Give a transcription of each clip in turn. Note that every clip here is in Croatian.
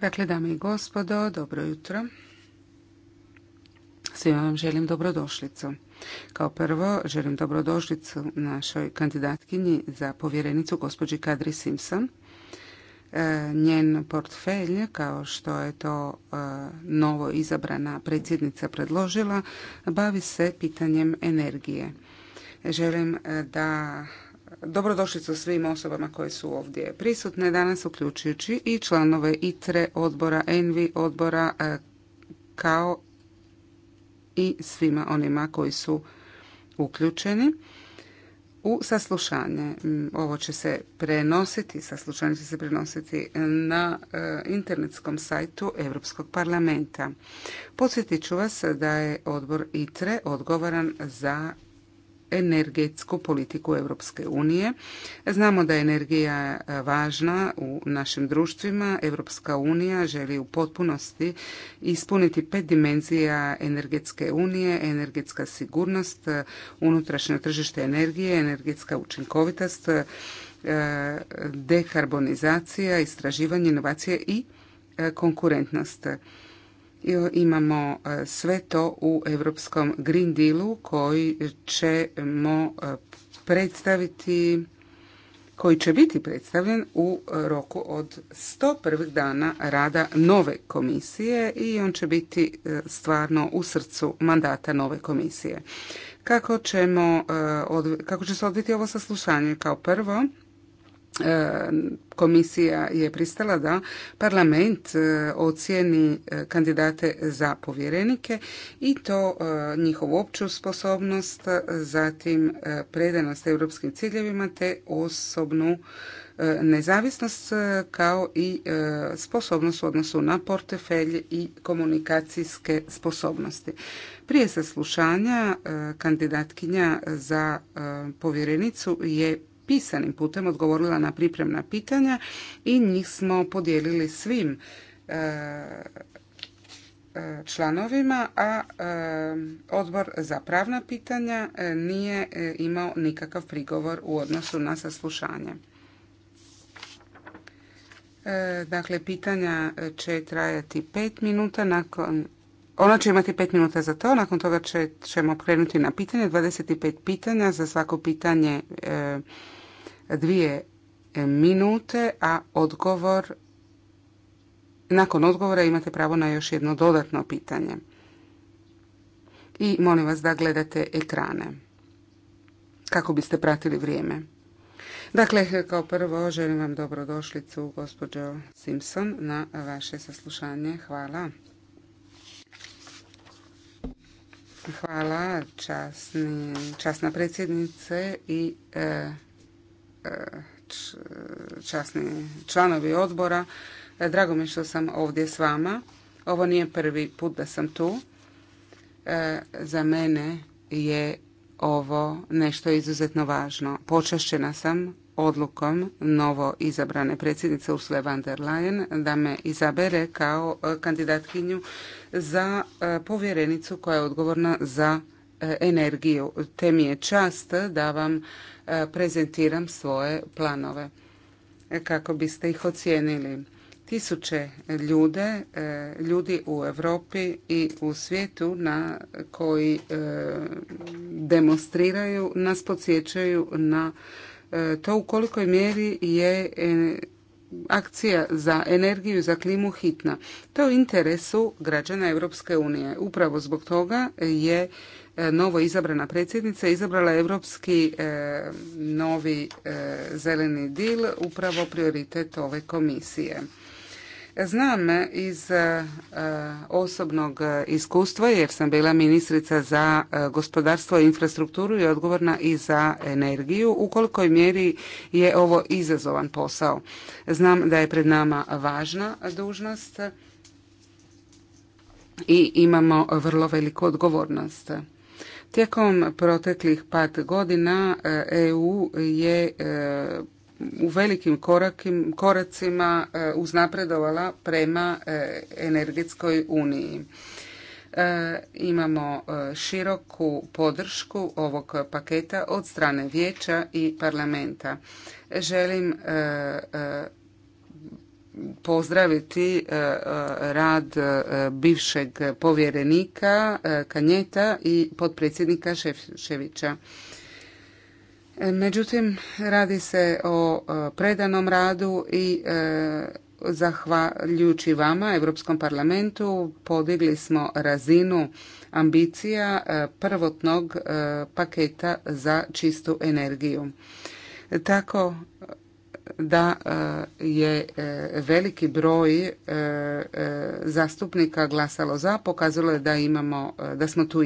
Dakle, dame i gospodo, dobro jutro. Svima vam želim dobrodošlicu. Kao prvo, želim dobrodošlicu našoj kandidatkinji za povjerenicu, gospođi Kadri Simpson. E, njen portfelj, kao što je to e, novo izabrana predsjednica predložila, bavi se pitanjem energije. Želim e, da dobrodošlicu svim osobama koje su ovdje prisutne danas, uključujući i članove ITRE, odbora ENVI, odbora e, kao i svima onima koji su uključeni u saslušanje. Mm, ovo će se prenositi, saslušanje će se prenositi na e, internetskom sajtu Europskog parlamenta. Podsjetit ću vas da je odbor ITRE odgovoran za energetsku politiku Europske unije. Znamo da je energija važna u našim društvima. Europska unija želi u potpunosti ispuniti pet dimenzija energetske unije, energetska sigurnost, unutrašnje tržište energije, energetska učinkovitost, e, dekarbonizacija, istraživanje, inovacije i e, konkurentnost imamo e, sve to u Europskom Green Dealu koji ćemo e, predstaviti koji će biti predstavljen u roku od 101. dana rada nove komisije i on će biti e, stvarno u srcu mandata nove komisije. Kako, kako će se odviti ovo saslušanje? Kao prvo, E, komisija je pristala da parlament e, ocijeni e, kandidate za povjerenike i to njihovu opću sposobnost, zatim predanost europskim ciljevima te osobnu nezavisnost kao i sposobnost u odnosu na portefelj i komunikacijske sposobnosti. Prije saslušanja kandidatkinja za povjerenicu je pisanim putem odgovorila na pripremna pitanja i njih smo podijelili svim e, e, članovima, a e, odbor za pravna pitanja nije imao nikakav prigovor u odnosu na saslušanje. Dakle, pitanja će trajati pet minuta, nakon ona će imati pet minuta za to, nakon toga ćemo krenuti na pitanje, 25 pitanja, za svako pitanje dvije minute, a odgovor nakon odgovora imate pravo na još jedno dodatno pitanje. I molim vas da gledate ekrane kako biste pratili vrijeme. Dakle, kao prvo želim vam dobrodošlicu gospođo Simpson na vaše saslušanje. Hvala. Hvala časna predsjednice i e, časni članovi odbora. E, drago mi što sam ovdje s vama. Ovo nije prvi put da sam tu. E, za mene je ovo nešto izuzetno važno. Počašćena sam odlukom novo izabrane predsjednice Ursula von der Leyen da me izabere kao e, kandidatkinju za povjerenicu koja je odgovorna za energiju, te mi je čast da vam e, prezentiram svoje planove e, kako biste ih ocijenili. Tisuće ljude, e, ljudi u Europi i u svijetu na koji demonstriraju, nas podsjećaju na to u kolikoj mjeri je akcija za energiju i za klimu hitna. To je u interesu građana Europske unije. Upravo zbog toga je e, novo izabrana predsjednica izabrala europski e, novi e, zeleni dil upravo prioritet ove komisije. Znam iz e, osobnog iskustva jer sam bila ministrica za e, gospodarstvo i infrastrukturu i odgovorna i za energiju u kolikoj mjeri je ovo izazovan posao. Znam da je pred nama važna dužnost i imamo vrlo veliku odgovornost. Tijekom proteklih pat godina EU e je u velikim korakim, koracima e, uznapredovala prema e, energetskoj uniji. E, imamo široku podršku ovog paketa od strane vijeća i parlamenta. Želim pozdraviti rad bivšeg povjerenika Kanjeta i potpredsjednika Ševića. E, međutim, radi se o e, predanom radu i e, zahvaljujući vama, Europskom parlamentu, podigli smo razinu ambicija prvotnog paketa za čistu energiju. Tako da e, je e, veliki broj e, zastupnika glasalo za, pokazalo je da imamo, da smo tu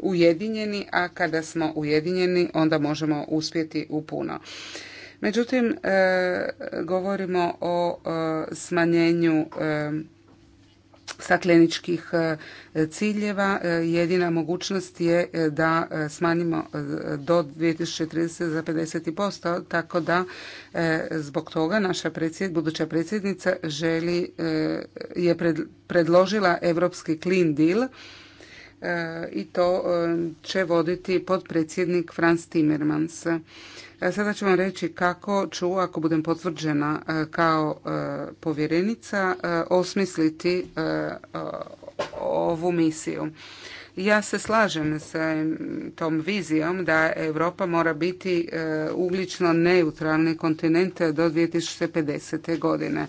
ujedinjeni, a kada smo ujedinjeni onda možemo uspjeti u puno. Međutim, govorimo o smanjenju stakleničkih e, ciljeva. E, jedina mogućnost je e, da smanjimo do 2030 za 50%, tako da zbog toga naša predsjed, buduća predsjednica želi, je predložila Europski Clean Deal E, i to e, će voditi potpredsjednik Franz Timmermans. E, sada ću vam reći kako ću, ako budem potvrđena kao povjerenica, osmisliti ovu misiju. Ja se slažem sa tom vizijom da Europa mora biti ugljično neutralni kontinent do 2050. godine.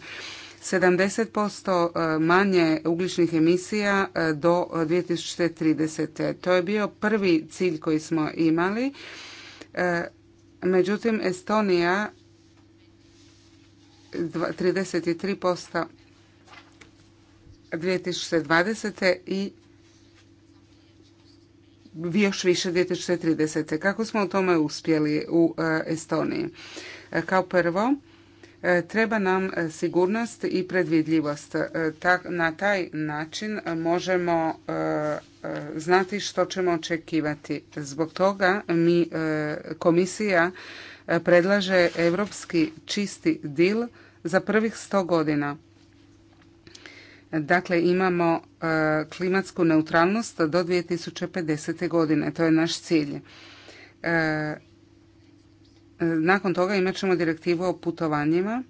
70% e, manje ugljičnih emisija e, do 2030. To je bio prvi cilj koji smo imali. E, međutim, Estonija 33% 2020. i još više 2030. Kako smo u tome uspjeli u Estoniji? Kao prvo, E, treba nam e, sigurnost i predvidljivost. E, na taj način možemo znati što ćemo očekivati. Zbog toga mi komisija predlaže europski čisti dil za prvih sto godina. Dakle, imamo klimatsku neutralnost do 2050. godine. To je naš cilj nakon toga imat ćemo direktivu o putovanjima.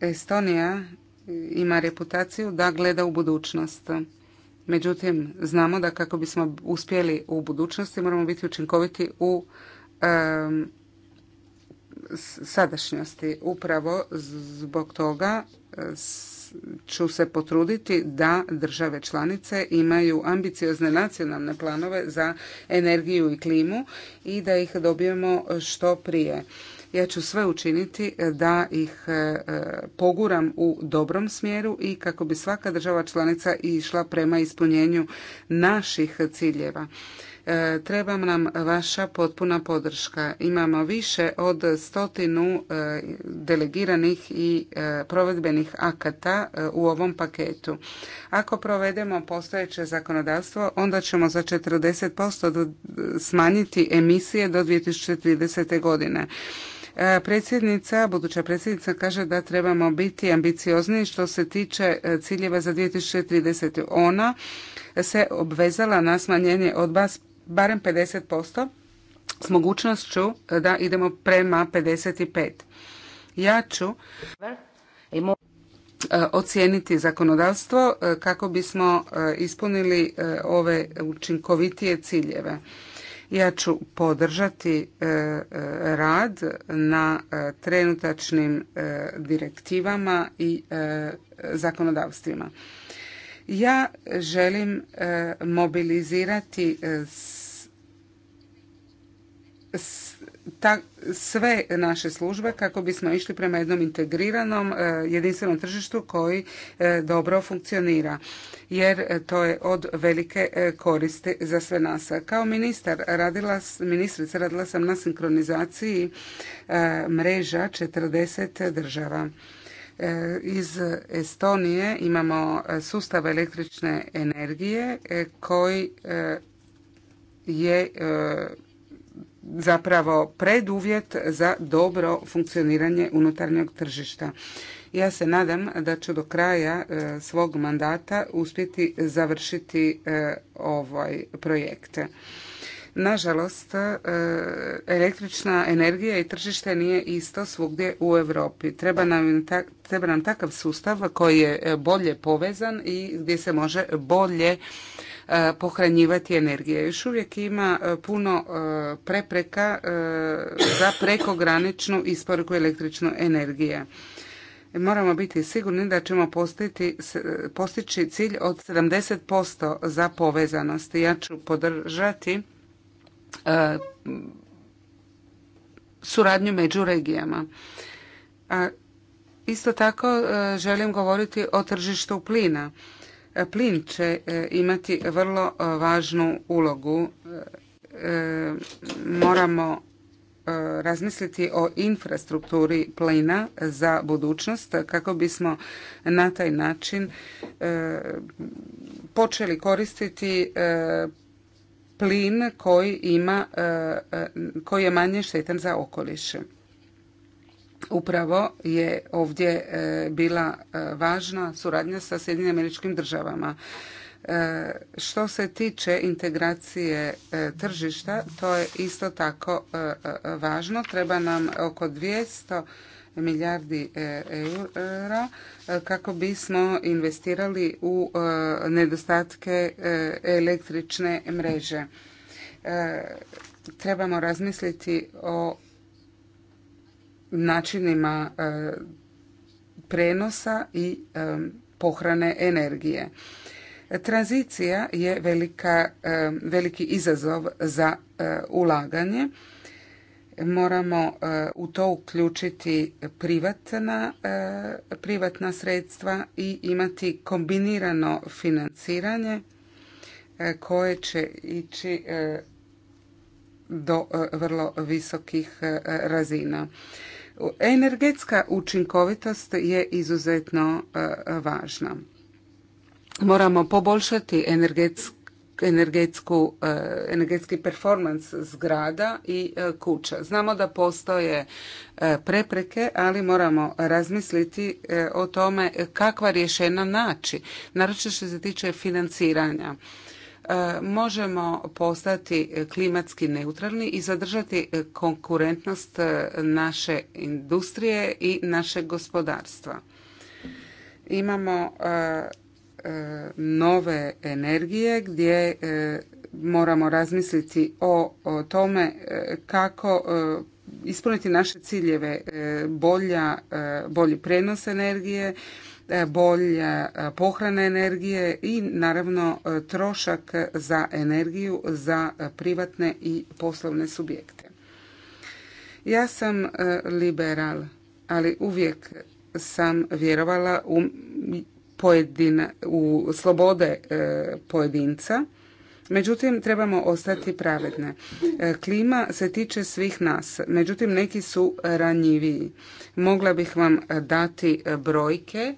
Estonija ima reputaciju da gleda u budućnost. Međutim, znamo da kako bismo uspjeli u budućnosti moramo biti učinkoviti u sadašnjosti. Upravo zbog toga ću se potruditi da države članice imaju ambiciozne nacionalne planove za energiju i klimu i da ih dobijemo što prije. Ja ću sve učiniti da ih e, poguram u dobrom smjeru i kako bi svaka država članica išla prema ispunjenju naših ciljeva. E, treba nam vaša potpuna podrška. Imamo više od stotinu e, delegiranih i e, provedbenih akata u ovom paketu. Ako provedemo postojeće zakonodavstvo, onda ćemo za 40% smanjiti emisije do 2030. godine. Predsjednica, buduća predsjednica kaže da trebamo biti ambiciozniji što se tiče ciljeva za 2030. Ona se obvezala na smanjenje od barem 50% s mogućnošću da idemo prema 55. Ja ću e, ocijeniti zakonodavstvo e, kako bismo e, ispunili ove učinkovitije ciljeve. Ja ću podržati rad na trenutačnim direktivama i zakonodavstvima. Ja želim mobilizirati sve naše službe kako bismo išli prema jednom integriranom e, jedinstvenom tržištu koji e, dobro funkcionira jer e, to je od velike koristi za sve nas. Kao ministar radila, ministrica radila sam na sinkronizaciji mreža 40 država. Iz Estonije imamo sustav električne energije koji je zapravo preduvjet za dobro funkcioniranje unutarnjeg tržišta. Ja se nadam da ću do kraja e, svog mandata uspjeti završiti e, ovaj projekt. Nažalost, e, električna energija i tržište nije isto svugdje u Europi. Treba nam, treba nam takav sustav koji je bolje povezan i gdje se može bolje pohranjivati energije. Još uvijek ima e, puno e, prepreka e, za prekograničnu isporuku električne energije. Moramo biti sigurni da ćemo postiti, postići cilj od 70% za povezanost. Ja ću podržati suradnju među regijama. A isto tako želim govoriti o tržištu plina plin će e, imati vrlo e, važnu ulogu. E, moramo razmisliti o infrastrukturi plina za budućnost kako bismo na taj način počeli koristiti plin koji ima koji je manje štetan za okoliš upravo je ovdje e, bila e, važna suradnja sa Sjedinjenim američkim državama. E, što se tiče integracije tržišta, to je isto tako važno. Treba nam oko 200 milijardi eura kako bismo investirali u nedostatke električne mreže. Trebamo razmisliti o načinima e, prenosa i e, pohrane energije. Tranzicija je velika, e, veliki izazov za ulaganje. Moramo u to uključiti privatna, privatna sredstva i imati kombinirano financiranje koje će ići do vrlo visokih razina. Energetska učinkovitost je izuzetno e, važna. Moramo poboljšati energetsku energetsku, energetski performans zgrada i e, kuća. Znamo da postoje e, prepreke, ali moramo razmisliti o tome kakva rješenja naći, naročito što se tiče financiranja. E, možemo postati klimatski neutralni i zadržati konkurentnost e, naše industrije i našeg gospodarstva. Imamo e, nove energije gdje moramo razmisliti o tome kako ispuniti naše ciljeve bolji prenos energije, E, bolje e, pohrane energije i naravno e, trošak za energiju za privatne i poslovne subjekte. Ja sam liberal, ali uvijek sam vjerovala u, pojedina, u slobode pojedinca. Međutim, trebamo ostati pravedne. Klima se tiče svih nas, međutim neki su ranjiviji. Mogla bih vam dati brojke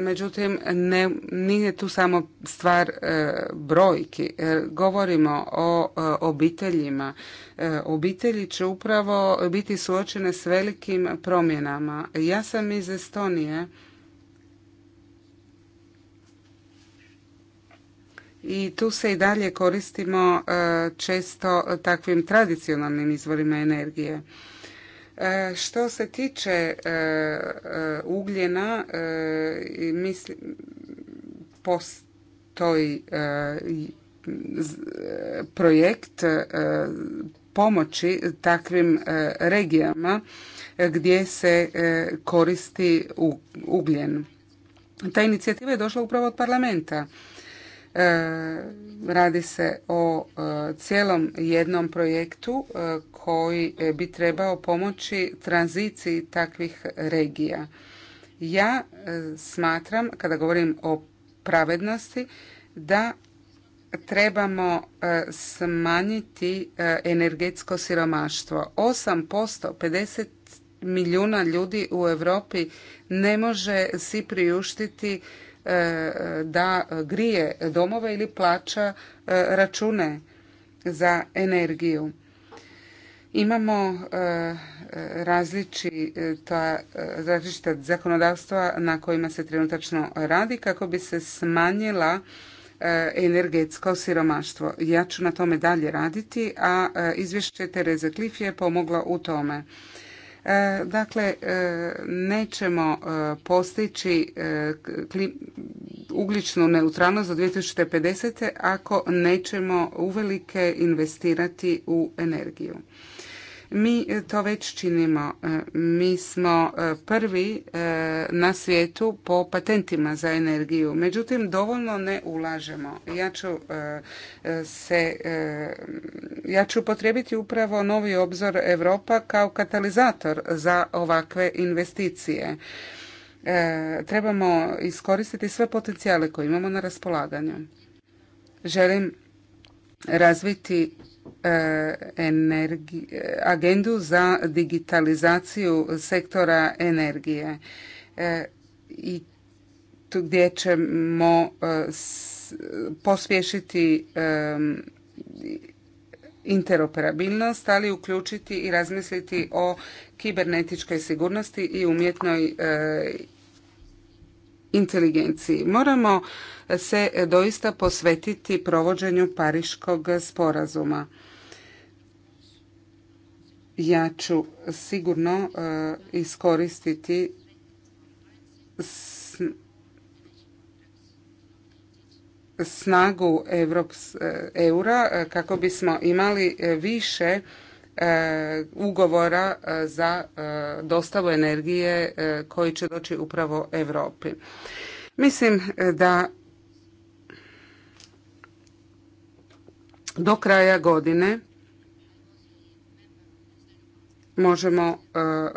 Međutim, nije tu samo stvar e, brojki. E, govorimo o e, obiteljima. Obitelji će upravo biti suočene s velikim promjenama. Ja sam iz Estonije i tu se i dalje koristimo često takvim tradicionalnim izvorima energije. E, što se tiče e, e, ugljena, mislim, postoji projekt pomoći takvim regijama gdje se koristi ugljen. Ta inicijativa je došla upravo od parlamenta E, radi se o e, cijelom jednom projektu e, koji bi trebao pomoći tranziciji takvih regija. Ja smatram, kada govorim o pravednosti, da trebamo smanjiti energetsko siromaštvo. 8%, 50 milijuna ljudi u Europi ne može si priuštiti E, da grije domove ili plaća e, račune za energiju. Imamo e, različita, različita zakonodavstva na kojima se trenutačno radi kako bi se smanjila energetsko siromaštvo. Ja ću na tome dalje raditi, a izvješće Tereze Klif je pomogla u tome. E, dakle, e, nećemo e, postići ugljičnu neutralnost do 2050. ako nećemo uvelike investirati u energiju. Mi e, to već činimo. E, mi smo e, prvi na svijetu po patentima za energiju. Međutim, dovoljno ne ulažemo. Ja ću se, ja ću potrebiti upravo novi obzor Europa kao katalizator za ovakve investicije. Trebamo iskoristiti sve potencijale koje imamo na raspolaganju. Želim razviti Eh, eh, agendu za digitalizaciju sektora energije eh, i gdje ćemo pospješiti interoperabilnost, ali uključiti i razmisliti o kibernetičkoj sigurnosti i umjetnoj inteligenciji. Moramo se doista posvetiti provođenju Pariškog sporazuma. Ja ću sigurno e, iskoristiti snagu e, eura e, kako bismo imali više E, ugovora e, za e, dostavu energije koji će doći upravo Europi. Mislim da do kraja godine možemo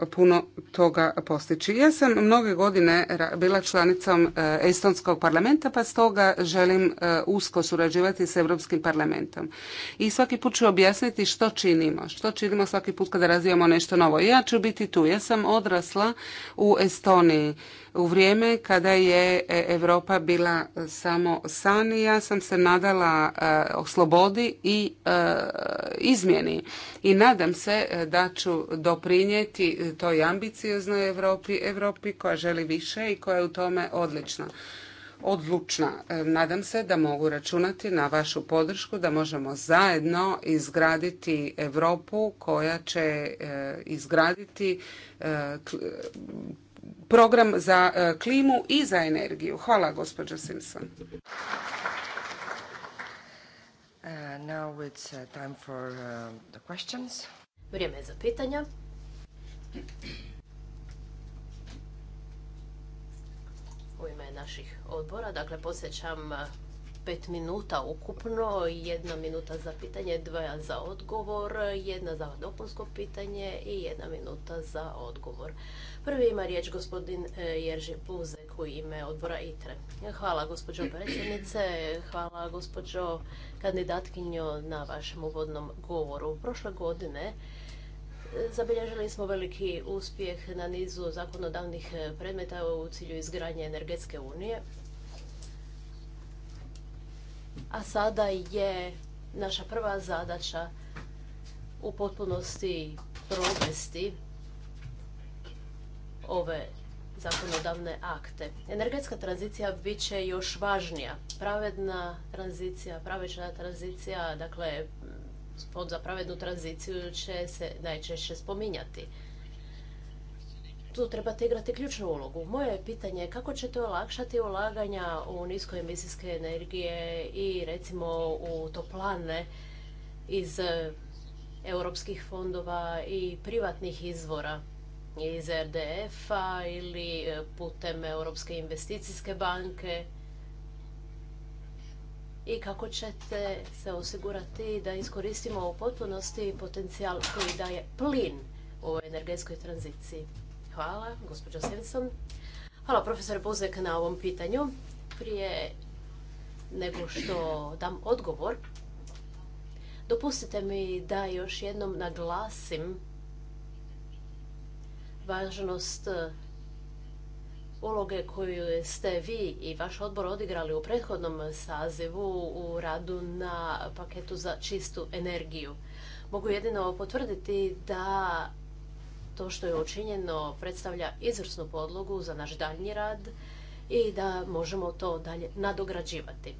e, puno toga postići. Ja sam mnoge godine bila članicom e, Estonskog parlamenta, pa stoga želim e, usko surađivati s Europskim parlamentom. I svaki put ću objasniti što činimo, što činimo svaki put kada razvijamo nešto novo. Ja ću biti tu, ja sam odrasla u Estoniji u vrijeme kada je e, Europa bila samo san, ja sam se nadala e, o slobodi i e, izmjeni. I nadam se da ću doprinijeti toj ambicioznoj Europi, Europi koja želi više i koja je u tome odlična odlučna. Nadam se da mogu računati na vašu podršku da možemo zajedno izgraditi Europu koja će izgraditi program za e, klimu i za energiju. Hvala, gospođo Simpson. Uh, now it's uh, time for uh, the questions. Vrijeme za pitanja. U ime naših odbora, dakle, posjećam uh, pet minuta ukupno, jedna minuta za pitanje, dva za odgovor, jedna za dopunsko pitanje i jedna minuta za odgovor. Prvi ima riječ gospodin e, Jerži Puzek u ime odbora ITRE. Hvala gospođo predsjednice, hvala gospođo kandidatkinjo na vašem uvodnom govoru. Prošle godine e, Zabilježili smo veliki uspjeh na nizu zakonodavnih e, predmeta u cilju izgradnje energetske unije a sada je naša prva zadaća u potpunosti provesti ove zakonodavne akte. Energetska tranzicija bit će još važnija. Pravedna tranzicija, pravična tranzicija, dakle, pod za pravednu tranziciju će se najčešće spominjati tu trebate igrati ključnu ulogu. Moje pitanje je kako ćete olakšati ulaganja u niskoemisijske energije i recimo u toplane iz eh, europskih fondova i privatnih izvora iz RDF-a ili eh, putem Europske investicijske banke i kako ćete se osigurati da iskoristimo u potpunosti potencijal koji daje plin u energetskoj tranziciji. Hvala, gospođo Simpson. Hvala profesor Buzek na ovom pitanju. Prije nego što dam odgovor, dopustite mi da još jednom naglasim važnost e, uloge koju ste vi i vaš odbor odigrali u prethodnom sazivu u radu na paketu za čistu energiju. Mogu jedino potvrditi da to što je učinjeno predstavlja izvrsnu podlogu za naš daljnji rad i da možemo to dalje nadograđivati.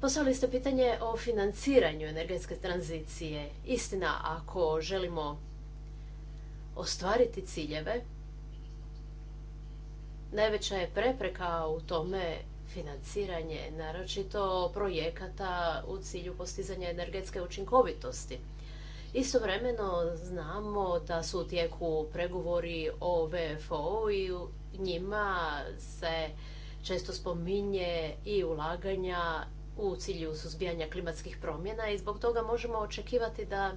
Poslali ste pitanje o financiranju energetske tranzicije. Istina, ako želimo ostvariti ciljeve, najveća je prepreka u tome financiranje, naročito projekata u cilju postizanja energetske učinkovitosti. Istovremeno znamo da su u tijeku pregovori o VFO i u njima se često spominje i ulaganja u cilju suzbijanja klimatskih promjena i zbog toga možemo očekivati da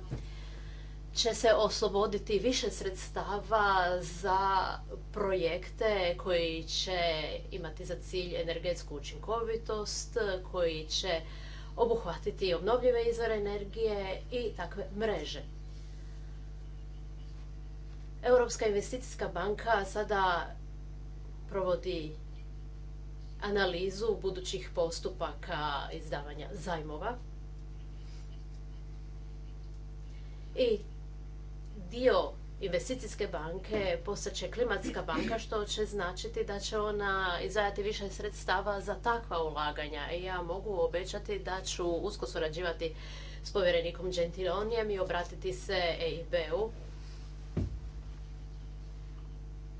će se osloboditi više sredstava za projekte koji će imati za cilj energetsku učinkovitost, koji će obuhvatiti obnovljive izvore energije i takve mreže. Europska investicijska banka sada provodi analizu budućih postupaka izdavanja zajmova. I dio investicijske banke postaće klimatska banka, što će značiti da će ona izdajati više sredstava za takva ulaganja. I ja mogu obećati da ću usko surađivati s povjerenikom Gentilonijem i obratiti se EIB-u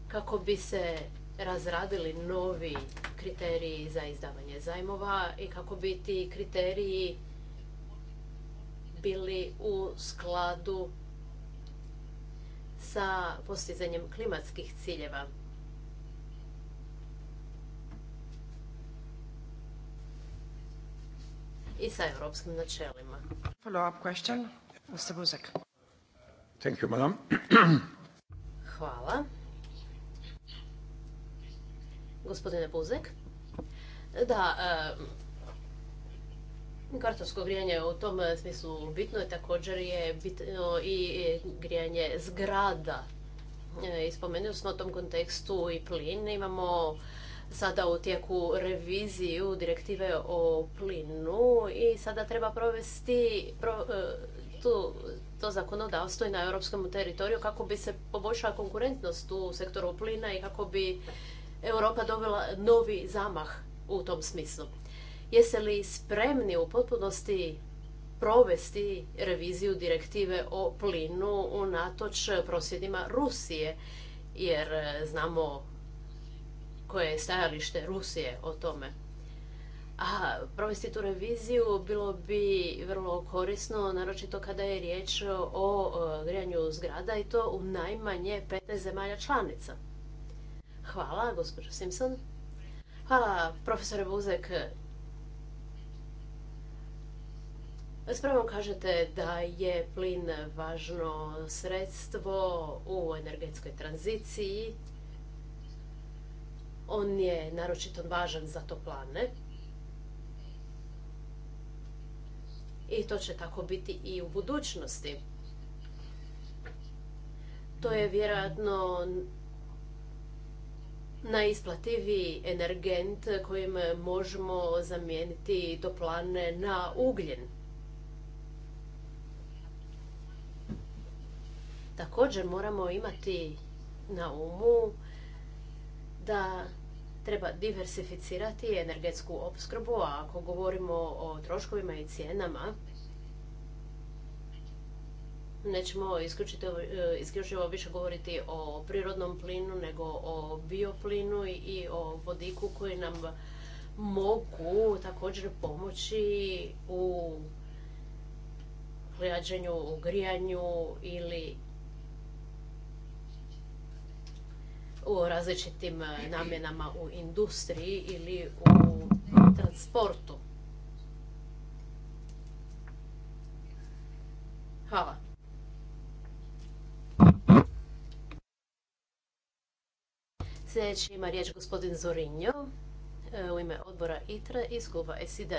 kako bi se razradili novi kriteriji za izdavanje zajmova i kako bi ti kriteriji bili u skladu sa postizanjem klimatskih ciljeva. i sa europskim načelima. Follow-up question, Mr. Buzek. Thank you, madam. Hvala. Gospodine Buzek. Da, Kvartovsko grijanje u tom eh, smislu bitno je također je bitno i grijanje zgrada. Eh, I smo o tom kontekstu i plin. Imamo sada u tijeku reviziju direktive o plinu i sada treba provesti eh, tu, to zakonodavstvo i na europskom teritoriju kako bi se poboljšala konkurentnost u sektoru plina i kako bi Europa dobila novi zamah u tom smislu. Jeste li spremni u potpunosti provesti reviziju direktive o plinu u unatoč prosvjedima Rusije? Jer e, znamo koje je stajalište Rusije o tome. A provesti tu reviziju bilo bi vrlo korisno, naročito kada je riječ o e, grijanju zgrada i to u najmanje 15 zemalja članica. Hvala, gospođo Simpson. Hvala, profesore Buzek. Pa spravo kažete da je plin važno sredstvo u energetskoj tranziciji. On je naročito važan za toplane. I to će tako biti i u budućnosti. To je vjerojatno najisplativiji energent kojim možemo zamijeniti toplane na ugljen. Također moramo imati na umu da treba diversificirati energetsku opskrbu, a ako govorimo o troškovima i cijenama, nećemo e, isključivo više govoriti o prirodnom plinu nego o bioplinu i o vodiku koji nam mogu također pomoći u hlađenju, u grijanju ili u različitim e, namjenama u industriji ili u transportu. Hvala. Sljedeći ima riječ gospodin Zorinjo e, u ime odbora ITRE iz kluba SID.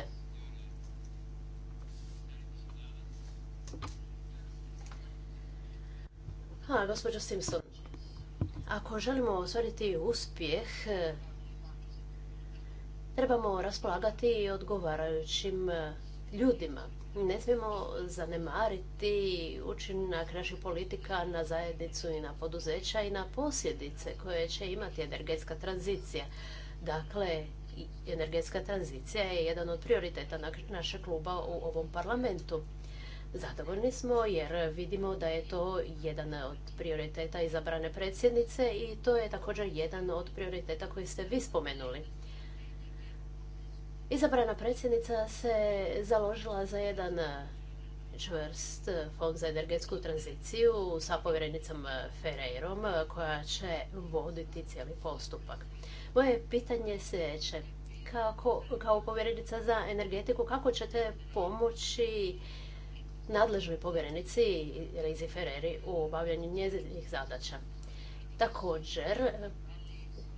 Hvala, gospođo Simpson. Ako želimo ostvariti uspjeh, e, trebamo raspolagati i odgovarajućim e, ljudima. Ne smijemo zanemariti učinak naših politika na zajednicu i na poduzeća i na posljedice koje će imati energetska tranzicija. Dakle, energetska tranzicija je jedan od prioriteta našeg kluba u ovom parlamentu. Zadovoljni smo jer vidimo da je to jedan od prioriteta izabrane predsjednice i to je također jedan od prioriteta koji ste vi spomenuli. Izabrana predsjednica se založila za jedan čvrst fond za energetsku tranziciju sa povjerenicom Ferreirom koja će voditi cijeli postupak. Moje pitanje je sljedeće. kao povjerenica za energetiku, kako ćete pomoći nadležnoj povjerenici Reizi Ferreri u obavljanju njezinih zadaća. Također,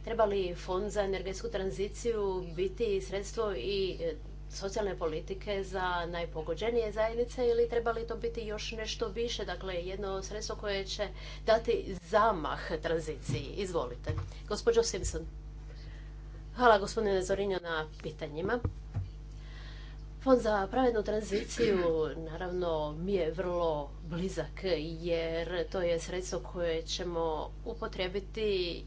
treba li fond za energetsku tranziciju biti sredstvo i e, socijalne politike za najpogođenije zajednice ili treba li to biti još nešto više, dakle jedno sredstvo koje će dati zamah tranziciji. Izvolite. Gospođo Simpson. Hvala gospodine Zorinjo na pitanjima. Fond za pravednu tranziciju naravno mi je vrlo blizak jer to je sredstvo koje ćemo upotrijebiti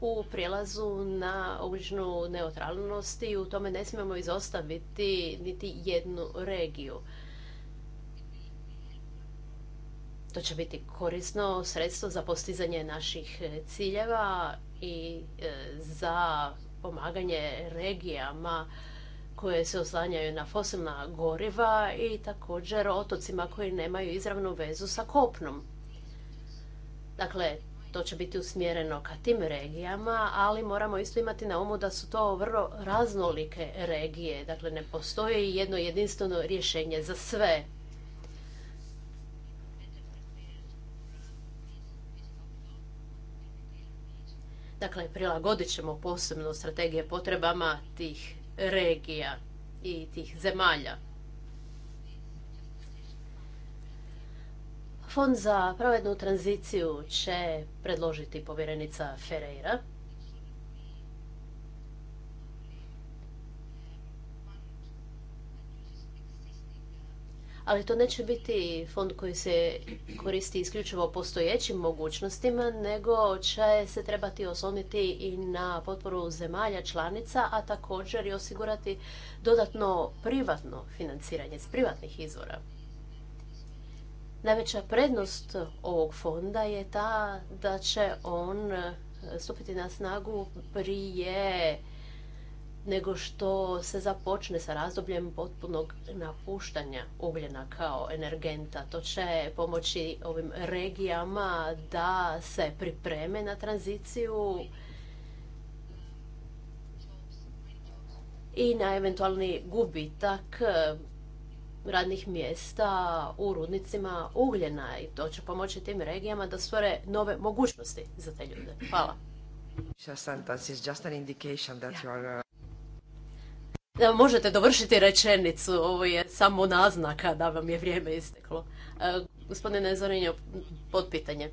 u prijelazu na uličnu neutralnost i u tome ne smijemo izostaviti niti jednu regiju. To će biti korisno sredstvo za postizanje naših ciljeva i e, za pomaganje regijama koje se oslanjaju na fosilna goriva i također otocima koji nemaju izravnu vezu sa kopnom. Dakle, to će biti usmjereno ka tim regijama, ali moramo isto imati na umu da su to vrlo raznolike regije. Dakle, ne postoji jedno jedinstveno rješenje za sve. Dakle, prilagodit ćemo posebno strategije potrebama tih regija i tih zemalja. Fond za pravednu tranziciju će predložiti povjerenica Ferreira. ali to neće biti fond koji se koristi isključivo postojećim mogućnostima, nego će se trebati osloniti i na potporu zemalja članica, a također i osigurati dodatno privatno financiranje s privatnih izvora. Najveća prednost ovog fonda je ta da će on stupiti na snagu prije nego što se započne sa razdobljem potpunog napuštanja ugljena kao energenta. To će pomoći ovim regijama da se pripreme na tranziciju i na eventualni gubitak radnih mjesta u rudnicima ugljena i to će pomoći tim regijama da stvore nove mogućnosti za te ljude. Hvala. Just indication uh, E, možete dovršiti rečenicu, ovo je samo naznaka da vam je vrijeme isteklo. E, gospodine Zorinjo, potpitanje.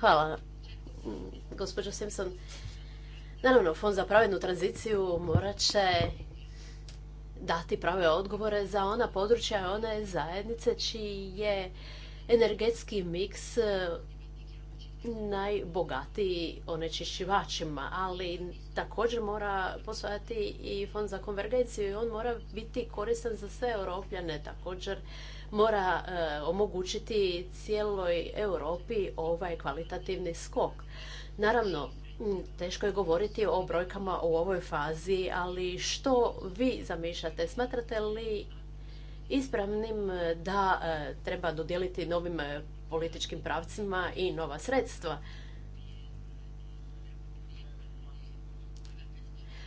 Hvala, gospođo Simpson. Naravno, Fond za pravednu tranziciju morat će dati prave odgovore za ona područja, one zajednice čiji je energetski miks najbogatiji onečišćivačima, ali također mora postojati i fond za konvergenciju i on mora biti koristan za sve europljane. Također mora e, omogućiti cijeloj Europi ovaj kvalitativni skok. Naravno, teško je govoriti o brojkama u ovoj fazi, ali što vi zamišljate? Smatrate li ispravnim da e, treba dodijeliti novim političkim pravcima i nova sredstva.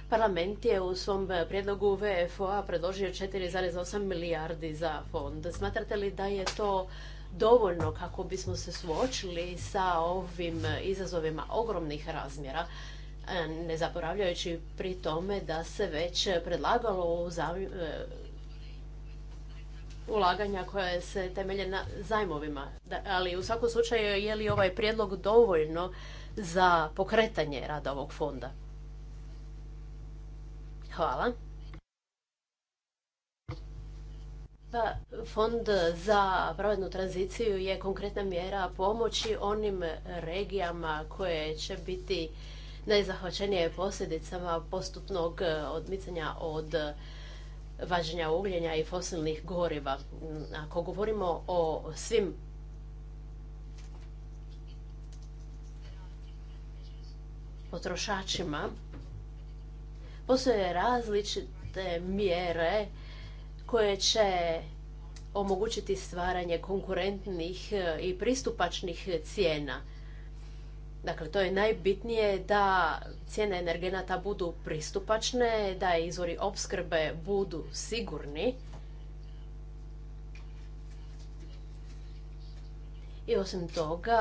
Parlament je u svom prijedlogu vfo predložio 4,8 milijardi za fond. Smatrate li da je to dovoljno kako bismo se suočili sa ovim izazovima ogromnih razmjera, e, ne zaboravljajući pri tome da se već predlagalo u e, ulaganja koja se temelje na zajmovima. Ali u svakom slučaju je li ovaj prijedlog dovoljno za pokretanje rada ovog fonda? Hvala. Pa, fond za pravednu tranziciju je konkretna mjera pomoći onim regijama koje će biti najzahvaćenije posljedicama postupnog eh, odmicanja od vađenja ugljenja i fosilnih goriva. Mm, ako govorimo o svim potrošačima, postoje različite mjere koje će omogućiti stvaranje konkurentnih i pristupačnih cijena. Dakle, to je najbitnije da cijene energenata budu pristupačne, da izvori opskrbe budu sigurni. I osim toga,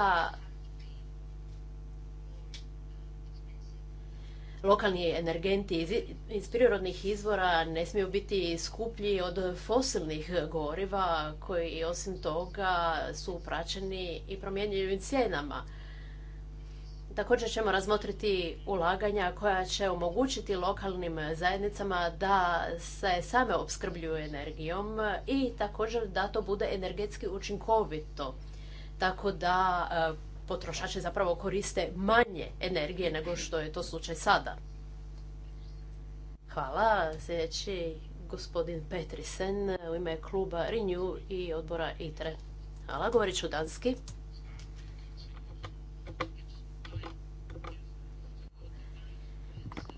lokalni energenti iz prirodnih izvora ne smiju biti skuplji od fosilnih goriva koji osim toga su praćeni i promjenjivim cijenama. Također ćemo razmotriti ulaganja koja će omogućiti lokalnim zajednicama da se same opskrbljuju energijom i također da to bude energetski učinkovito. Tako da e, potrošači zapravo koriste manje energije nego što je to slučaj sada. Hvala. Sljedeći gospodin Petrisen u ime kluba Renew i odbora ITRE. Hvala, govorit ću danski.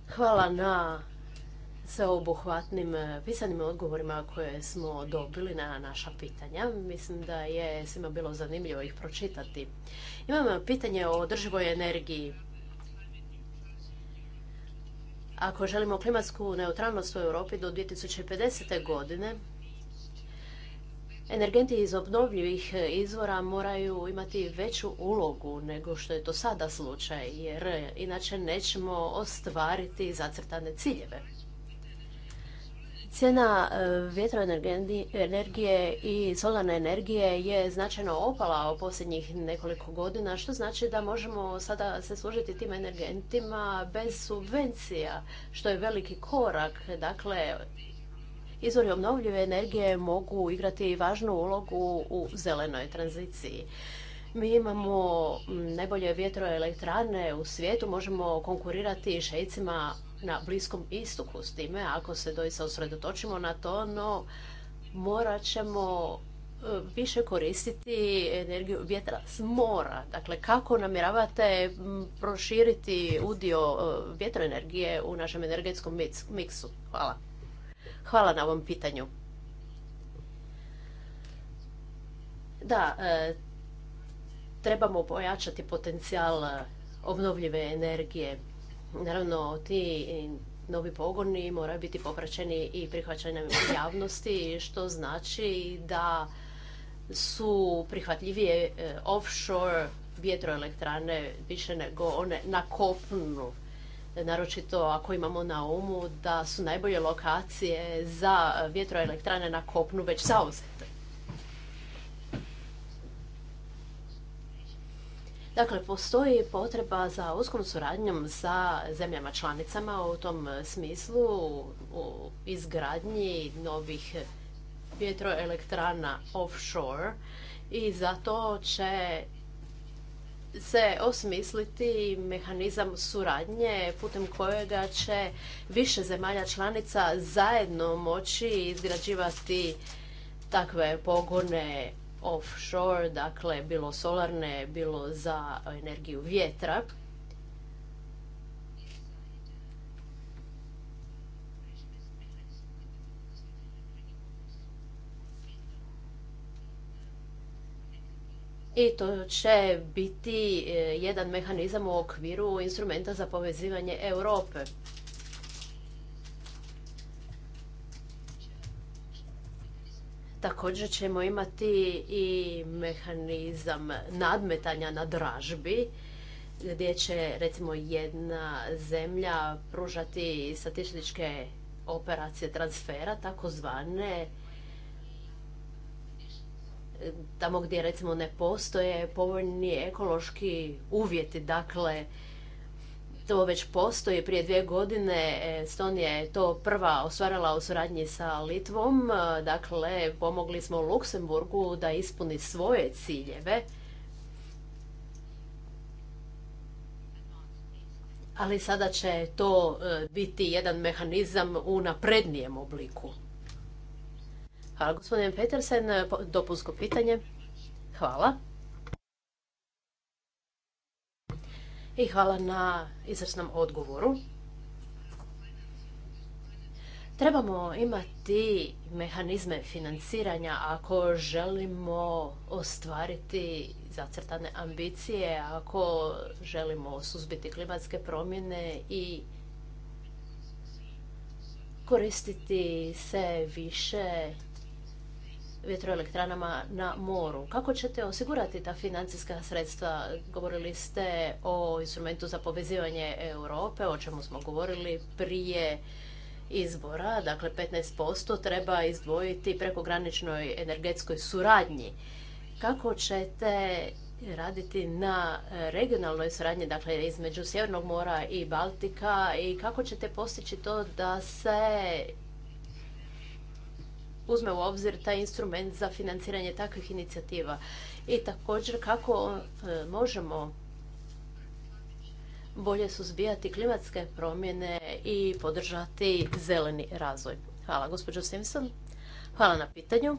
Hvala na sveobuhvatnim eh, pisanim odgovorima koje smo dobili na naša pitanja. Mislim da je svima bilo zanimljivo ih pročitati. Imamo eh, pitanje o održivoj energiji. Ako želimo klimatsku neutralnost u Europi do 2050. godine, energenti iz obnovljivih e, izvora moraju imati veću ulogu nego što je to sada slučaj, jer e, inače nećemo ostvariti zacrtane ciljeve. Cijena e, vjetroenergije i solarne energije je značajno opala u posljednjih nekoliko godina, što znači da možemo sada se služiti tim energentima bez subvencija, što je veliki korak. Dakle, izvori obnovljive energije mogu igrati važnu ulogu u zelenoj tranziciji. Mi imamo najbolje vjetroelektrane u svijetu, možemo konkurirati šejcima na Bliskom istoku s time, ako se doista osredotočimo na to, no morat ćemo e, više koristiti energiju vjetra s mora. Dakle, kako namjeravate proširiti udio e, vjetroenergije u našem energetskom miksu? Hvala. Hvala na ovom pitanju. Da, e, trebamo pojačati potencijal e, obnovljive energije. Naravno, ti novi pogoni moraju biti popraćeni i prihvaćeni javnosti, što znači da su prihvatljivije e, offshore vjetroelektrane više nego one na kopnu naročito ako imamo na umu da su najbolje lokacije za vjetroelektrane na kopnu već zauzete. Dakle, postoji potreba za uskom suradnjom sa zemljama članicama u tom smislu u izgradnji novih vjetroelektrana offshore i zato će se osmisliti mehanizam suradnje putem kojega će više zemalja članica zajedno moći izgrađivati takve pogone offshore, dakle bilo solarne, bilo za energiju vjetra. i to će biti e, jedan mehanizam u okviru instrumenta za povezivanje Europe. Također ćemo imati i mehanizam nadmetanja na dražbi gdje će recimo jedna zemlja pružati statističke operacije transfera, takozvane tamo gdje recimo ne postoje povoljni ekološki uvjeti. Dakle, to već postoji. Prije dvije godine e, Estonija je to prva ostvarila u suradnji sa Litvom. E, dakle, pomogli smo Luksemburgu da ispuni svoje ciljeve. Ali sada će to e, biti jedan mehanizam u naprednijem obliku. Hvala, gospodin Petersen. E, dopunsko pitanje. Hvala. I hvala na izvrsnom odgovoru. Trebamo imati mehanizme financiranja ako želimo ostvariti zacrtane ambicije, ako želimo suzbiti klimatske promjene i koristiti se više vjetroelektranama na moru. Kako ćete osigurati ta financijska sredstva? Govorili ste o instrumentu za povezivanje Europe, o čemu smo govorili prije izbora, dakle 15% treba izdvojiti prekograničnoj energetskoj suradnji. Kako ćete raditi na regionalnoj suradnji, dakle između Sjevernog mora i Baltika i kako ćete postići to da se uzme u obzir taj instrument za financiranje takvih inicijativa. I također kako e, možemo bolje suzbijati klimatske promjene i podržati zeleni razvoj. Hvala, gospođo Simpson. Hvala na pitanju.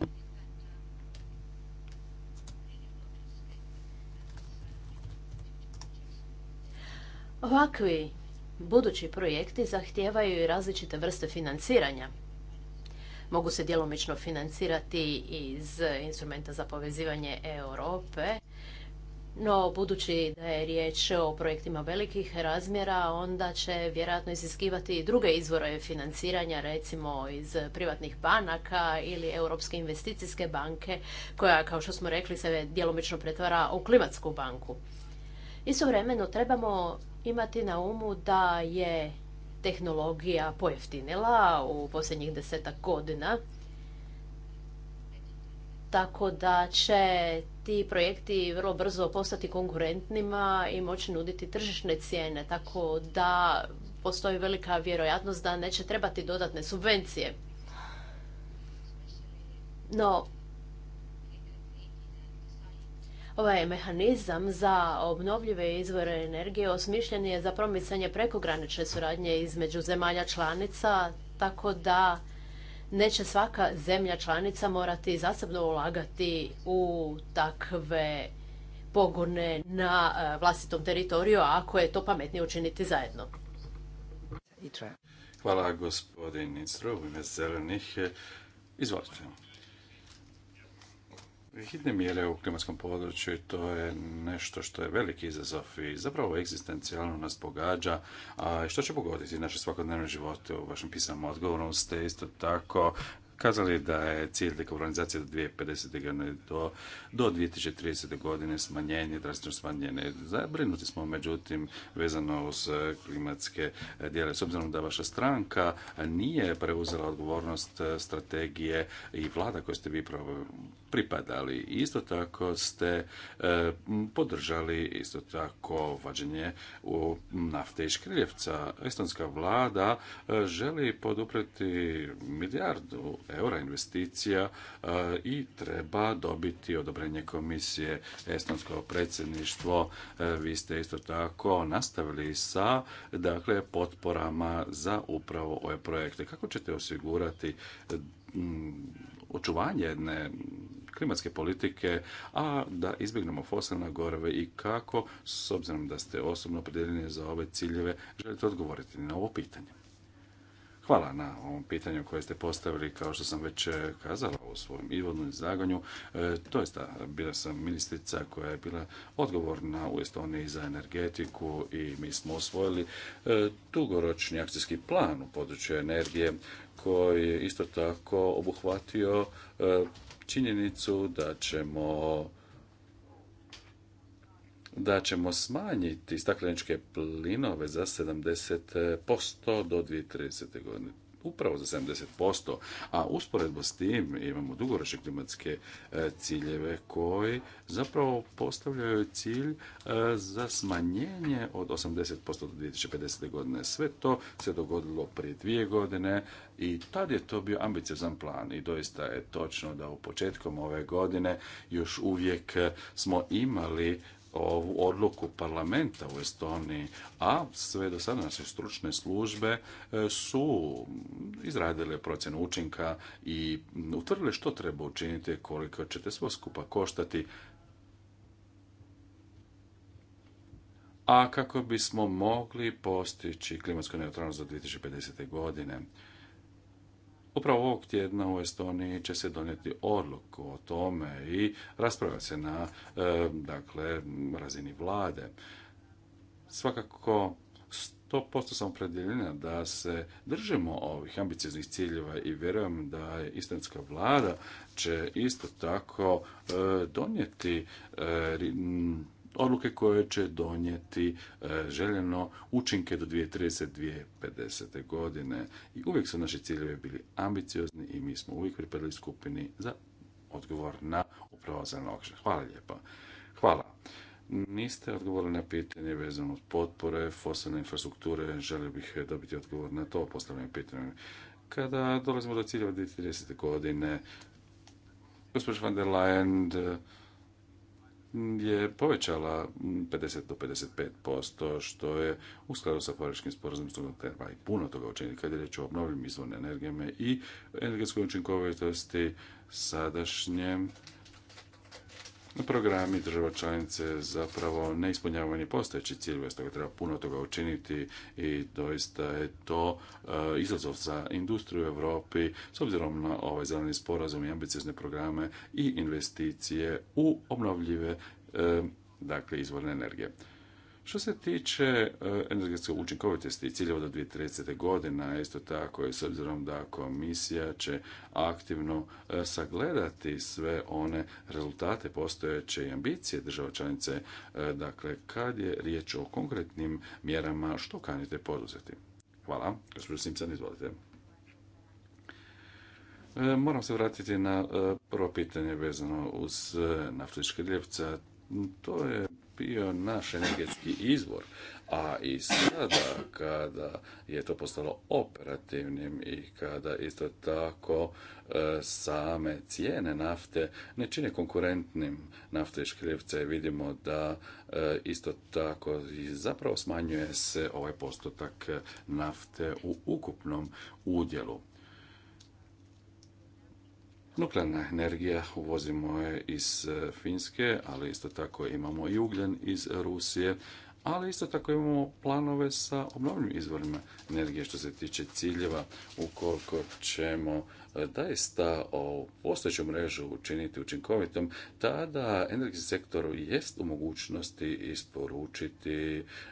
Ovakvi budući projekti zahtijevaju i različite vrste financiranja mogu se djelomično financirati iz instrumenta za povezivanje Europe. No, budući da je riječ o projektima velikih razmjera, onda će vjerojatno iziskivati i druge izvore financiranja, recimo iz privatnih banaka ili Europske investicijske banke, koja, kao što smo rekli, se djelomično pretvara u klimatsku banku. Istovremeno trebamo imati na umu da je tehnologija pojeftinila u posljednjih desetak godina. Tako da će ti projekti vrlo brzo postati konkurentnima i moći nuditi tržišne cijene, tako da postoji velika vjerojatnost da neće trebati dodatne subvencije. No, Ovaj mehanizam za obnovljive izvore energije osmišljen je za promicanje prekogranične suradnje između zemalja članica, tako da neće svaka zemlja članica morati zasebno ulagati u takve pogone na e, vlastitom teritoriju, ako je to pametnije učiniti zajedno. Hvala gospodin Instru, u ime zelenih. Izvolite. Hitne mjere u klimatskom području to je nešto što je veliki izazov i zapravo egzistencijalno nas pogađa. A što će pogoditi naše svakodnevne živote u vašem pisanom odgovoru ste isto tako kazali da je cilj dekarbonizacije do 2050. godine do, do 2030. godine smanjenje, drastično smanjenje. Zabrinuti smo međutim vezano uz klimatske dijele. S obzirom da vaša stranka nije preuzela odgovornost strategije i vlada koju ste vi pripadali. Isto tako ste e, podržali isto tako vađenje u nafte i škriljevca. Estonska vlada e, želi podupreti milijardu eura investicija e, i treba dobiti odobrenje komisije Estonsko predsjedništvo. Vi ste isto tako nastavili sa dakle potporama za upravo ove projekte. Kako ćete osigurati očuvanje jedne klimatske politike, a da izbjegnemo fosilna gorove i kako, s obzirom da ste osobno opredeljeni za ove ciljeve, želite odgovoriti na ovo pitanje. Hvala na ovom pitanju koje ste postavili, kao što sam već eh, kazala u svojem ivodnom izlaganju. E, eh, to bila sam ministrica koja je bila odgovorna u Estoniji za energetiku i mi smo osvojili eh, dugoročni akcijski plan u području energije koji je isto tako obuhvatio e, činjenicu da ćemo da ćemo smanjiti stakleničke plinove za 70% do 2030. godine upravo za 70%, a usporedbo s tim imamo dugoročne klimatske e, ciljeve koji zapravo postavljaju cilj e, za smanjenje od 80% do 2050. godine. Sve to se dogodilo prije dvije godine i tad je to bio ambiciozan plan i doista je točno da u početkom ove godine još uvijek smo imali ovu odluku parlamenta u Estoniji, a sve do sada naše stručne službe e, su izradile procjenu učinka i utvrdile što treba učiniti, koliko će te svo skupa koštati, a kako bismo mogli postići klimatsku neutralnost do 2050. godine. Upravo ovog tjedna u Estoniji će se donijeti odluku o tome i rasprava se na e, dakle, razini vlade. Svakako, 100% sam opredjeljenja da se držimo ovih ambicioznih ciljeva i vjerujem da je vlada će isto tako e, donijeti e, odluke koje će donijeti e, željeno učinke do 2030. 2050. godine. I uvijek su naši ciljevi bili ambiciozni i mi smo uvijek pripadali skupini za odgovor na upravo za nokše. Hvala lijepa. Hvala. Niste odgovorili na pitanje vezano od potpore, fosilne infrastrukture. Želio bih dobiti odgovor na to postavljeno pitanje. Kada dolazimo do ciljeva 2030. godine, gospođa van der Leyen je povećala 50 do 55%, što je u skladu sa pariškim sporazumom treba i puno toga učiniti kad je riječ o obnovljivim izvornim energijama i energetskoj učinkovitosti sadašnje programi država članice zapravo ne ispunjavaju ni postojeći ciljeve, stoga treba puno toga učiniti i doista je to e, izazov za industriju u Europi s obzirom na ovaj zeleni sporazum i ambiciozne programe i investicije u obnovljive e, dakle izvorne energije. Što se tiče e, energetske učinkovitosti i ciljeva do 2030. godina, isto tako i s obzirom da komisija će aktivno e, sagledati sve one rezultate postojeće i ambicije država članice, e, dakle kad je riječ o konkretnim mjerama, što kanite poduzeti? Hvala. Gospodin izvolite. Moram se vratiti na prvo pitanje vezano uz naftičke ljevca. To je bio naš energetski izvor, a i sada kada je to postalo operativnim i kada isto tako e, same cijene nafte ne čine konkurentnim nafte i škrivce, vidimo da e, isto tako i zapravo smanjuje se ovaj postotak nafte u ukupnom udjelu. Nuklearna energija uvozimo je iz e, Finske, ali isto tako imamo i ugljen iz Rusije, ali isto tako imamo planove sa obnovljivim izvorima energije što se tiče ciljeva ukoliko ćemo e, daista o postojeću mrežu učiniti učinkovitom, tada energetski sektor jest u mogućnosti isporučiti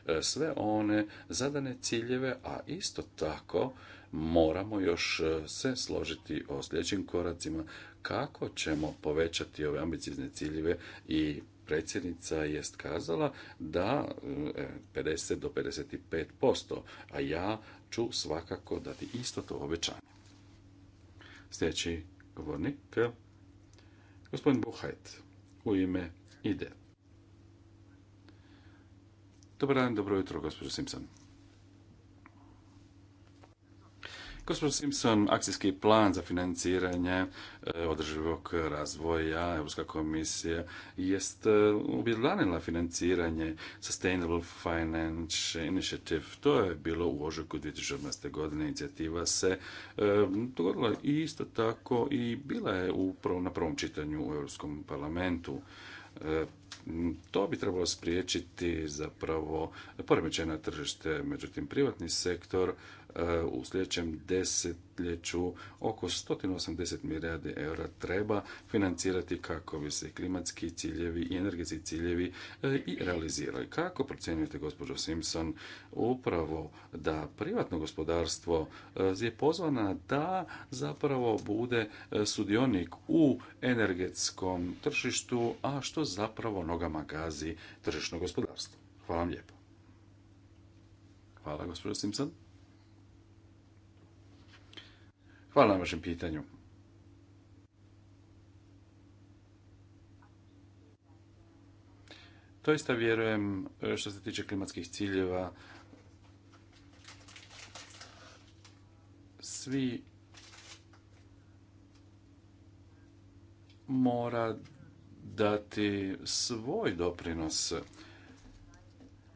e, sve one zadane ciljeve, a isto tako moramo još e, se složiti o sljedećim koracima kako ćemo povećati ove ambiciozne ciljeve i predsjednica jest kazala da 50 e, do 55%, a ja ću svakako dati isto to obećanje. Sljedeći govornik, e, gospodin Buhajt, u ime IDE. Dobar dan, dobro jutro, gospođo Simpson. Gospodin Simpson, akcijski plan za financiranje eh, održivog razvoja Europska komisija jest uvjedlanila eh, financiranje Sustainable Finance Initiative. To je bilo u ožujku 2018. godine. Inicijativa se eh, dogodila i isto tako i bila je upravo na prvom čitanju u Europskom parlamentu. To bi trebalo spriječiti zapravo poremećaj na tržište, međutim privatni sektor u sljedećem desetljeću oko 180 milijardi eura treba financirati kako bi se klimatski ciljevi i energetski ciljevi e, i realizirali. Kako procjenjujete, gospođo Simpson, upravo da privatno gospodarstvo e, je pozvana da zapravo bude e, sudionik u energetskom tržištu, a što zapravo nogama gazi tržišno gospodarstvo? Hvala vam lijepo. Hvala, gospođo Simpson. Hvala na vašem pitanju. isto vjerujem e, što se tiče klimatskih ciljeva. Svi mora dati svoj doprinos.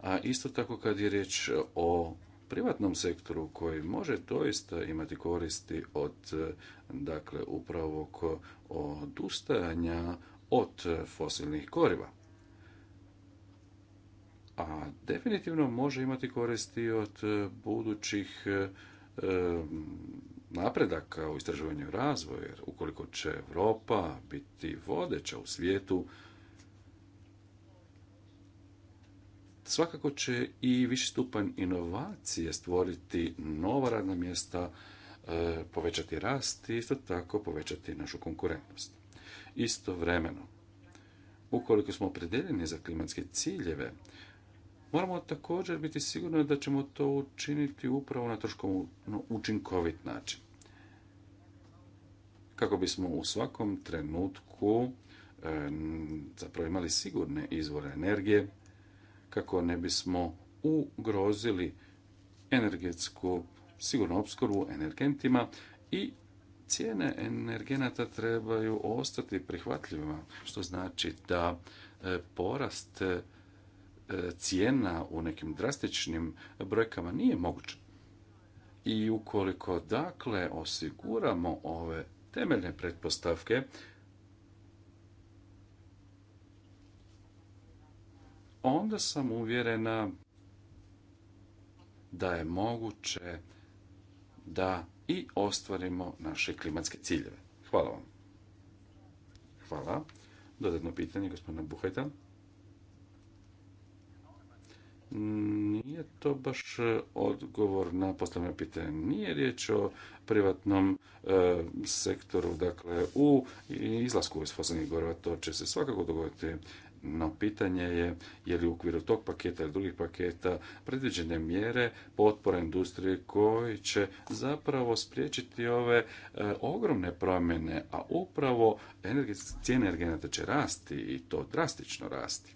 A isto tako kad je riječ o privatnom sektoru koji može doista imati koristi od e, dakle upravo odustajanja od fosilnih goriva. A definitivno može imati koristi od e, budućih e, napredaka u istraživanju razvoja. Ukoliko će Europa biti vodeća u svijetu Svakako će i viši stupanj inovacije stvoriti nova radna mjesta, e, povećati rast i isto tako povećati našu konkurentnost. Istovremeno, ukoliko smo opredeljeni za klimatske ciljeve, moramo također biti sigurni da ćemo to učiniti upravo na troškovno učinkovit način. Kako bismo u svakom trenutku e, zapravo imali sigurne izvore energije, kako ne bismo ugrozili energetsku sigurnu opskrbu energentima i cijene energenata trebaju ostati prihvatljivima, što znači da e, porast e, cijena u nekim drastičnim brojkama nije moguć. I ukoliko dakle osiguramo ove temeljne pretpostavke, onda sam uvjerena da je moguće da i ostvarimo naše klimatske ciljeve. Hvala vam. Hvala. Dodatno pitanje gospodina Buhajta. Nije to baš e, odgovor na postavljeno pitanje. Nije riječ o privatnom e, sektoru, dakle u izlasku iz fosilnih goriva to će se svakako dogoditi no pitanje je je li u okviru tog paketa ili drugih paketa predviđene mjere potpora industrije koji će zapravo spriječiti ove e, ogromne promjene, a upravo cijene energenata će rasti i to drastično rasti.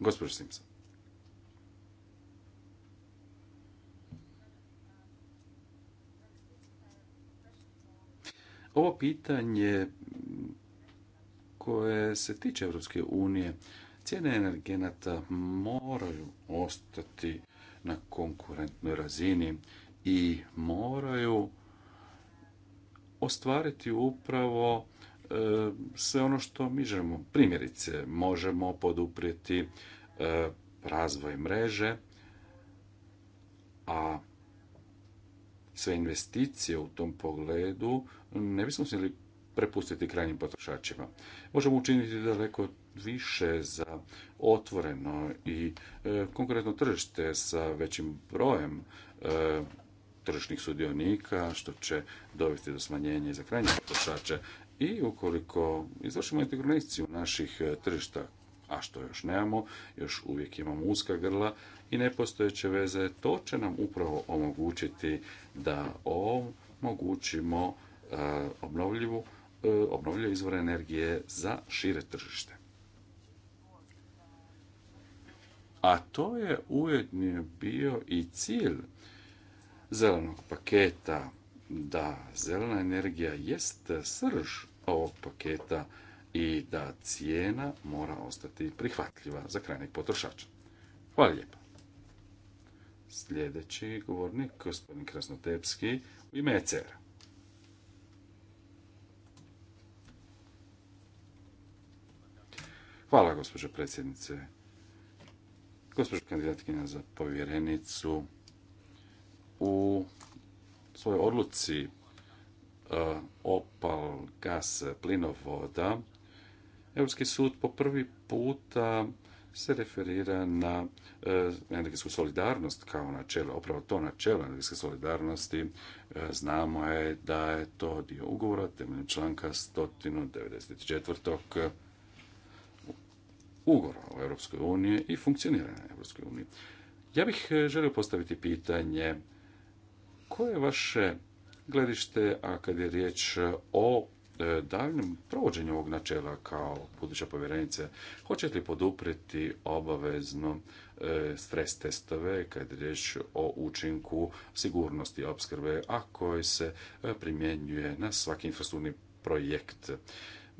Gospođo Simpson. Ovo pitanje koje se tiče Europske unije, cijene energenata moraju ostati na konkurentnoj razini i moraju ostvariti upravo e, sve ono što mi želimo. Primjerice, možemo poduprijeti e, razvoj mreže, a sve investicije u tom pogledu ne bismo smjeli prepustiti krajnjim potrošačima. Možemo učiniti daleko više za otvoreno i e, konkretno tržište sa većim brojem e, tržišnih sudionika, što će dovesti do smanjenja za krajnje potrošače i ukoliko izvršimo integraciju naših e, tržišta, a što još nemamo, još uvijek imamo uska grla i nepostojeće veze, to će nam upravo omogućiti da omogućimo obnovljivu E, obnovljive izvore energije za šire tržište. A to je ujedno bio i cilj zelenog paketa, da zelena energija jest srž ovog paketa i da cijena mora ostati prihvatljiva za krajnjeg potrošača. Hvala lijepo. Sljedeći govornik, gospodin Krasnotepski, u ime je Hvala, gospođo predsjednice. Gospođo kandidatkinja za povjerenicu, u svojoj odluci uh, opal gas plinovoda, Europski sud po prvi puta se referira na uh, energetsku solidarnost kao načelo, opravo to načelo energetske solidarnosti. Uh, znamo je da je to dio ugovora temeljem članka 194 ugovora o Europskoj uniji i funkcioniranja Europskoj uniji. Ja bih e, želio postaviti pitanje koje je vaše gledište, a kad je riječ e, o e, daljnjem provođenju ovog načela kao buduća povjerenice, hoćete li poduprijeti obavezno stres testove kad je riječ o učinku sigurnosti opskrbe, a koji se primjenjuje na svaki infrastrukturni projekt.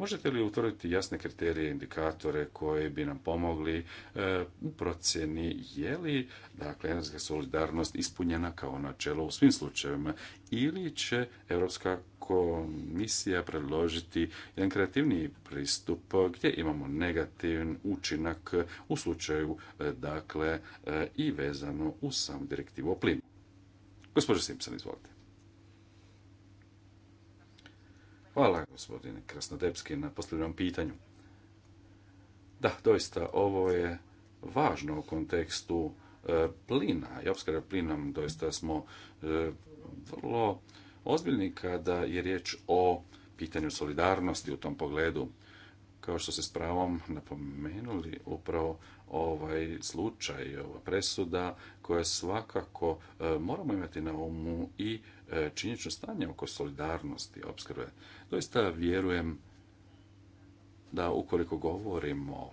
Možete li utvrditi jasne kriterije, indikatore koje bi nam pomogli e, u procjeni je li dakle, energetska solidarnost ispunjena kao načelo u svim slučajevima ili će Europska komisija predložiti jedan kreativni pristup gdje imamo negativan učinak u slučaju e, dakle e, i vezano uz samu direktivu o plinu. Gospođo Simpson, izvolite. Hvala gospodine Krasnodebski na postavljenom pitanju. Da, doista, ovo je važno u kontekstu e, plina i opskrbe plinom. Doista smo e, vrlo ozbiljni kada je riječ o pitanju solidarnosti u tom pogledu. Kao što ste s pravom napomenuli, upravo ovaj slučaj, ova presuda koja svakako e, moramo imati na umu i E, činjenično stanje oko solidarnosti opskrbe. Doista vjerujem da ukoliko govorimo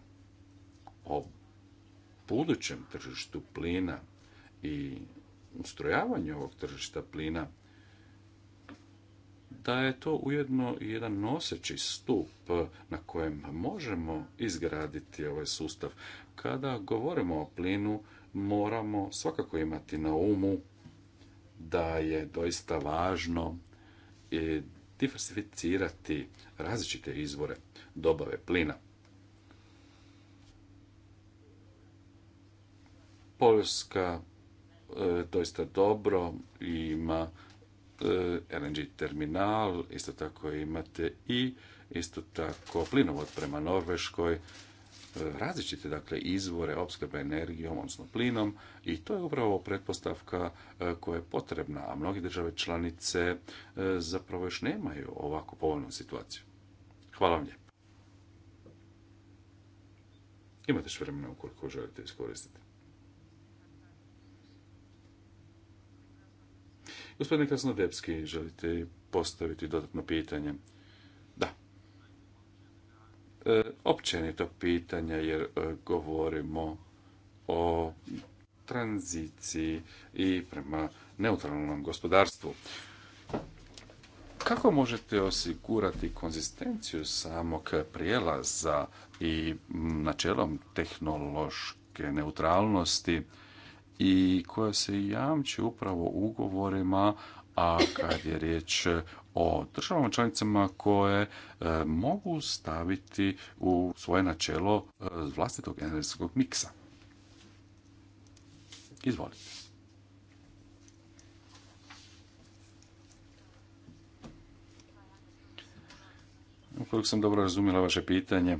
o budućem tržištu plina i ustrojavanju ovog tržišta plina, da je to ujedno i jedan noseći stup na kojem možemo izgraditi ovaj sustav. Kada govorimo o plinu, moramo svakako imati na umu da je doista važno diversificirati različite izvore dobave plina. Poljska e, doista dobro ima e, LNG terminal, isto tako imate i isto tako plinovod prema Norveškoj različite dakle, izvore opskrbe energijom, odnosno plinom i to je upravo pretpostavka e, koja je potrebna, a mnoge države članice e, zapravo još nemaju ovako povoljnu situaciju. Hvala vam lijepo. Imate još vremena ukoliko želite iskoristiti. Gospodine Krasnodebski, želite postaviti dodatno pitanje? E, općenito pitanje jer e, govorimo o tranziciji i prema neutralnom gospodarstvu. Kako možete osigurati konzistenciju samog prijelaza i načelom tehnološke neutralnosti i koja se jamči upravo ugovorima, a kad je riječ o državama članicama koje e, mogu staviti u svoje načelo e, vlastitog energetskog miksa. Izvolite. Ukoliko sam dobro razumjela vaše pitanje,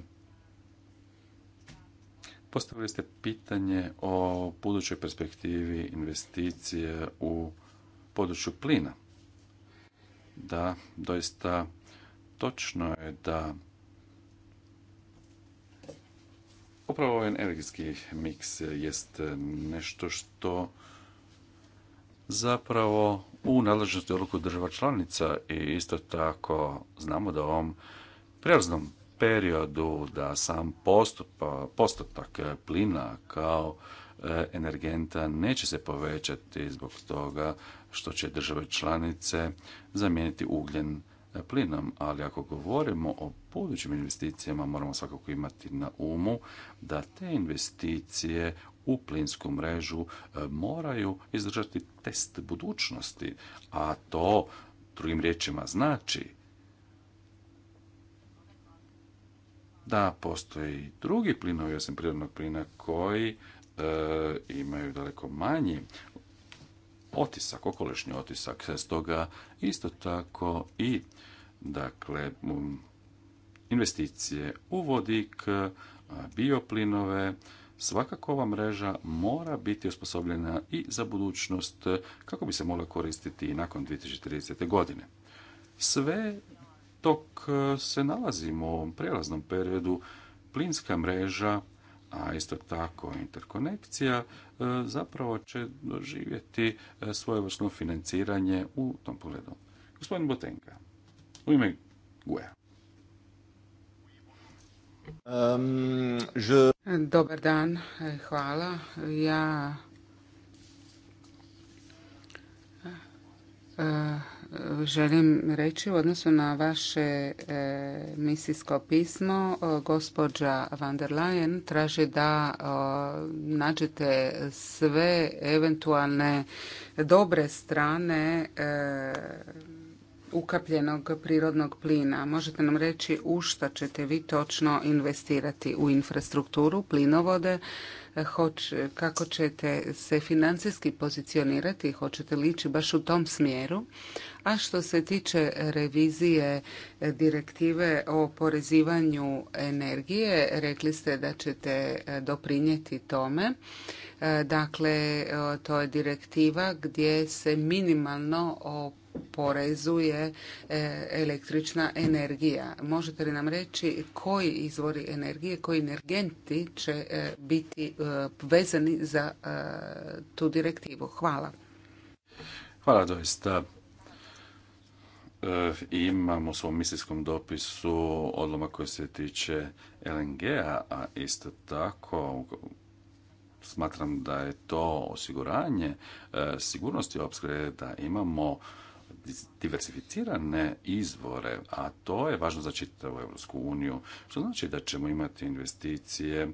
postavili ste pitanje o budućoj perspektivi investicije u području plina da doista točno je da upravo ovaj energijski miks jest nešto što zapravo u nadležnosti odluku država članica i isto tako znamo da u ovom prijelaznom periodu da sam postupak postotak plina kao e, energenta neće se povećati zbog toga što će države članice zamijeniti ugljen plinom, ali ako govorimo o budućim investicijama moramo svakako imati na umu da te investicije u plinsku mrežu e, moraju izdržati test budućnosti, a to drugim riječima znači da postoji drugi plinovi osim prirodnog plina koji e, imaju daleko manji otisak, okolišni otisak. Stoga isto tako i dakle um, investicije u vodik, bioplinove, svakako ova mreža mora biti osposobljena i za budućnost kako bi se mogla koristiti i nakon 2030. godine. Sve dok se nalazimo u ovom prelaznom periodu, plinska mreža a isto tako interkonekcija e, zapravo će doživjeti e, svojevrsno financiranje u tom pogledu. Gospodin Botenka, u ime Guja. Dobar dan, hvala. Ja... E, želim reći u odnosu na vaše e, misijsko pismo. E, gospođa van der Leyen traži da e, nađete sve eventualne dobre strane ukapljenog prirodnog plina. Možete nam reći u šta ćete vi točno investirati u infrastrukturu, plinovode, kako ćete se financijski pozicionirati, hoćete li ići baš u tom smjeru. A što se tiče revizije direktive o porezivanju energije, rekli ste da ćete e, doprinijeti tome. E, dakle, e, to je direktiva gdje se minimalno o oporezuje e, električna energija. Možete li nam reći koji izvori energije, koji energenti će e, biti e, vezani za tu direktivu? Hvala. Hvala doista. Imamo u svom misijskom dopisu odloma koji se tiče LNG-a, a isto tako smatram da je to osiguranje sigurnosti opskrbe da imamo diversificirane izvore, a to je važno za čitavu Europsku uniju, što znači da ćemo imati investicije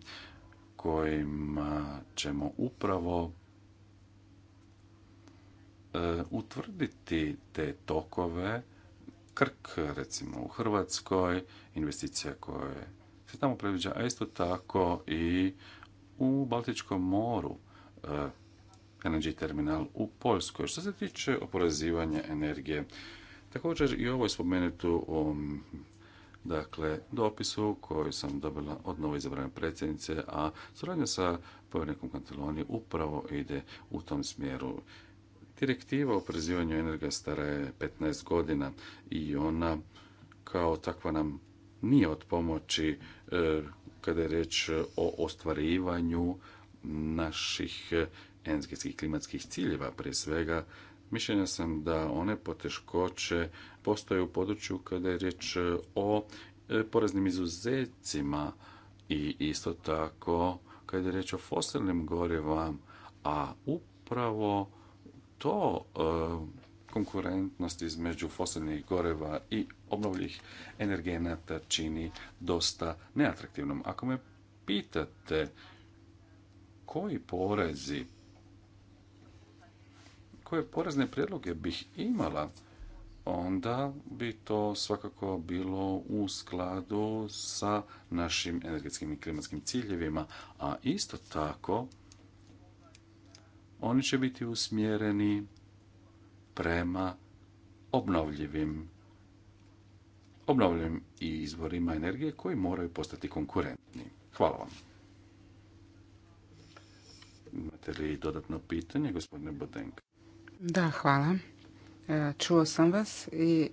kojima ćemo upravo e, utvrditi te tokove. Krk, recimo u Hrvatskoj, investicija koje se tamo predviđa, a isto tako i u Baltičkom moru e, LNG terminal u Poljskoj. Što se tiče oporezivanja energije, također i ovo je spomenuto u dakle, dopisu koji sam dobila od novo izabrane predsjednice, a suradnja sa povjerenikom Kanteloni upravo ide u tom smjeru. Direktiva o prezivanju energije stara je 15 godina i ona kao takva nam nije od pomoći e, kada je riječ o ostvarivanju naših energetskih klimatskih ciljeva. Prije svega, mišljenja sam da one poteškoće postoje u području kada je riječ e, o e, poreznim izuzecima i isto tako kada je riječ o fosilnim gorivama, a upravo to e, konkurentnost između fosilnih goriva i obnovljivih energenata čini dosta neatraktivnom. Ako me pitate koji porezi koje porezne prijedloge bih imala, onda bi to svakako bilo u skladu sa našim energetskim i klimatskim ciljevima, a isto tako oni će biti usmjereni prema obnovljivim obnovljivim izvorima energije koji moraju postati konkurentni. Hvala vam. Imate li dodatno pitanje, gospodine Bodenka? Da, hvala. E, čuo sam vas i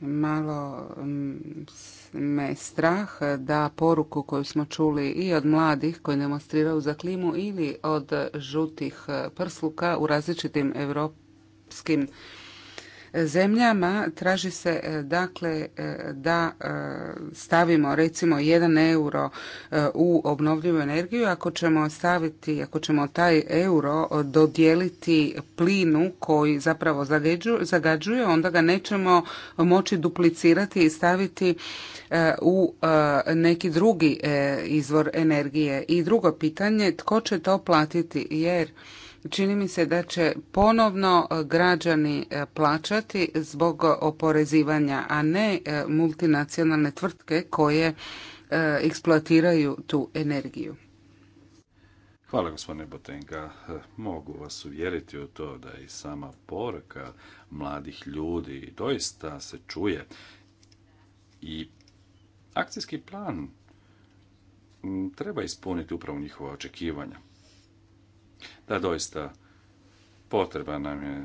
malo me strah da poruku koju smo čuli i od mladih koji demonstriraju za klimu ili od žutih e, prsluka u različitim europskim zemljama traži se e, dakle e, da e, stavimo recimo 1 euro u obnovljivu energiju ako ćemo staviti ako ćemo taj euro dodijeliti plinu koji zapravo zagađuje onda ga nećemo moći duplicirati i staviti u neki drugi izvor energije. I drugo pitanje, tko će to platiti jer čini mi se da će ponovno e, građani e, plaćati zbog oporezivanja, a ne e, multinacionalne tvrtke koje eksploatiraju tu energiju. Hvala gospodine Botenka. Mogu vas uvjeriti u to da i sama poruka mladih ljudi doista se čuje. I akcijski plan treba ispuniti upravo njihova očekivanja. Da, doista, potreba nam je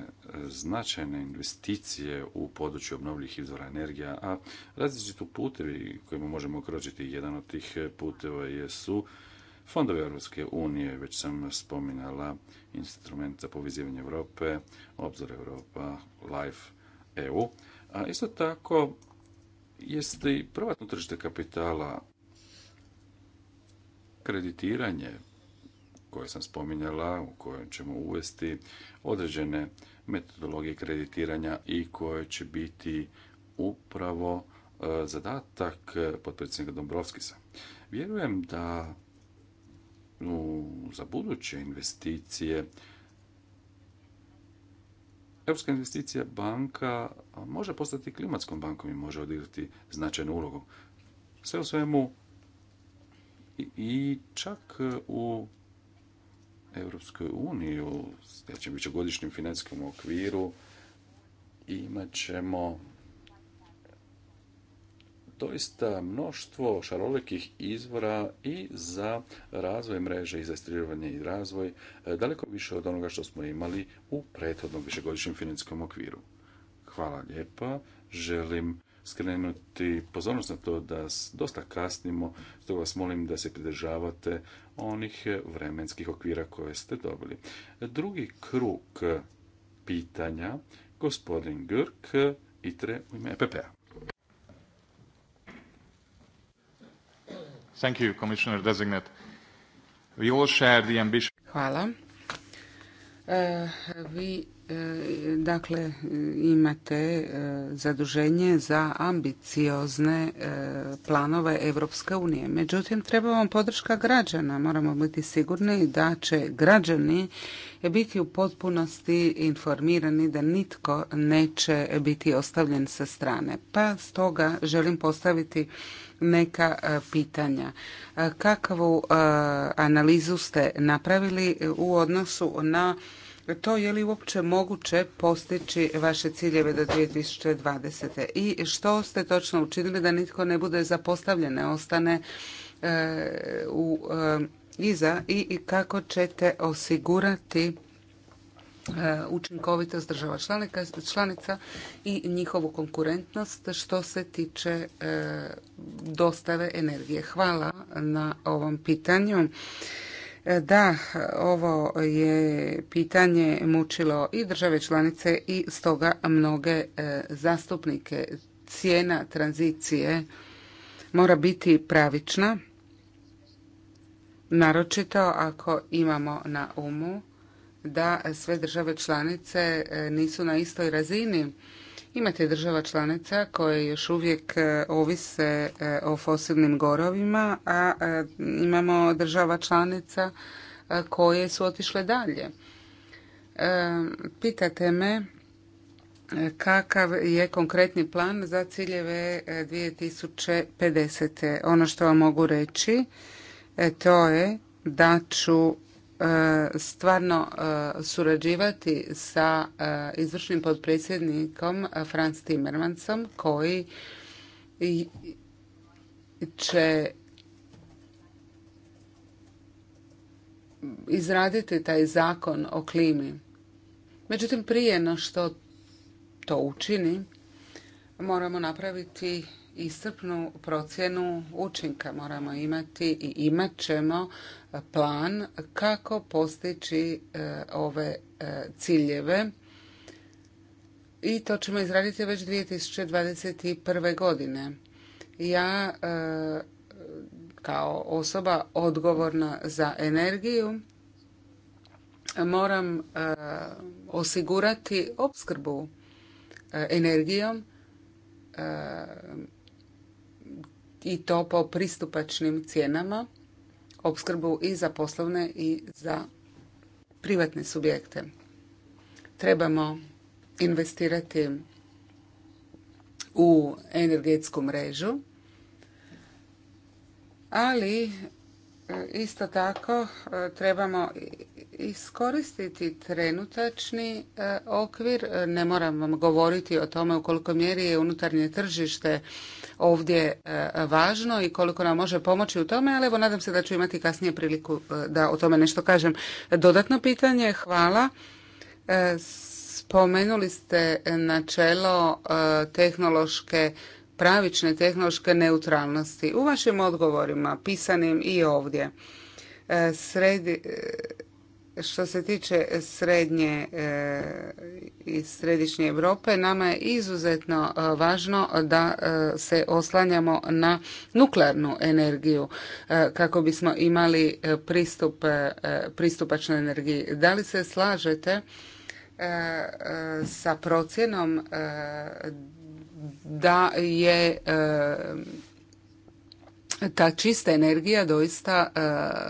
značajne investicije u području obnovljivih izvora energija, a različiti putevi kojima možemo kročiti, jedan od tih puteva jesu fondove Europske unije, već sam spominjala instrument za povezivanje Europe, obzor Europa, Life EU, a isto tako jeste i prvatno tržište kapitala, kreditiranje koje sam spominjala, u kojem ćemo uvesti određene metodologije kreditiranja i koje će biti upravo e, zadatak potpredsjednika Dombrovskisa. Vjerujem da za buduće investicije Europska investicija banka može postati klimatskom bankom i može odigrati značajnu ulogu. Sve u svemu i čak u Europskoj uniji u sljedećem višegodišnjem financijskom okviru imat ćemo doista mnoštvo šarolikih izvora i za razvoj mreže i za i razvoj e, daleko više od onoga što smo imali u prethodnom višegodišnjem financijskom okviru. Hvala lijepa. Želim skrenuti pozornost na to da dosta kasnimo, stoga vas molim da se pridržavate onih vremenskih okvira koje ste dobili. Drugi krug pitanja, gospodin Grk, ITRE u ime EPP-a. Thank you, Commissioner Designate. Hvala. Eh, vi eh, dakle imate eh, zaduženje za ambiciozne planove Europske unije. Međutim, treba vam podrška građana. Moramo biti sigurni da će građani biti u potpunosti informirani da nitko neće biti ostavljen sa strane. Pa stoga želim postaviti neka e, pitanja. E, kakvu e, analizu ste napravili u odnosu na to je li uopće moguće postići vaše ciljeve do 2020. I što ste točno učinili da nitko ne bude zapostavljen, ne ostane u za i kako ćete osigurati e, učinkovitost država članica i njihovu konkurentnost što se tiče e, dostave energije. Hvala na ovom pitanju. E, da, ovo je pitanje mučilo i države članice i stoga mnoge zastupnike. Cijena tranzicije mora biti pravična naročito ako imamo na umu da sve države članice e, nisu na istoj razini. Imate država članica koje još uvijek e, ovise e, o fosilnim gorovima, a imamo država članica koje su otišle dalje. Pitate me kakav je konkretni plan za ciljeve 2050. Ono što vam mogu reći E, to je da ću e, stvarno e, surađivati sa izvršnim potpredsjednikom Franz Timmermansom koji će izraditi taj zakon o klimi. Međutim, prije na što to učini, moramo napraviti iscrpnu procjenu učinka. Moramo imati i imat ćemo e, plan kako postići e, ove e, ciljeve i to ćemo izraditi već 2021. godine. Ja kao osoba odgovorna za energiju moram osigurati opskrbu energijom i to po pristupačnim cijenama, opskrbu i za poslovne i za privatne subjekte. Trebamo investirati u energetsku mrežu, ali e, isto tako e, trebamo iskoristiti trenutačni e, okvir. E, ne moram vam govoriti o tome u koliko mjeri je unutarnje tržište ovdje e, važno i koliko nam može pomoći u tome, ali evo nadam se da ću imati kasnije priliku da o tome nešto kažem. Dodatno pitanje, hvala. Spomenuli ste načelo tehnološke pravične tehnološke neutralnosti. U vašim odgovorima, pisanim i ovdje, sredi, što se tiče srednje e, i središnje Europe, nama je izuzetno e, važno da e, se oslanjamo na nuklearnu energiju kako bismo imali pristup pristupačnoj energiji. Da li se slažete sa procjenom da je ta čista energija doista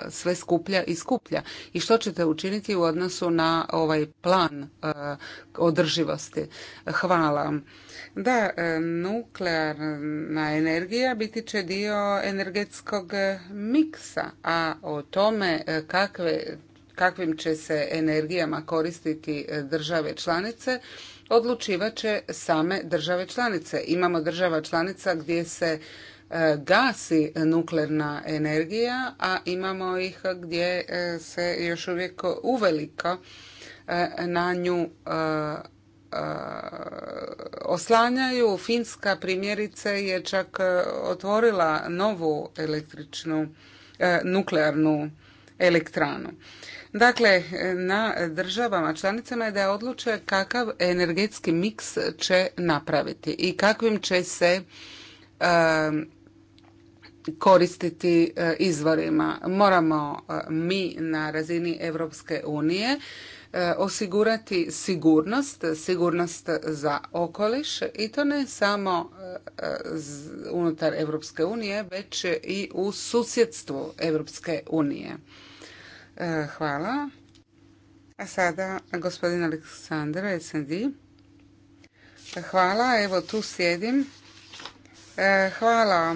e, sve skuplja i skuplja. I što ćete učiniti u odnosu na ovaj plan e, održivosti? Hvala. Da, e, nuklearna energija biti će dio energetskog miksa, a o tome kakve, kakvim će se energijama koristiti države članice, odlučivat će same države članice. Imamo država članica gdje se E, gasi nuklearna energija, a imamo ih gdje e, se još uvijek uveliko e, na nju oslanjaju. Finska primjerice je čak otvorila novu električnu nuklearnu elektranu. Dakle, na državama članicama je da odluče kakav energetski miks će napraviti i kakvim će se koristiti e, izvorima. Moramo e, mi na razini Europske unije e, osigurati sigurnost, sigurnost za okoliš i to ne samo unutar Europske unije, već i u susjedstvu Europske unije. Hvala. A sada gospodin Aleksandar SND. Hvala, evo tu sjedim. Hvala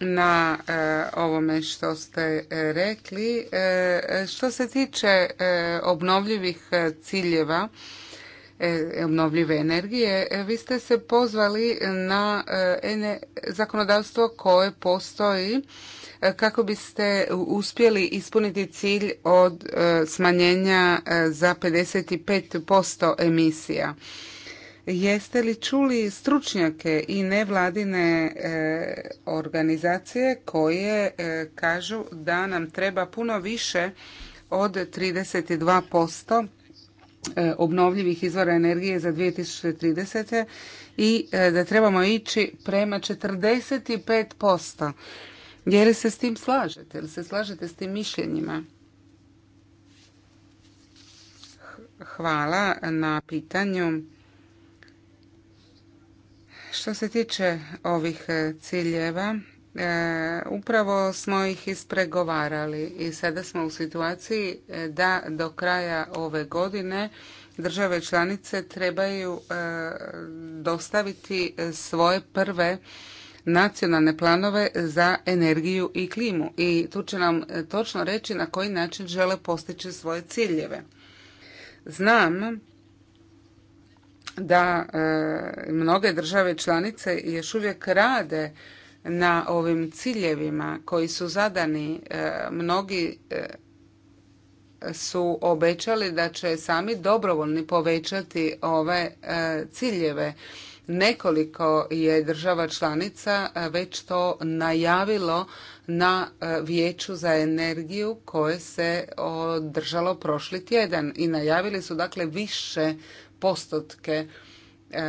na e, ovome što ste e, rekli. E, što se tiče obnovljivih ciljeva, obnovljive energije, vi ste se pozvali na zakonodavstvo koje postoji kako biste uspjeli ispuniti cilj od smanjenja za 55% emisija. Jeste li čuli stručnjake i nevladine e, organizacije koje e, kažu da nam treba puno više od 32% e, obnovljivih izvora energije za 2030. i da trebamo ići prema 45%. Je li se s tim slažete? Jel se slažete s tim mišljenjima? Hvala na pitanju. Što se tiče ovih e, ciljeva, e, upravo smo ih ispregovarali i sada smo u situaciji e, da do kraja ove godine države članice trebaju dostaviti svoje prve nacionalne planove za energiju i klimu i tu će nam točno reći na koji način žele postići svoje ciljeve. Znam da e, mnoge države članice još uvijek rade na ovim ciljevima koji su zadani. E, mnogi e, su obećali da će sami dobrovoljni povećati ove ciljeve. Nekoliko je država članica već to najavilo na vijeću za energiju koje se održalo prošli tjedan i najavili su dakle više postotke e,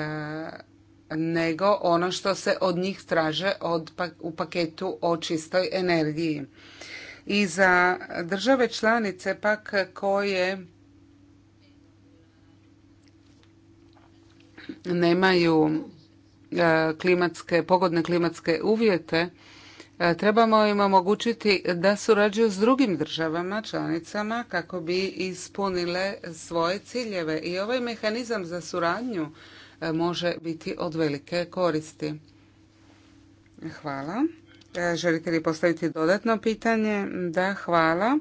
nego ono što se od njih traže od, pa, u paketu o čistoj energiji. I za države članice pak koje nemaju e, klimatske, pogodne klimatske uvjete, E, trebamo im omogućiti da surađuju s drugim državama, članicama, kako bi ispunile svoje ciljeve. I ovaj mehanizam za suradnju e, može biti od velike koristi. Hvala. E, želite li postaviti dodatno pitanje? Da, hvala.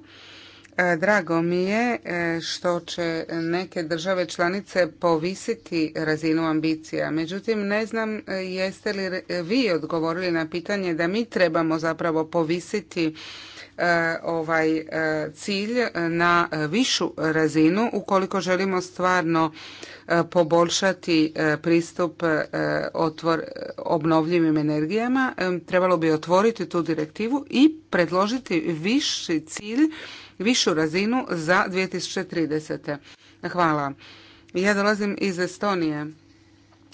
E, drago mi je e, što će neke države članice povisiti razinu ambicija. Međutim, ne znam e, jeste li vi odgovorili na pitanje da mi trebamo zapravo povisiti ovaj cilj na višu razinu ukoliko želimo stvarno poboljšati pristup otvor, obnovljivim energijama. Trebalo bi otvoriti tu direktivu i predložiti viši cilj višu razinu za 2030. Hvala. Ja dolazim iz Estonije.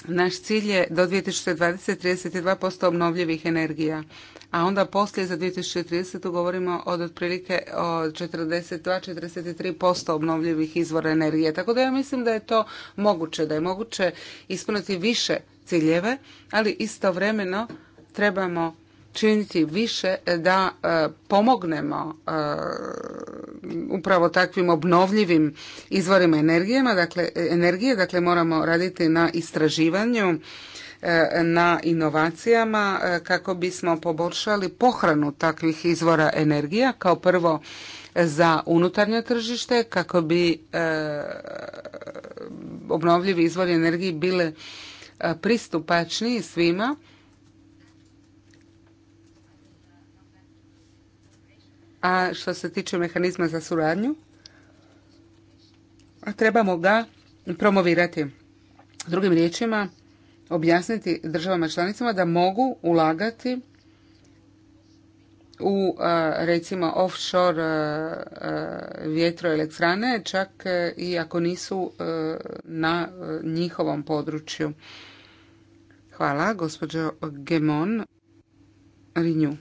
Naš cilj je do 2020 32% obnovljivih energija, a onda poslije za 2030 govorimo od otprilike od 42-43% obnovljivih izvora energije. Tako da ja mislim da je to moguće, da je moguće ispuniti više ciljeve, ali istovremeno trebamo činiti više da e, pomognemo e, upravo takvim obnovljivim izvorima energijama, dakle, e, energije, dakle moramo raditi na istraživanju, na inovacijama kako bismo poboljšali pohranu takvih izvora energija kao prvo za unutarnje tržište kako bi obnovljivi izvori energije bile pristupačniji svima A što se tiče mehanizma za suradnju, trebamo ga promovirati. Drugim riječima, objasniti državama članicama da mogu ulagati u recimo offshore vjetroelektrane čak e, i ako nisu e, na e, njihovom području. Hvala, gospođo Gemon Rinju.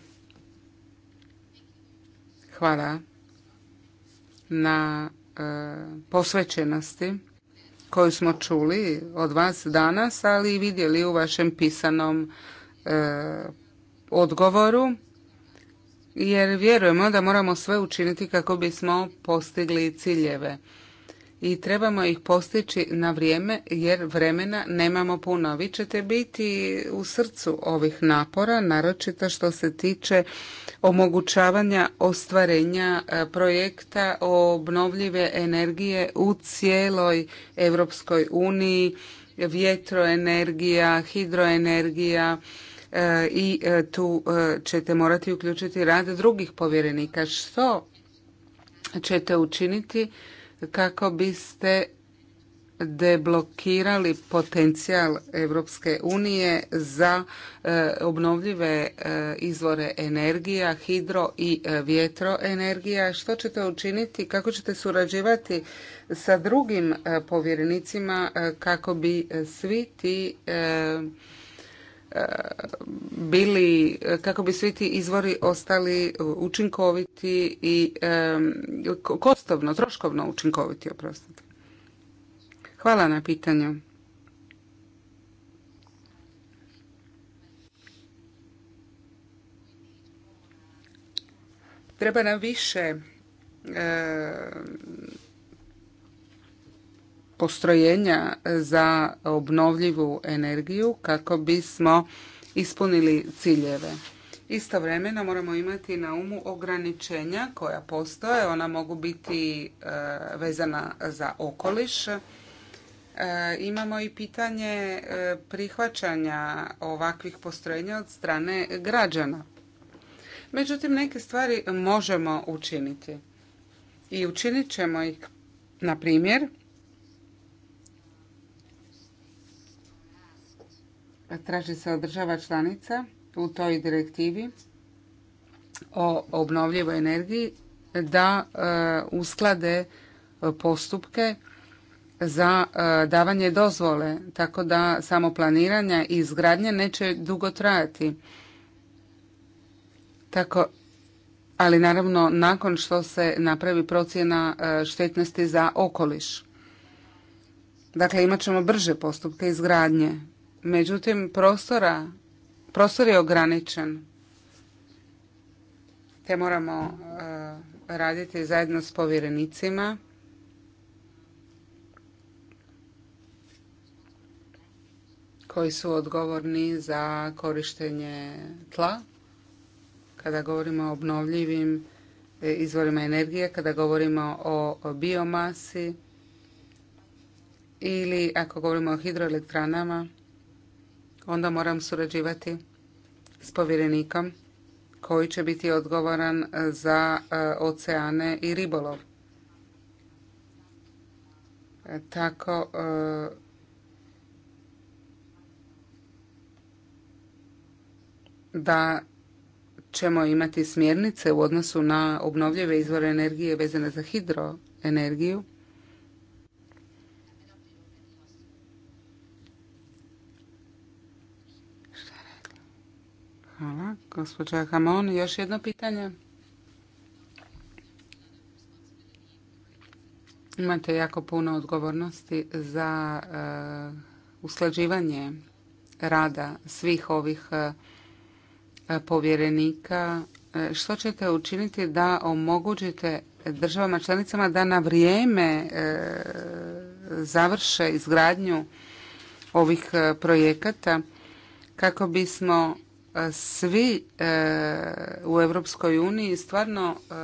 Hvala na e, posvećenosti koju smo čuli od vas danas, ali i vidjeli u vašem pisanom e, odgovoru, jer vjerujemo da moramo sve učiniti kako bismo postigli ciljeve i trebamo ih postići na vrijeme jer vremena nemamo puno. Vi ćete biti u srcu ovih napora, naročito što se tiče omogućavanja ostvarenja e, projekta obnovljive energije u cijeloj Europskoj uniji, vjetroenergija, hidroenergija, e, i e, tu ćete morati uključiti rad drugih povjerenika. Što ćete učiniti kako biste deblokirali potencijal Europske unije za e, obnovljive e, izvore energija, hidro i e, vjetroenergija. Što ćete učiniti, kako ćete surađivati sa drugim povjerenicima kako bi svi ti bili, kako bi svi ti izvori ostali učinkoviti i kostovno, troškovno učinkoviti, oprostite. Hvala na pitanju. Treba nam više postrojenja za obnovljivu energiju kako bismo ispunili ciljeve. Istovremeno moramo imati na umu ograničenja koja postoje, ona mogu biti e, vezana za okoliš. E, imamo i pitanje e, prihvaćanja ovakvih postrojenja od strane građana. Međutim, neke stvari možemo učiniti. I učinit ćemo ih, na primjer, traži se od država članica u toj direktivi o obnovljivoj energiji da e, usklade postupke za e, davanje dozvole, tako da samo planiranja i izgradnje neće dugo trajati. Tako, ali naravno nakon što se napravi procjena e, štetnosti za okoliš. Dakle, imat ćemo brže postupke izgradnje Međutim, prostora, prostor je ograničen. Te moramo e, raditi zajedno s povjerenicima. koji su odgovorni za korištenje tla, kada govorimo o obnovljivim e, izvorima energije, kada govorimo o biomasi ili ako govorimo o hidroelektranama, onda moram surađivati s povjerenikom koji će biti odgovoran za e, oceane i ribolov. E, tako e, da ćemo imati smjernice u odnosu na obnovljive izvore energije vezane za hidroenergiju Hvala. Gospođa Hamon, još jedno pitanje. Imate jako puno odgovornosti za eh, usklađivanje rada svih ovih eh, povjerenika. Eh, što ćete učiniti da omogućite državama članicama da na vrijeme završe izgradnju ovih projekata kako bismo svi e, u Europskoj uniji stvarno e,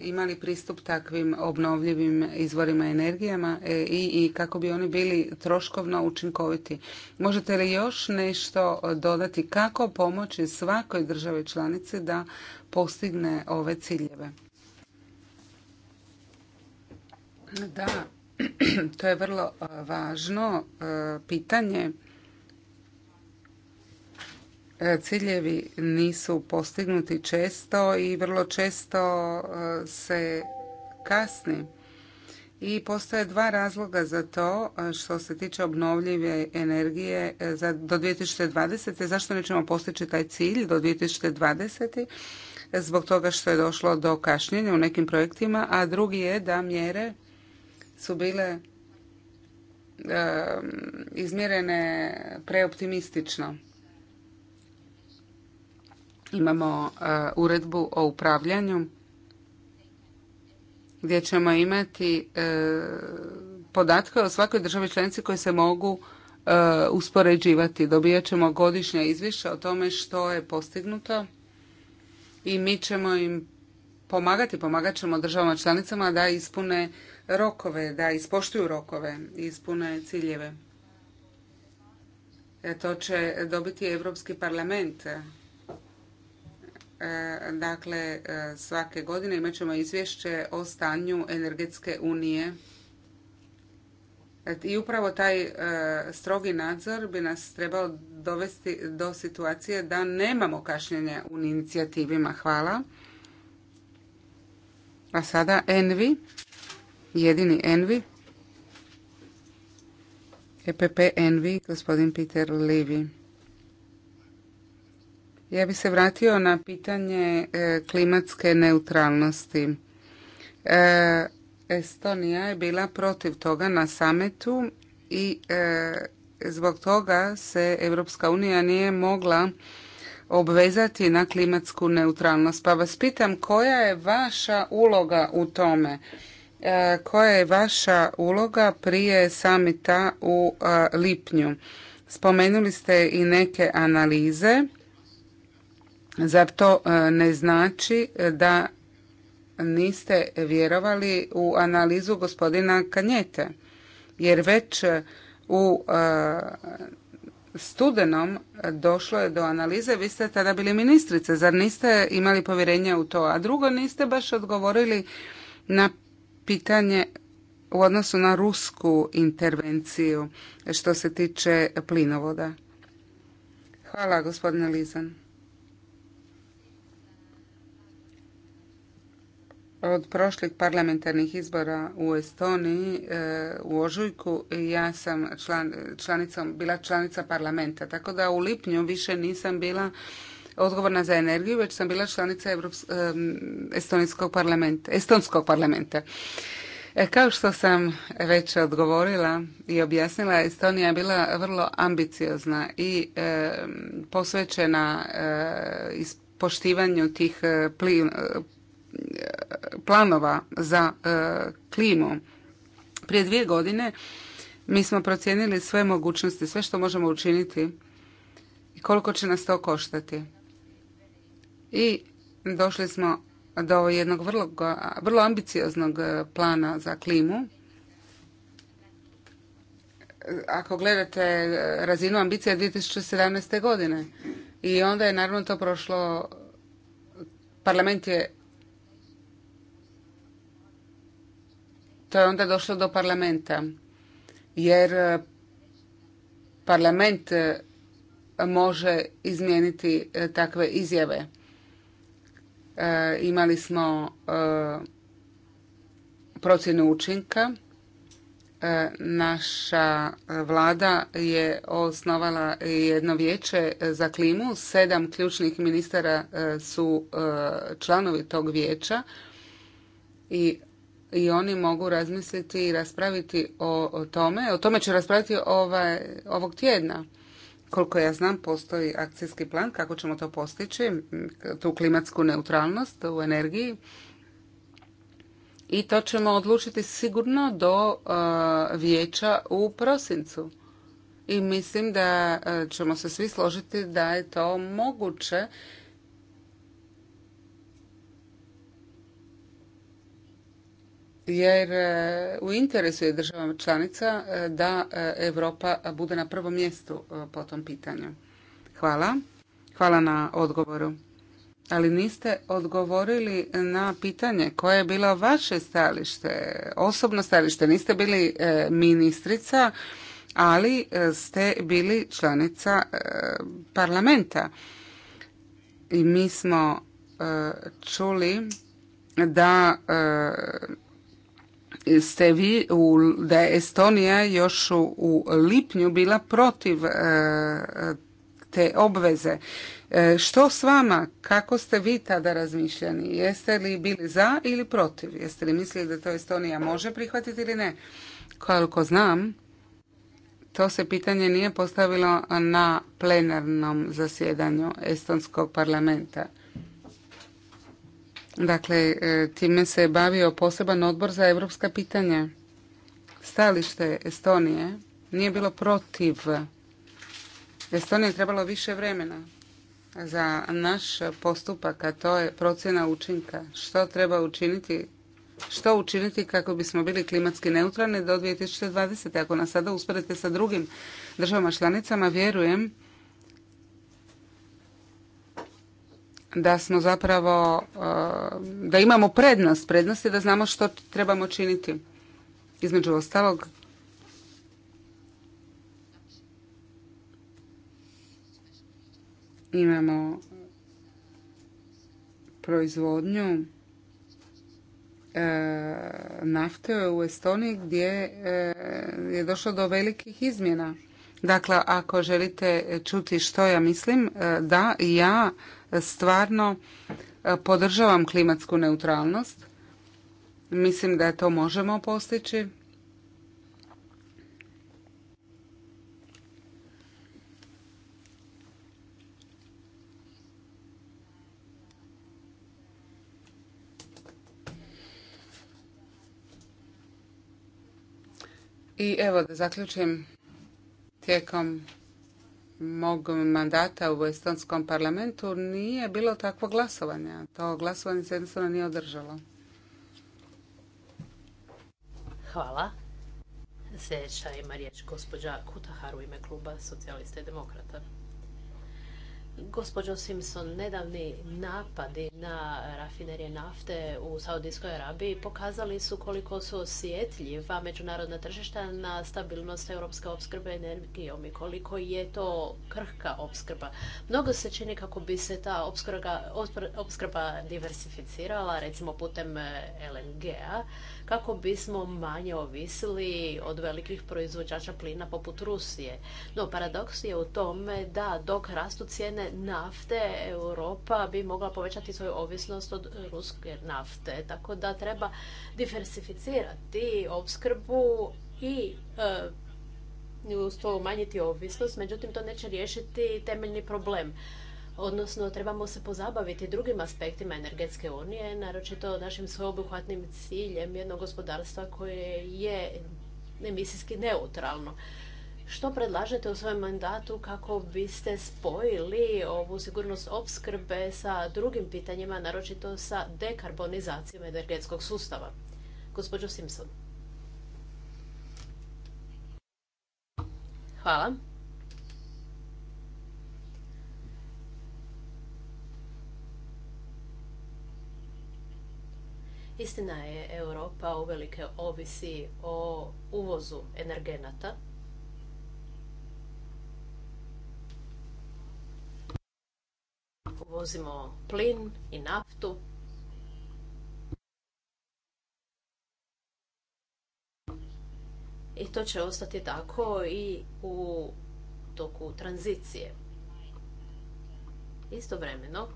imali pristup takvim obnovljivim izvorima energijama e, i kako bi oni bili troškovno učinkoviti. Možete li još nešto dodati kako pomoći svakoj državi članici da postigne ove ciljeve? Da, to je vrlo važno pitanje E, ciljevi nisu postignuti često i vrlo često e, se kasni. I postoje dva razloga za to e, što se tiče obnovljive energije do 2020. Zašto nećemo postići taj cilj do 2020. Zbog toga što je došlo do kašnjenja u nekim projektima, a drugi je da mjere su bile izmjerene preoptimistično imamo e, uredbu o upravljanju gdje ćemo imati e, podatke o svakoj državi članici koje se mogu e, uspoređivati. Dobijat ćemo godišnje izvješća o tome što je postignuto i mi ćemo im pomagati, pomagat ćemo državama članicama da ispune rokove, da ispoštuju rokove, ispune ciljeve. E, to će dobiti Europski parlament E, dakle, e, svake godine imat ćemo izvješće o stanju energetske unije. E, I upravo taj strogi nadzor bi nas trebao dovesti do situacije da nemamo kašnjenja u inicijativima. Hvala. A sada Envi, jedini Envi. EPP Envi, gospodin Peter Livi. Ja bih se vratio na pitanje e, klimatske neutralnosti. E, Estonija je bila protiv toga na sametu i e, zbog toga se Europska unija nije mogla obvezati na klimatsku neutralnost. Pa vas pitam koja je vaša uloga u tome? Koja je vaša uloga prije samita u lipnju? Spomenuli ste i neke analize Zar to e, ne znači e, da niste vjerovali u analizu gospodina Kanjete? Jer već e, u studenom došlo je do analize, vi ste tada bili ministrice, zar niste imali povjerenje u to? A drugo, niste baš odgovorili na pitanje u odnosu na rusku intervenciju što se tiče plinovoda. Hvala, gospodine Lizan. od prošlih parlamentarnih izbora u Estoniji e, u ožujku ja sam član, članicom, bila članica parlamenta. Tako da u lipnju više nisam bila odgovorna za energiju, već sam bila članica Evrops e, Estonijskog parlamenta, Estonskog parlamenta. E, kao što sam već odgovorila i objasnila, Estonija je bila vrlo ambiciozna i posvećena poštivanju tih planova za e, klimu. Prije dvije godine mi smo procijenili sve mogućnosti, sve što možemo učiniti i koliko će nas to koštati. I došli smo do jednog vrlo, ambicioznog e, plana za klimu. Ako gledate e, razinu ambicija 2017. godine i onda je naravno to prošlo parlament je To je onda došlo do parlamenta. Jer e, parlament e, može izmijeniti e, takve izjave. Imali smo procjenu učinka. Naša vlada je osnovala jedno vijeće za klimu. Sedam ključnih ministara su članovi tog vijeća i i oni mogu razmisliti i raspraviti o, tome. O tome će raspraviti ovaj, ovog tjedna. Koliko ja znam, postoji akcijski plan kako ćemo to postići, tu klimatsku neutralnost u energiji. I to ćemo odlučiti sigurno do e, vijeća u prosincu. I mislim da e, ćemo se svi složiti da je to moguće jer e, u interesu je državama članica e, da e, Europa bude na prvom mjestu po tom pitanju. Hvala. Hvala na odgovoru. Ali niste odgovorili na pitanje koje je bilo vaše stajalište, osobno stajalište. Niste bili ministrica, ali ste bili članica parlamenta. I mi smo čuli da ste vi, u, da je Estonija još u, lipnju bila protiv e, te obveze. E, što s vama? Kako ste vi tada razmišljani? Jeste li bili za ili protiv? Jeste li mislili da to Estonija može prihvatiti ili ne? Koliko znam, to se pitanje nije postavilo na plenarnom zasjedanju Estonskog parlamenta. Dakle, e, time se je bavio poseban odbor za europska pitanja. Stalište Estonije nije bilo protiv. Estonije je trebalo više vremena za naš postupak, a to je procjena učinka. Što treba učiniti što učiniti kako bismo bili klimatski neutralni do 2020. Ako nas sada usporedite sa drugim državama članicama, vjerujem da smo zapravo, e, da imamo prednost, prednost je da znamo što trebamo činiti. Između ostalog, imamo proizvodnju e, nafte u Estoniji gdje e, je došlo do velikih izmjena. Dakle, ako želite čuti što ja mislim, da, ja stvarno e, podržavam klimatsku neutralnost. Mislim da to možemo postići. I evo da zaključim tijekom mog mandata u Estonskom parlamentu nije bilo takvo glasovanja. To glasovanje se jednostavno nije održalo. Hvala. Sljedeća ima riječ gospođa Kutaharu u ime kluba socijalista i demokrata. Gospođo Simpson, nedavni napadi na rafinerije nafte u Saudijskoj Arabiji pokazali su koliko su osjetljiva međunarodna tržišta na stabilnost europske opskrbe energijom i koliko je to krhka opskrba. Mnogo se čini kako bi se ta opskrba, opskrba diversificirala, recimo putem eh, LNG-a, kako bismo manje ovisili od velikih proizvođača plina poput Rusije. No, paradoks je u tome da dok rastu cijene nafte, Europa bi mogla povećati svoju ovisnost od ruske nafte. Tako da treba diversificirati opskrbu i e, uz to umanjiti ovisnost, međutim to neće riješiti temeljni problem odnosno trebamo se pozabaviti drugim aspektima energetske unije, naročito našim sveobuhvatnim ciljem jednog gospodarstva koje je emisijski neutralno. Što predlažete u svojem mandatu kako biste spojili ovu sigurnost opskrbe sa drugim pitanjima, naročito sa dekarbonizacijom energetskog sustava? Gospođo Simpson. Hvala. Istina je, Europa uvelike ovisi o uvozu energenata. Uvozimo plin i naftu. I to će ostati tako i u toku tranzicije. Istovremeno,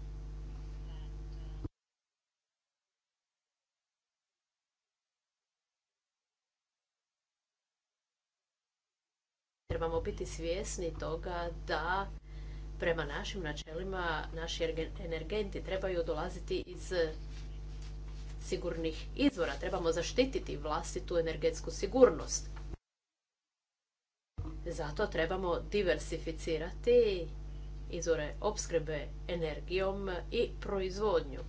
trebamo biti svjesni toga da prema našim načelima naši energenti trebaju dolaziti iz sigurnih izvora. Trebamo zaštititi vlastitu energetsku sigurnost. Zato trebamo diversificirati izvore opskrbe energijom i proizvodnju.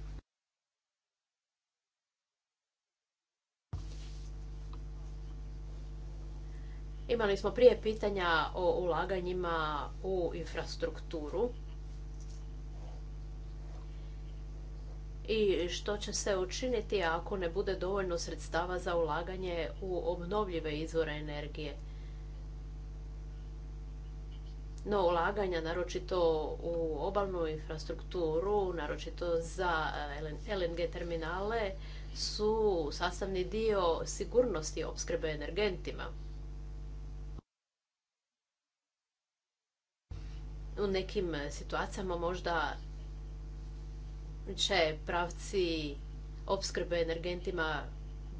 Imali smo prije pitanja o ulaganjima u infrastrukturu i što će se učiniti ako ne bude dovoljno sredstava za ulaganje u obnovljive izvore energije. No ulaganja, naročito u obalnu infrastrukturu, naročito za eh, LNG terminale, su sastavni dio sigurnosti opskrbe energentima. u nekim e, situacijama možda će pravci opskrbe energentima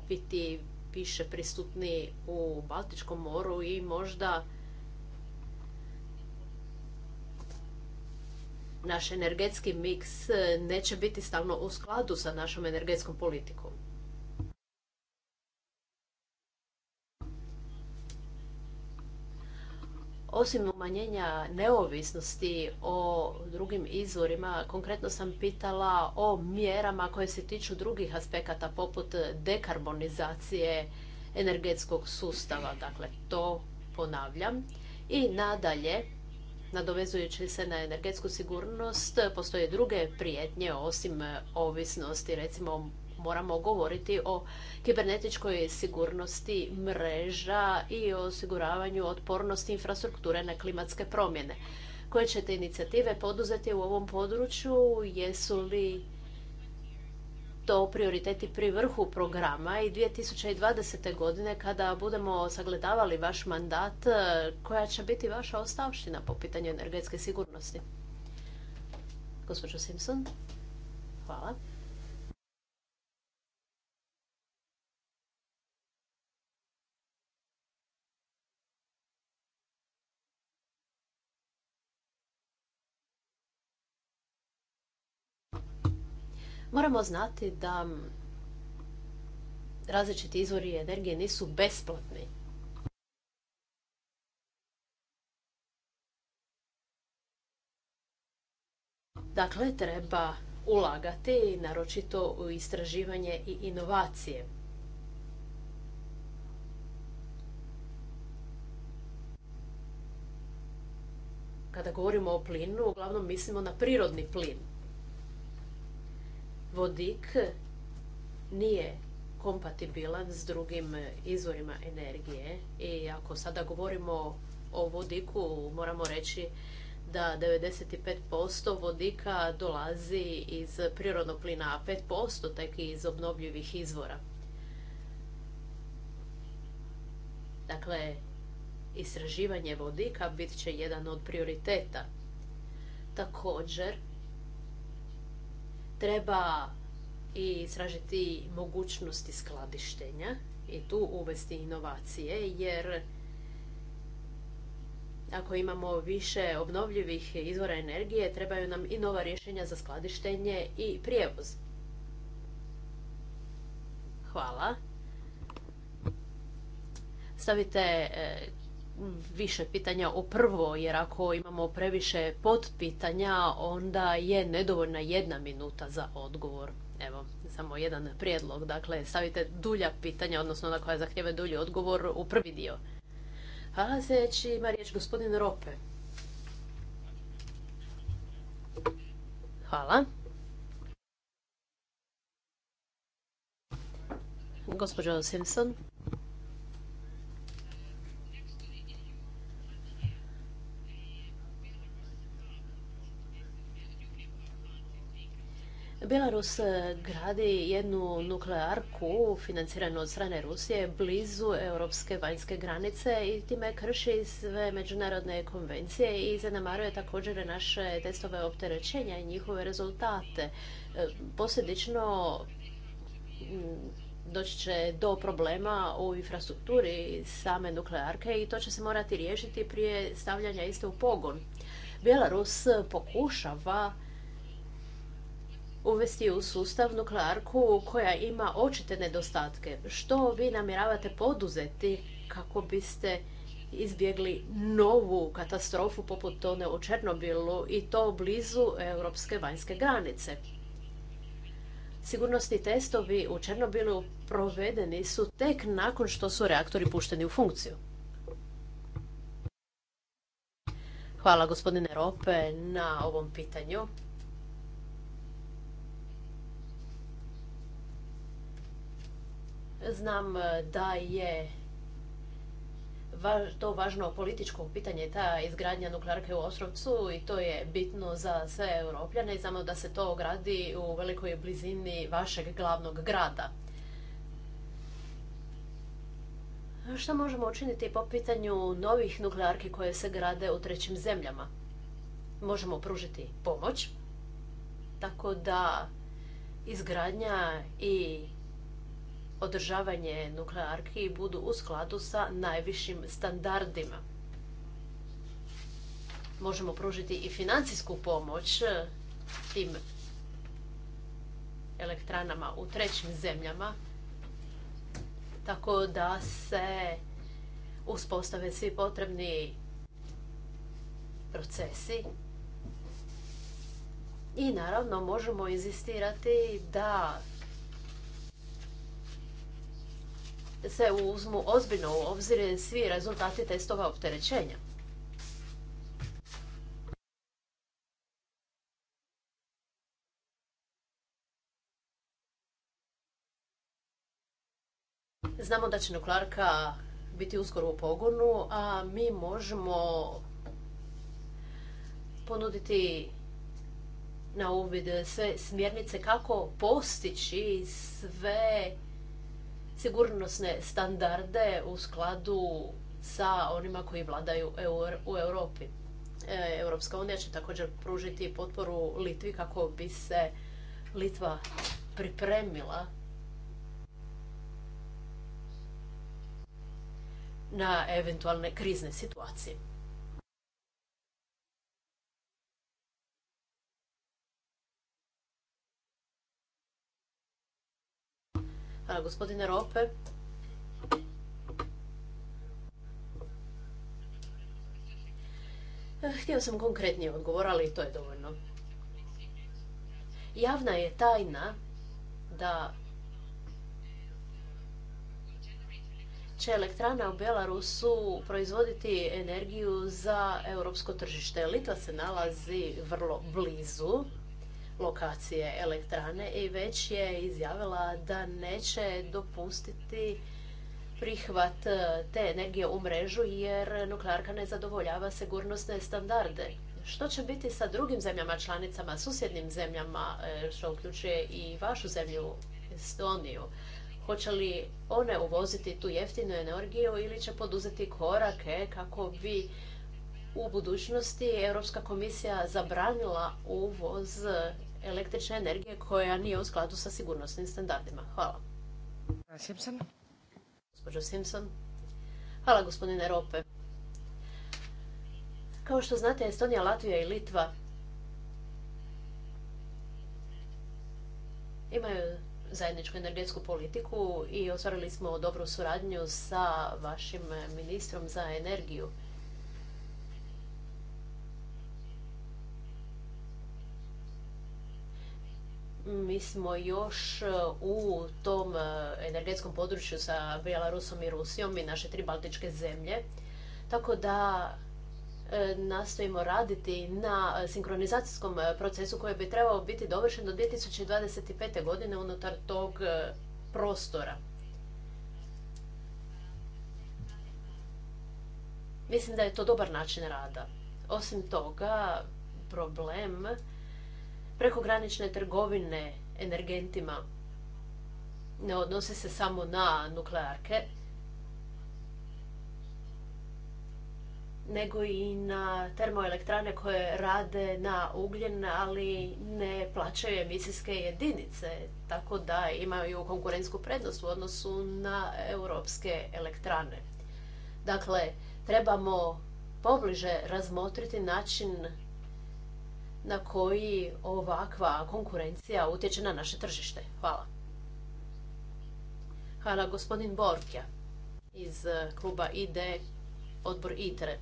biti više prisutni u Baltičkom moru i možda naš energetski miks e, neće biti stalno u skladu sa našom energetskom politikom. Osim umanjenja neovisnosti o drugim izvorima, konkretno sam pitala o mjerama koje se tiču drugih aspekata poput dekarbonizacije energetskog sustava. Dakle, to ponavljam. I nadalje, nadovezujući se na energetsku sigurnost, postoje druge prijetnje osim ovisnosti, recimo moramo govoriti o kibernetičkoj sigurnosti mreža i o osiguravanju otpornosti infrastrukture na klimatske promjene. Koje ćete inicijative poduzeti u ovom području? Jesu li to prioriteti pri vrhu programa i 2020. godine kada budemo sagledavali vaš mandat, koja će biti vaša ostavština po pitanju energetske sigurnosti? Gospođo Simpson, hvala. Moramo znati da različiti izvori energije nisu besplatni. Dakle, treba ulagati naročito u istraživanje i inovacije. Kada govorimo o plinu, uglavnom mislimo na prirodni plin vodik nije kompatibilan s drugim izvorima energije i ako sada govorimo o vodiku moramo reći da 95% vodika dolazi iz prirodnog plina, a 5% tek iz obnovljivih izvora. Dakle, istraživanje vodika bit će jedan od prioriteta. Također, Treba i sražiti mogućnosti skladištenja i tu uvesti inovacije jer ako imamo više obnovljivih izvora energije trebaju nam i nova rješenja za skladištenje i prijevoz. Hvala. Stavite e, više pitanja o prvo, jer ako imamo previše potpitanja, onda je nedovoljna jedna minuta za odgovor. Evo, samo jedan prijedlog. Dakle, stavite dulja pitanja, odnosno ona koja zahtjeva dulji odgovor u prvi dio. Hvala sljedeći ima riječ gospodin Rope. Hvala. Gospođo Simpson. Belarus e, gradi jednu nuklearku financiranu od strane Rusije blizu europske vanjske granice i time krši sve međunarodne konvencije i zanemaruje također naše testove opterećenja i njihove rezultate. E, posljedično mm, doći će do problema u infrastrukturi same nuklearke i to će se morati riješiti prije stavljanja iste u pogon. Bjelarus pokušava uvesti u sustav nuklearku koja ima očite nedostatke. Što vi namjeravate poduzeti kako biste izbjegli novu katastrofu poput one u Černobilu i to blizu europske vanjske granice? Sigurnosni testovi u Černobilu provedeni su tek nakon što su reaktori pušteni u funkciju. Hvala gospodine Rope na ovom pitanju. Znam e, da je to važno političko pitanje, ta izgradnja nuklearke u Ostrovcu i to je bitno za sve Europljane i znamo da se to gradi u velikoj blizini vašeg glavnog grada. Što možemo učiniti po pitanju novih nuklearki koje se grade u trećim zemljama? Možemo pružiti pomoć, tako da izgradnja i održavanje nuklearki budu u skladu sa najvišim standardima. Možemo pružiti i financijsku pomoć e, tim elektranama u trećim zemljama, tako da se uspostave svi potrebni procesi i naravno možemo inzistirati da se uzmu ozbiljno u obzir svi rezultati testova opterećenja. Znamo da će nuklearka biti uskoro u pogonu, a mi možemo ponuditi na uvid sve smjernice kako postići sve sigurnosne standarde u skladu sa onima koji vladaju u Europi. E, Europska unija će također pružiti potporu Litvi kako bi se Litva pripremila na eventualne krizne situacije. gospodine Rope. E, Htio sam konkretnije odgovor, ali to je dovoljno. Javna je tajna da će elektrana u Belarusu proizvoditi energiju za europsko tržište. Litva se nalazi vrlo blizu lokacije elektrane i već je izjavila da neće dopustiti prihvat e, te energije u mrežu jer nuklearka ne zadovoljava sigurnosne standarde. Što će biti sa drugim zemljama članicama, susjednim zemljama, e, što uključuje i vašu zemlju Estoniju? Hoće li one uvoziti tu jeftinu energiju ili će poduzeti korake kako bi u budućnosti Europska komisija zabranila uvoz električne energije koja nije u skladu sa sigurnosnim standardima. Hvala. Simpson. Gospođo Simpson. Hvala gospodine Rope. Kao što znate, Estonija, Latvija i Litva imaju zajedničku energetsku politiku i ostvarili smo dobru suradnju sa vašim ministrom za energiju. mi smo još e, u tom e, energetskom području sa Bjelarusom i Rusijom i naše tri baltičke zemlje. Tako da e, nastojimo raditi na sinkronizacijskom procesu koji bi trebao biti dovršen do 2025. godine unutar tog prostora. Mislim da je to dobar način rada. Osim toga, problem prekogranične trgovine energentima ne odnose se samo na nuklearke, nego i na termoelektrane koje rade na ugljen, ali ne plaćaju emisijske jedinice, tako da imaju konkurentsku prednost u odnosu na europske elektrane. Dakle, trebamo pobliže razmotriti način na koji ovakva konkurencija utječe na naše tržište. Hvala. Hvala gospodin Borkja iz e, kluba ID, odbor ITRE.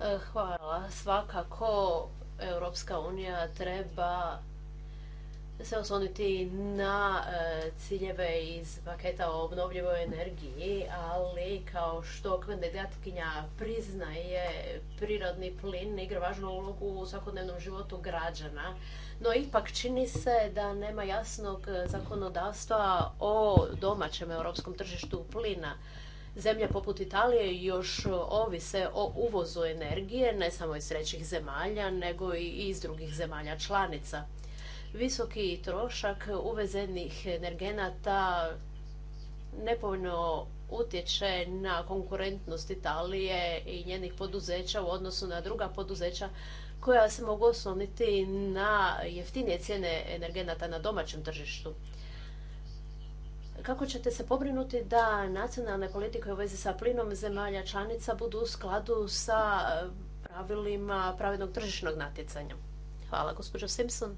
E, hvala. Svakako Europska unija treba se osloniti na e, ciljeve iz paketa o obnovljivoj energiji, ali kao što kandidatkinja priznaje, prirodni plin igra važnu ulogu u svakodnevnom životu građana. No ipak čini se da nema jasnog zakonodavstva o domaćem europskom tržištu plina. Zemlje poput Italije još ovise o uvozu energije, ne samo iz trećih zemalja, nego i iz drugih zemalja članica visoki trošak uvezenih energenata nepovoljno utječe na konkurentnost Italije i njenih poduzeća u odnosu na druga poduzeća koja se mogu osloniti na jeftinije cijene energenata na domaćem tržištu. Kako ćete se pobrinuti da nacionalne politike u vezi sa plinom zemalja članica budu u skladu sa pravilima pravednog tržišnog natjecanja? Hvala, gospođo Simpson.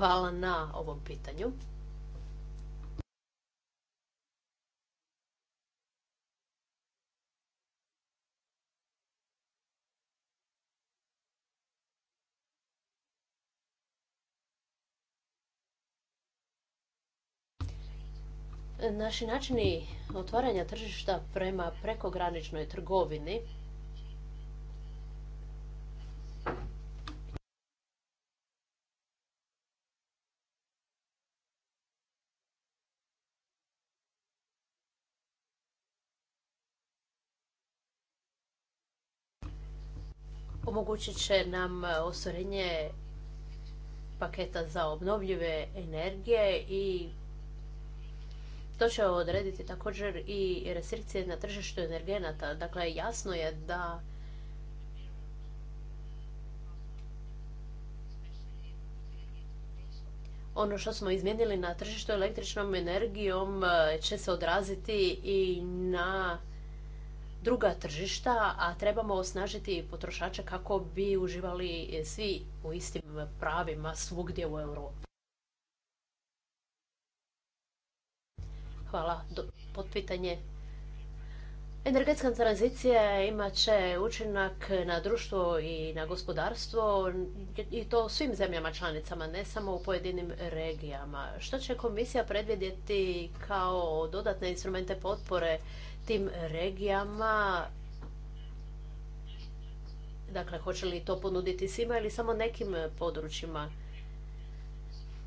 Hvala na ovom pitanju. Naši načini otvaranja tržišta prema prekograničnoj trgovini omogućit će nam e, ostvarenje paketa za obnovljive energije i to će odrediti također i restrikcije na tržištu energenata. Dakle, jasno je da ono što smo izmijenili na tržištu električnom energijom e, će se odraziti i na druga tržišta, a trebamo osnažiti potrošače kako bi uživali svi u istim pravima svugdje u Europi. Hvala. Potpitanje. Energetska tranzicija imat će učinak na društvo i na gospodarstvo i to svim zemljama članicama, ne samo u pojedinim regijama. Što će komisija predvidjeti kao dodatne instrumente potpore tim regijama Dakle, hoće li to ponuditi svima ili samo nekim područjima?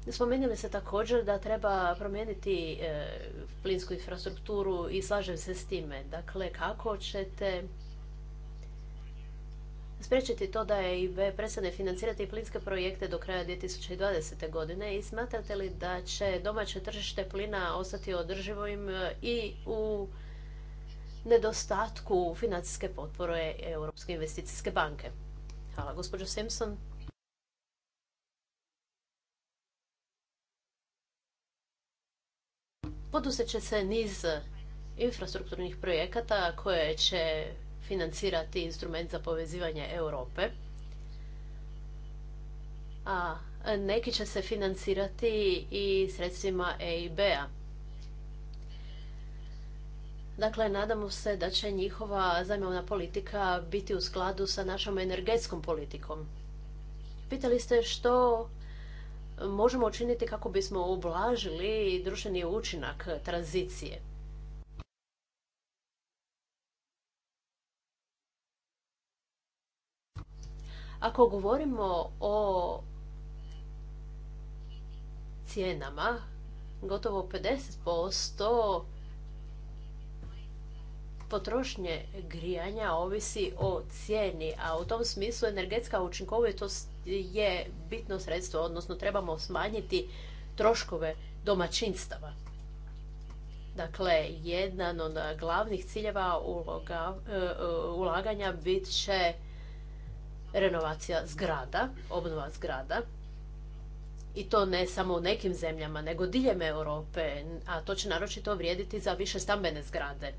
Spomenuli se također da treba promijeniti e, plinsku infrastrukturu i slažem se s time. Dakle, kako ćete spriječiti to da je IB prestane financirati plinske projekte do kraja 2020. godine i smatrate li da će domaće tržište plina ostati održivim e, i u nedostatku financijske potpore Europske investicijske banke. Hvala, gospođo Simpson. Poduzet će se niz infrastrukturnih projekata koje će financirati instrument za povezivanje Europe. A neki će se financirati i sredstvima EIB-a. Dakle, nadamo se da će njihova zajmovna politika biti u skladu sa našom energetskom politikom. Pitali ste što možemo učiniti kako bismo ublažili društveni učinak tranzicije. Ako govorimo o cijenama, gotovo 50% potrošnje grijanja ovisi o cijeni, a u tom smislu energetska učinkovitost je bitno sredstvo, odnosno trebamo smanjiti troškove domaćinstava. Dakle, jedan od glavnih ciljeva uloga, e, e, ulaganja bit će renovacija zgrada, obnova zgrada. I to ne samo u nekim zemljama, nego diljem Europe, a to će naročito vrijediti za više stambene zgrade.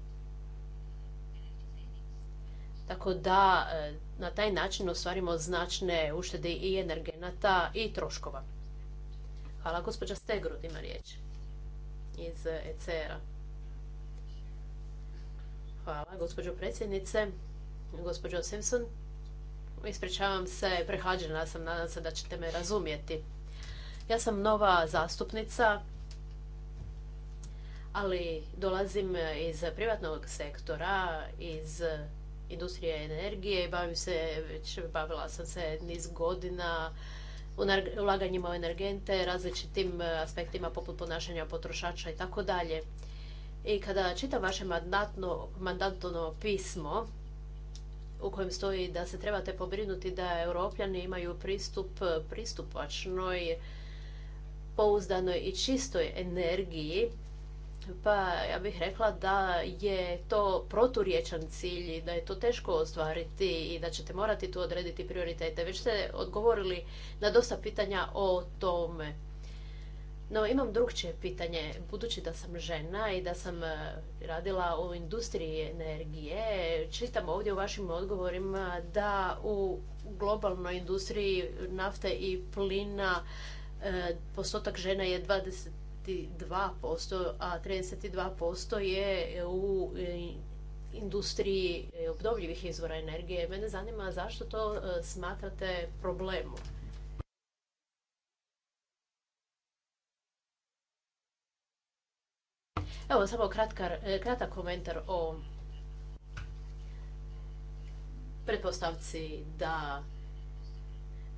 Tako da e, na taj način ostvarimo značne uštede i energenata i troškova. Hvala, gospođa Stegrud ima riječ iz ECR-a. Hvala, gospođo predsjednice, gospođo Simpson. Ispričavam se, prehađena sam, nadam se da ćete me razumjeti. Ja sam nova zastupnica, ali dolazim iz privatnog sektora, iz industrije energije i bavim se, već bavila sam se niz godina ulaganjima u energente, različitim e, aspektima poput ponašanja potrošača i tako dalje. I kada čitam vaše mandatno, mandatno pismo u kojem stoji da se trebate pobrinuti da europljani imaju pristup pristupačnoj, pouzdanoj i čistoj energiji, pa ja bih rekla da je to proturječan cilj i da je to teško ostvariti i da ćete morati tu odrediti prioritete. Već ste odgovorili na dosta pitanja o tome. No, imam drugčije pitanje. Budući da sam žena i da sam e, radila u industriji energije, čitam ovdje u vašim odgovorima da u globalnoj industriji nafte i plina e, postotak žena je posto a 32% je u e, industriji e, obnovljivih izvora energije. Mene zanima zašto to e, smatrate problemom? Evo samo kratak komentar o pretpostavci da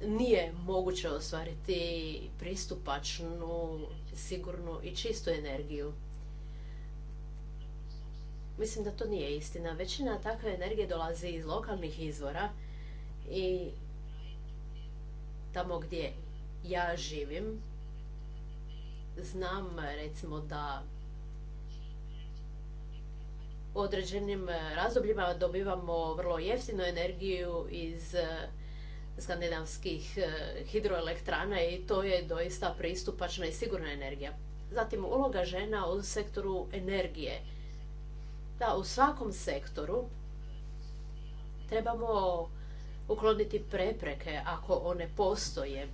nije moguće ostvariti pristupačnu, sigurnu i čistu energiju. Mislim da to nije istina. Većina takve energije dolazi iz lokalnih izvora i tamo gdje ja živim znam recimo da u određenim razdobljima dobivamo vrlo jeftinu energiju iz skandinavskih e, hidroelektrana i to je doista pristupačna i sigurna energija. Zatim uloga žena u sektoru energije. Da, u svakom sektoru trebamo ukloniti prepreke ako one postoje.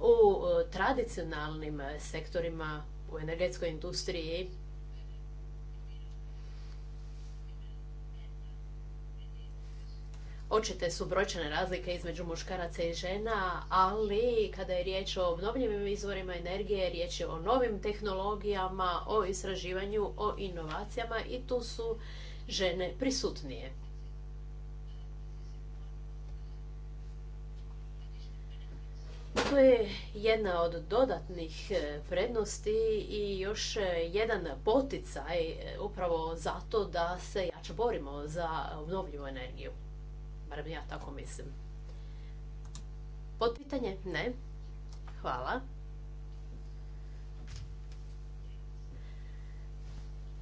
U e, tradicionalnim sektorima u energetskoj industriji Očite su brojčane razlike između muškaraca i žena, ali kada je riječ o obnovljivim izvorima energije, riječ je o novim tehnologijama, o istraživanju, o inovacijama i tu su žene prisutnije. To je jedna od dodatnih e, prednosti i još e, jedan poticaj e, upravo zato da se jače borimo za obnovljivu energiju barem ja tako mislim. Potpitanje? Ne. Hvala.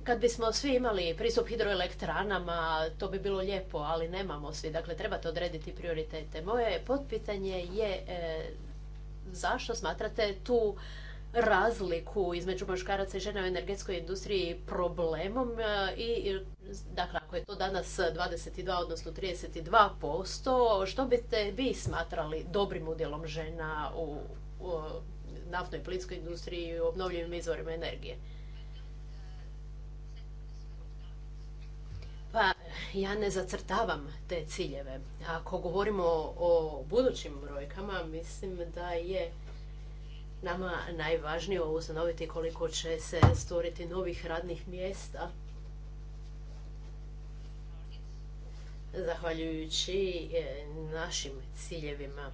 Kad bismo svi imali pristup hidroelektranama, to bi bilo lijepo, ali nemamo svi. Dakle, trebate odrediti prioritete. Moje potpitanje je e, zašto smatrate tu razliku između muškaraca i žena u energetskoj industriji problemom e, i Dakle, ako je to danas 22, odnosno 32%, što biste vi smatrali dobrim udjelom žena u, naftnoj i plinskoj industriji i u obnovljivim izvorima energije? Pa ja ne zacrtavam te ciljeve. Ako govorimo o budućim brojkama, mislim da je nama najvažnije ustanoviti koliko će se stvoriti novih radnih mjesta zahvaljujući e, našim ciljevima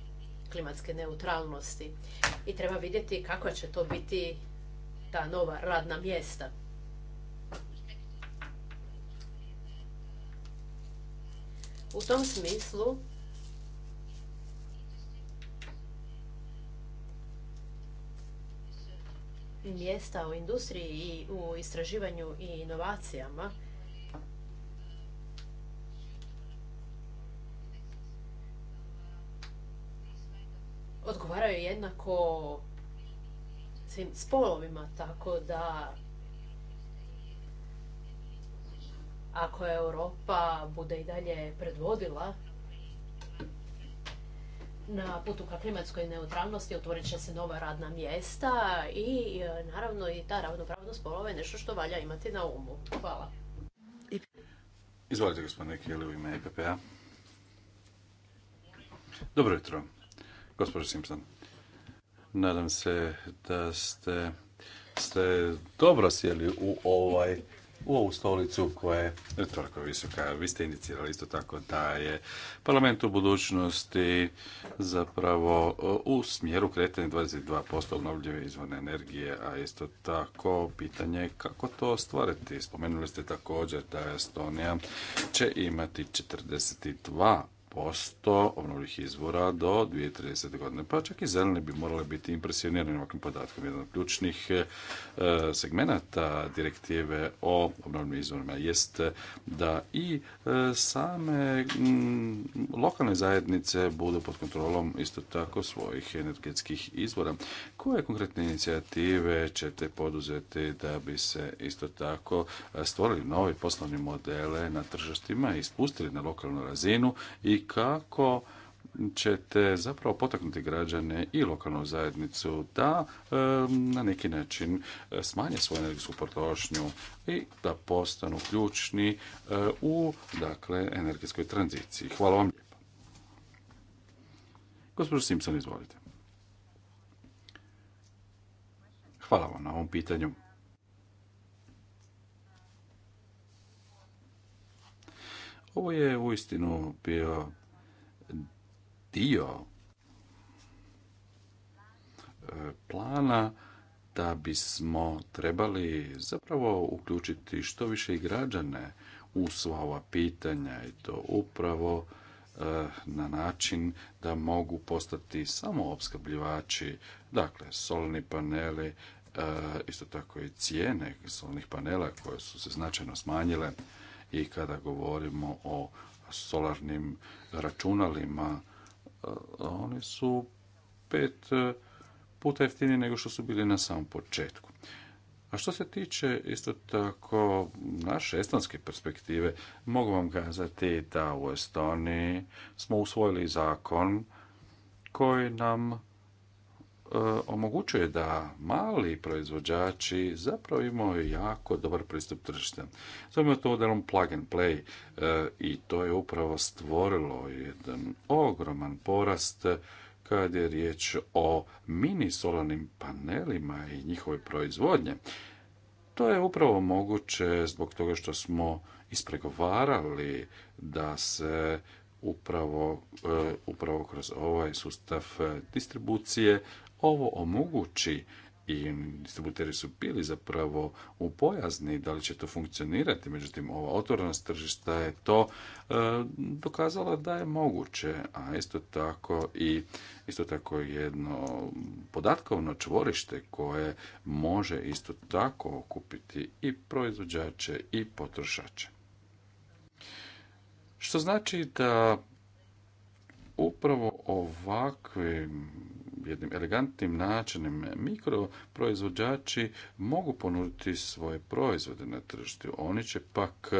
klimatske neutralnosti i treba vidjeti kako će to biti ta nova radna mjesta. U tom smislu mjesta u industriji i u istraživanju i inovacijama odgovaraju jednako svim spolovima, tako da ako Europa bude i dalje predvodila na putu ka klimatskoj neutralnosti otvorit će se nova radna mjesta i e, naravno i ta ravnopravnost spolova je nešto što valja imati na umu. Hvala. Izvolite gospodine Kijeli u ime epp Dobro jutro. Gospođo Simpson, nadam se da ste, ste dobro sjeli u ovaj u ovu stolicu koja je toliko visoka. Vi ste indicirali isto tako da je parlament u budućnosti zapravo u smjeru kretanja 22% obnovljive izvorne energije, a isto tako pitanje kako to ostvariti. Spomenuli ste također da Estonija će imati 42 posto obnovljivih izvora do 2030. godine. Pa čak i zeleni bi morale biti impresionirani ovakvim podatkom. Jedan od ključnih e, segmenata direktive o obnovljivim izvorima jest da i e, same mm, lokalne zajednice budu pod kontrolom isto tako svojih energetskih izvora. Koje konkretne inicijative ćete poduzeti da bi se isto tako e, stvorili novi poslovni modele na tržištima i spustili na lokalnu razinu i kako ćete zapravo potaknuti građane i lokalnu zajednicu da e, na neki način e, smanje svoju energetsku potrošnju i da postanu ključni e, u dakle energetskoj tranziciji. Hvala vam lijepo. Gospođo Simpson, izvolite. Hvala vam na ovom pitanju. Ovo je uistinu bio dio e, plana da bismo trebali zapravo uključiti što više i građane u sva ova pitanja i to upravo e, na način da mogu postati samo opskrbljivači, dakle solni paneli, e, isto tako i cijene solnih panela koje su se značajno smanjile i kada govorimo o solarnim računalima, e, oni su pet e, puta jeftiniji nego što su bili na samom početku. A što se tiče isto tako naše estonske perspektive, mogu vam kazati da u Estoniji smo usvojili zakon koji nam E, omogućuje da mali proizvođači zapravo imaju jako dobar pristup tržišta. Zovemo to modelom plug and play e, i to je upravo stvorilo jedan ogroman porast kad je riječ o mini solarnim panelima i njihove proizvodnje. To je upravo moguće zbog toga što smo ispregovarali da se upravo, e, upravo kroz ovaj sustav distribucije ovo omogući i distributeri su bili zapravo u bojazni da li će to funkcionirati, međutim ova otvorenost tržišta je to e, dokazala da je moguće, a isto tako i isto tako jedno podatkovno čvorište koje može isto tako okupiti i proizvođače i potrošače. Što znači da upravo ovakvim jednim elegantnim načinom mikroproizvođači mogu ponuditi svoje proizvode na tržištu. Oni će pak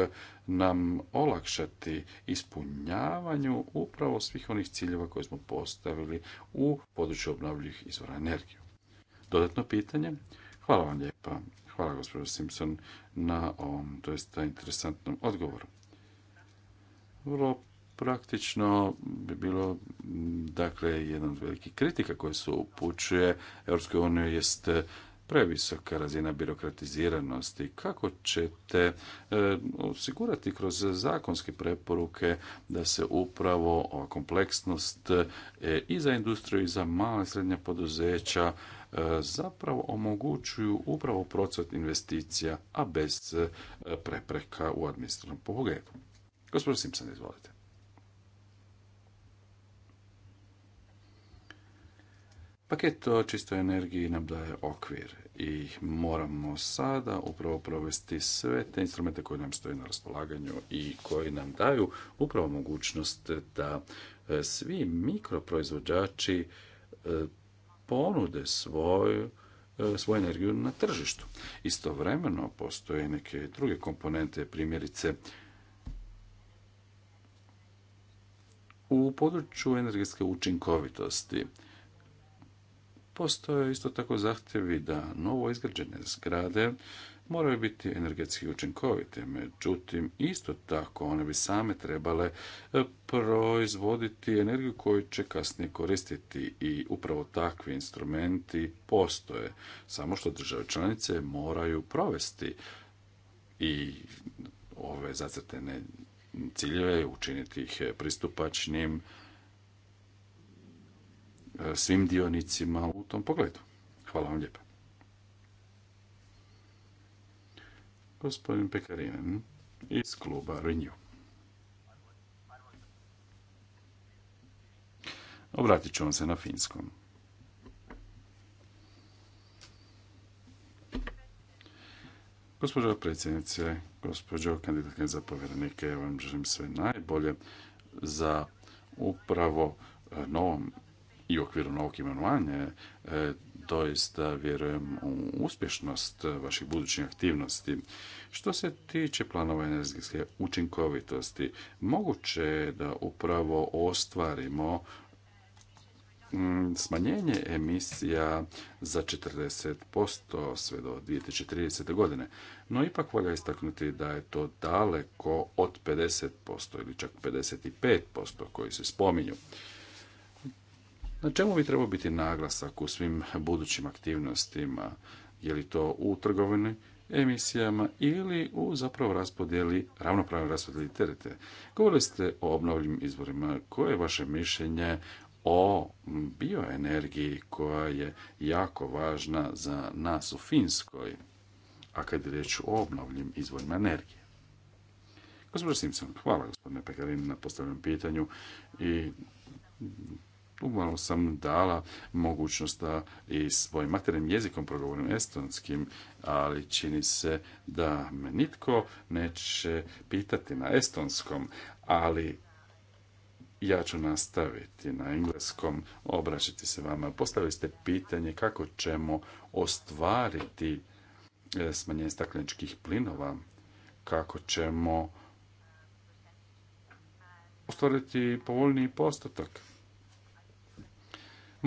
nam olakšati ispunjavanju upravo svih onih ciljeva koje smo postavili u području obnovljivih izvora energije. Dodatno pitanje? Hvala vam lijepa. Hvala gospodine Simpson na ovom doista interesantnom odgovoru. Vrlo praktično bi bilo dakle jedan od velikih kritika koje se upućuje Europskoj uniji jest e, previsoka razina birokratiziranosti. Kako ćete e, osigurati kroz zakonske preporuke da se upravo ova kompleksnost e, i za industriju i za mala i srednja poduzeća zapravo omogućuju upravo procvat investicija, a bez prepreka u administrativnom pogledu. Gospodin Simpson, izvolite. Paket o čistoj energiji nam daje okvir i moramo sada upravo provesti sve te instrumente koje nam stoje na raspolaganju i koji nam daju upravo mogućnost da e, svi mikroproizvođači e, ponude svoju e, svoju energiju na tržištu. Istovremeno postoje neke druge komponente, primjerice u području energetske učinkovitosti Postoje isto tako zahtjevi da novo izgrađene zgrade moraju biti energetski učinkovite, međutim isto tako one bi same trebale e, proizvoditi energiju koju će kasnije koristiti i upravo takvi instrumenti postoje, samo što države članice moraju provesti i ove zacrtene ciljeve učiniti ih pristupačnim E, svim dionicima u tom pogledu. Hvala vam lijepa. Gospodin Pekarinen iz kluba Renew. Obratit ću vam se na finskom. Gospođo predsjednice, gospođo kandidatke za povjerenike, ja vam želim sve najbolje za upravo e, novom i u okviru novog imenovanja e, doista vjerujem u uspješnost vaših budućih aktivnosti. Što se tiče planova energetske učinkovitosti, moguće je da upravo ostvarimo mm, smanjenje emisija za 40% sve do 2030. godine. No ipak valja istaknuti da je to daleko od 50% ili čak 55% koji se spominju. Na čemu bi trebao biti naglasak u svim budućim aktivnostima? Je li to u trgovini, emisijama ili u zapravo raspodjeli, ravnopravnoj raspodjeli terete? Govorili ste o obnovljivim izvorima. Koje je vaše mišljenje o bioenergiji koja je jako važna za nas u Finskoj, a kad je reč o obnovljivim izvorima energije? Gospodin Simpson, hvala gospodine Pekarin na postavljenom pitanju i Uglavnom sam dala mogućnost da i svojim materijalnim jezikom progovorim estonskim, ali čini se da me nitko neće pitati na estonskom, ali ja ću nastaviti na engleskom, obraćati se vama. Postavili ste pitanje kako ćemo ostvariti e, smanjenje stakleničkih plinova, kako ćemo ostvariti povoljni postotak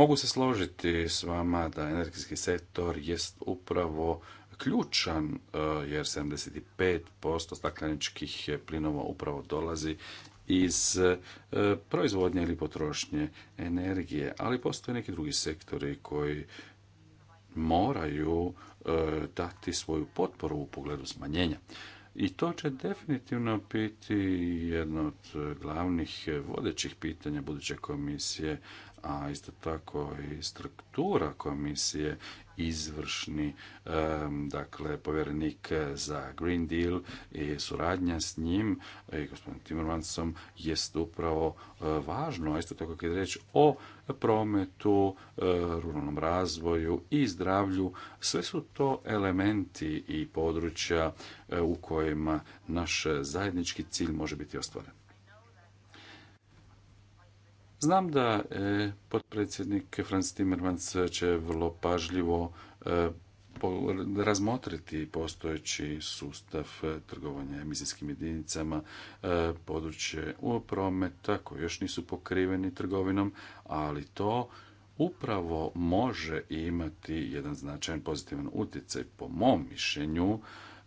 Mogu se složiti s vama da energetski sektor jest upravo ključan e, jer 75% stakleničkih plinova upravo dolazi iz e, proizvodnje ili potrošnje energije, ali postoje neki drugi sektori koji moraju e, dati svoju potporu u pogledu smanjenja. I to će definitivno biti jedno od glavnih vodećih pitanja buduće komisije, a isto tako i struktura komisije izvršni dakle povjerenik za Green Deal i suradnja s njim i gospodinom Timmermansom jest upravo e, važno, a isto tako kad je riječ o prometu, e, ruralnom razvoju i zdravlju, sve su to elementi i područja e, u kojima naš zajednički cilj može biti ostvaren. Znam da e, potpredsjednik Franz Timmermans će vrlo pažljivo e, razmotriti postojeći sustav e, trgovanja emisijskim jedinicama, područje u prometa koji još nisu pokriveni trgovinom, ali to upravo može imati jedan značajan pozitivan utjecaj po mom mišljenju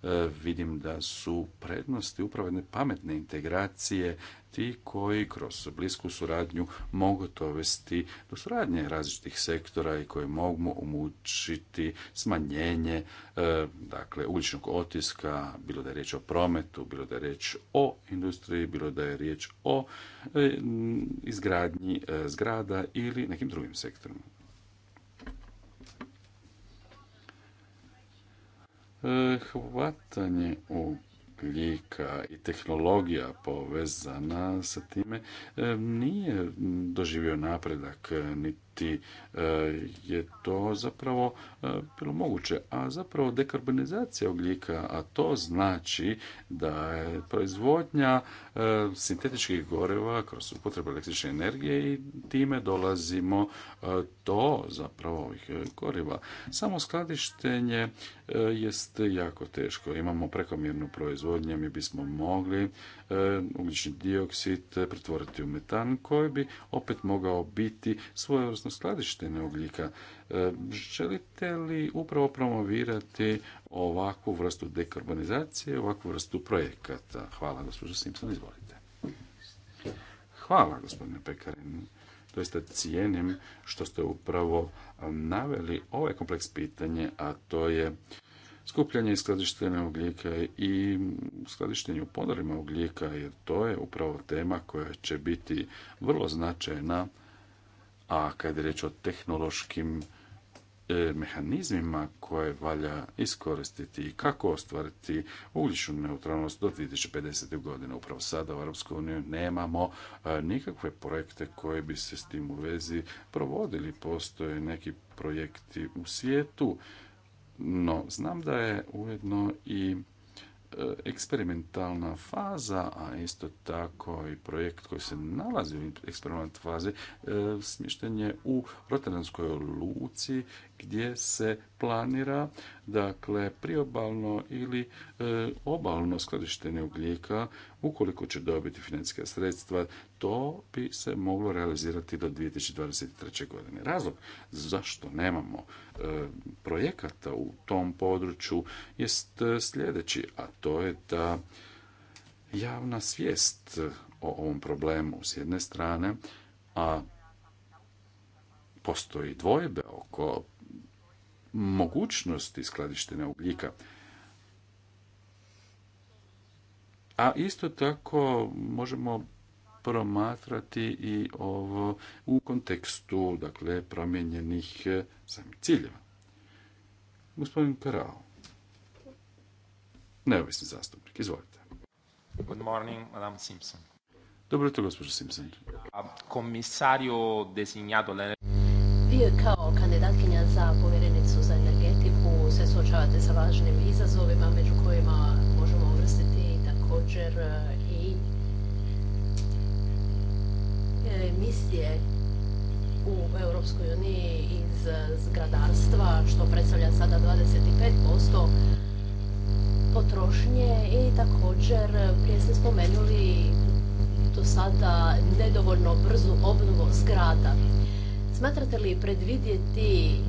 E, vidim da su prednosti upravo jedne pametne integracije ti koji kroz blisku suradnju mogu dovesti do suradnje različitih sektora i koji mogu omogućiti smanjenje e, dakle uličnog otiska, bilo da je riječ o prometu, bilo da je riječ o industriji, bilo da je riječ o e, izgradnji zgrada ili nekim drugim sektorima. hvatanje ugljika i tehnologija povezana sa time e, nije doživio napredak niti E, je to zapravo e, bilo moguće. A zapravo dekarbonizacija ugljika, a to znači da je proizvodnja e, sintetičkih goriva kroz upotrebu električne energije i time dolazimo do zapravo ovih goriva. Samo skladištenje jest jako teško. Imamo prekomjernu proizvodnju, mi bismo mogli E, ugljični dioksid e, pretvoriti u metan koji bi opet mogao biti svojevrsno skladištenje ugljika. E, želite li upravo promovirati ovakvu vrstu dekarbonizacije, ovakvu vrstu projekata? Hvala, gospođo Simpson, izvolite. Hvala, gospodine Pekarin. Doista cijenim što ste upravo naveli ovaj kompleks pitanje, a to je skupljanje i skladištenje ugljika i skladištenje u podarima ugljika, jer to je upravo tema koja će biti vrlo značajna, a kad je reč o tehnološkim e, mehanizmima koje valja iskoristiti i kako ostvariti ugljičnu neutralnost do 2050. godine. Upravo sada u EU nemamo e, nikakve projekte koje bi se s tim u vezi provodili. Postoje neki projekti u svijetu no, znam da je ujedno i e, eksperimentalna faza, a isto tako i projekt koji se nalazi u eksperimentalnoj fazi, e, smješten je u Rotterdamskoj luci gdje se planira dakle priobalno ili e, obalno skladištenje ugljika ukoliko će dobiti financijska sredstva to bi se moglo realizirati do 2023. godine. Razlog zašto nemamo e, projekata u tom području jest e, sljedeći, a to je da javna svijest o ovom problemu s jedne strane, a postoji dvojbe oko mogućnosti skladištenja ugljika. A isto tako možemo promatrati i ovo u kontekstu dakle promijenjenih eh, samih ciljeva. Gospodin Karao. Neovisni zastupnik, izvolite. Good morning, Madame Simpson. Dobro jutro, gospođo Simpson. Komisario designato... Vi kao kandidatkinja za povjerenicu za energetiku se suočavate sa važnim izazovima među kojima možemo uvrstiti također e, i e, misije u Europskoj uniji iz zgradarstva što predstavlja sada 25% potrošnje i također prije ste spomenuli do sada nedovoljno brzu obnovu zgrada. Smatrate li predvidjeti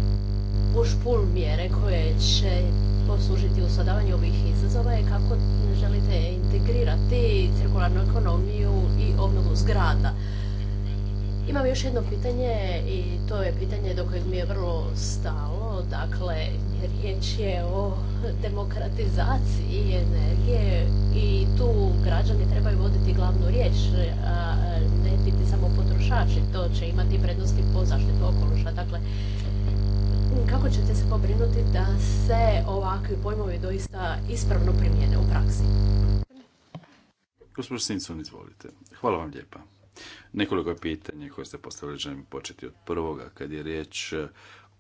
push-pull mjere koje će poslužiti u ovih izazova i kako želite integrirati cirkularnu ekonomiju i obnovu zgrada? Imam još jedno pitanje i to je pitanje do kojeg mi je vrlo stalo. Dakle, riječ je o demokratizaciji energije i tu građani trebaju voditi glavnu riječ, ne biti samo potrošači. To će imati prednosti po zaštitu okoluša. Dakle, kako ćete se pobrinuti da se ovakvi pojmovi doista ispravno primijene u praksi? Gospodin Simpson, izvolite. Hvala vam lijepa. Nekoliko pitanja koje ste postavili želim početi od prvoga, kad je riječ eh,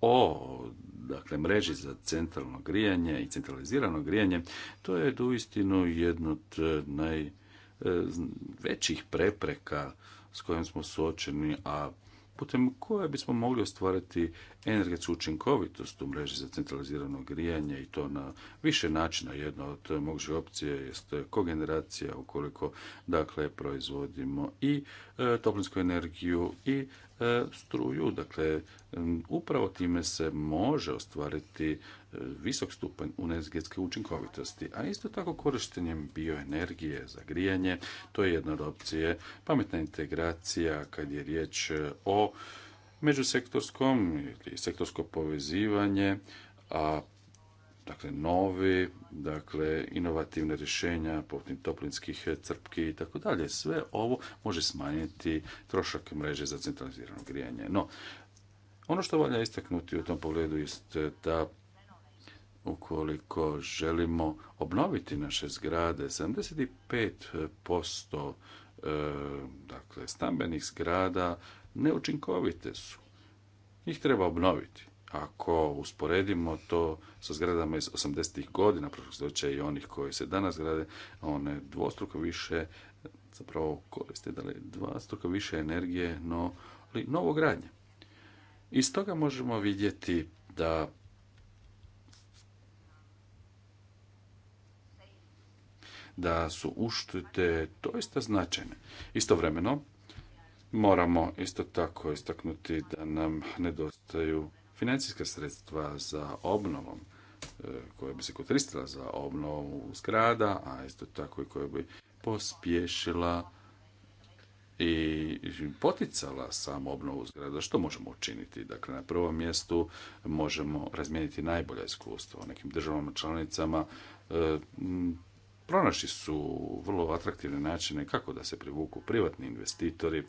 o dakle, mreži za centralno grijanje i centralizirano grijanje, to je uistinu jedno od eh, najvećih eh, prepreka s kojim smo suočeni, a putem koje bismo mogli ostvariti energetsku učinkovitost u mreži za centralizirano grijanje i to na više načina. Jedna od mogućih opcije je kogeneracija ukoliko dakle proizvodimo i e, toplinsku energiju i e, struju. Dakle, upravo time se može ostvariti visok stupanj energetske učinkovitosti, a isto tako korištenjem bioenergije za grijanje, to je jedna od opcije, pametna integracija kad je riječ e, o međusektorskom ili sektorsko povezivanje, a dakle novi, dakle inovativne rješenja poput toplinskih crpki i tako dalje. Sve ovo može smanjiti trošak mreže za centralizirano grijanje. No, ono što valja istaknuti u tom pogledu jest da ukoliko želimo obnoviti naše zgrade, 75% e, dakle, stambenih zgrada neučinkovite su. Njih treba obnoviti. Ako usporedimo to sa zgradama iz 80. godina, prošlog stoljeća i onih koji se danas grade, one dvostruko više zapravo koriste li dvostruko više energije no novogradnje. Iz toga možemo vidjeti da da su uštite doista značajne. Istovremeno, moramo isto tako istaknuti da nam nedostaju financijska sredstva za obnovom e, koja bi se koristila za obnovu zgrada, a isto tako i koja bi pospješila i poticala samo obnovu zgrada, što možemo učiniti? Dakle, na prvom mjestu možemo razmijeniti najbolja iskustvo. O nekim državama članicama. E, pronašli su vrlo atraktivne načine kako da se privuku privatni investitori,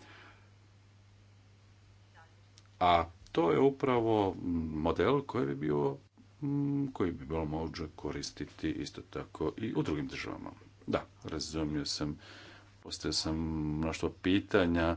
a to je upravo model koji bi bio mm, koji bi bilo moguće koristiti isto tako i u drugim državama. Da, razumio sam, postao sam mnoštvo pitanja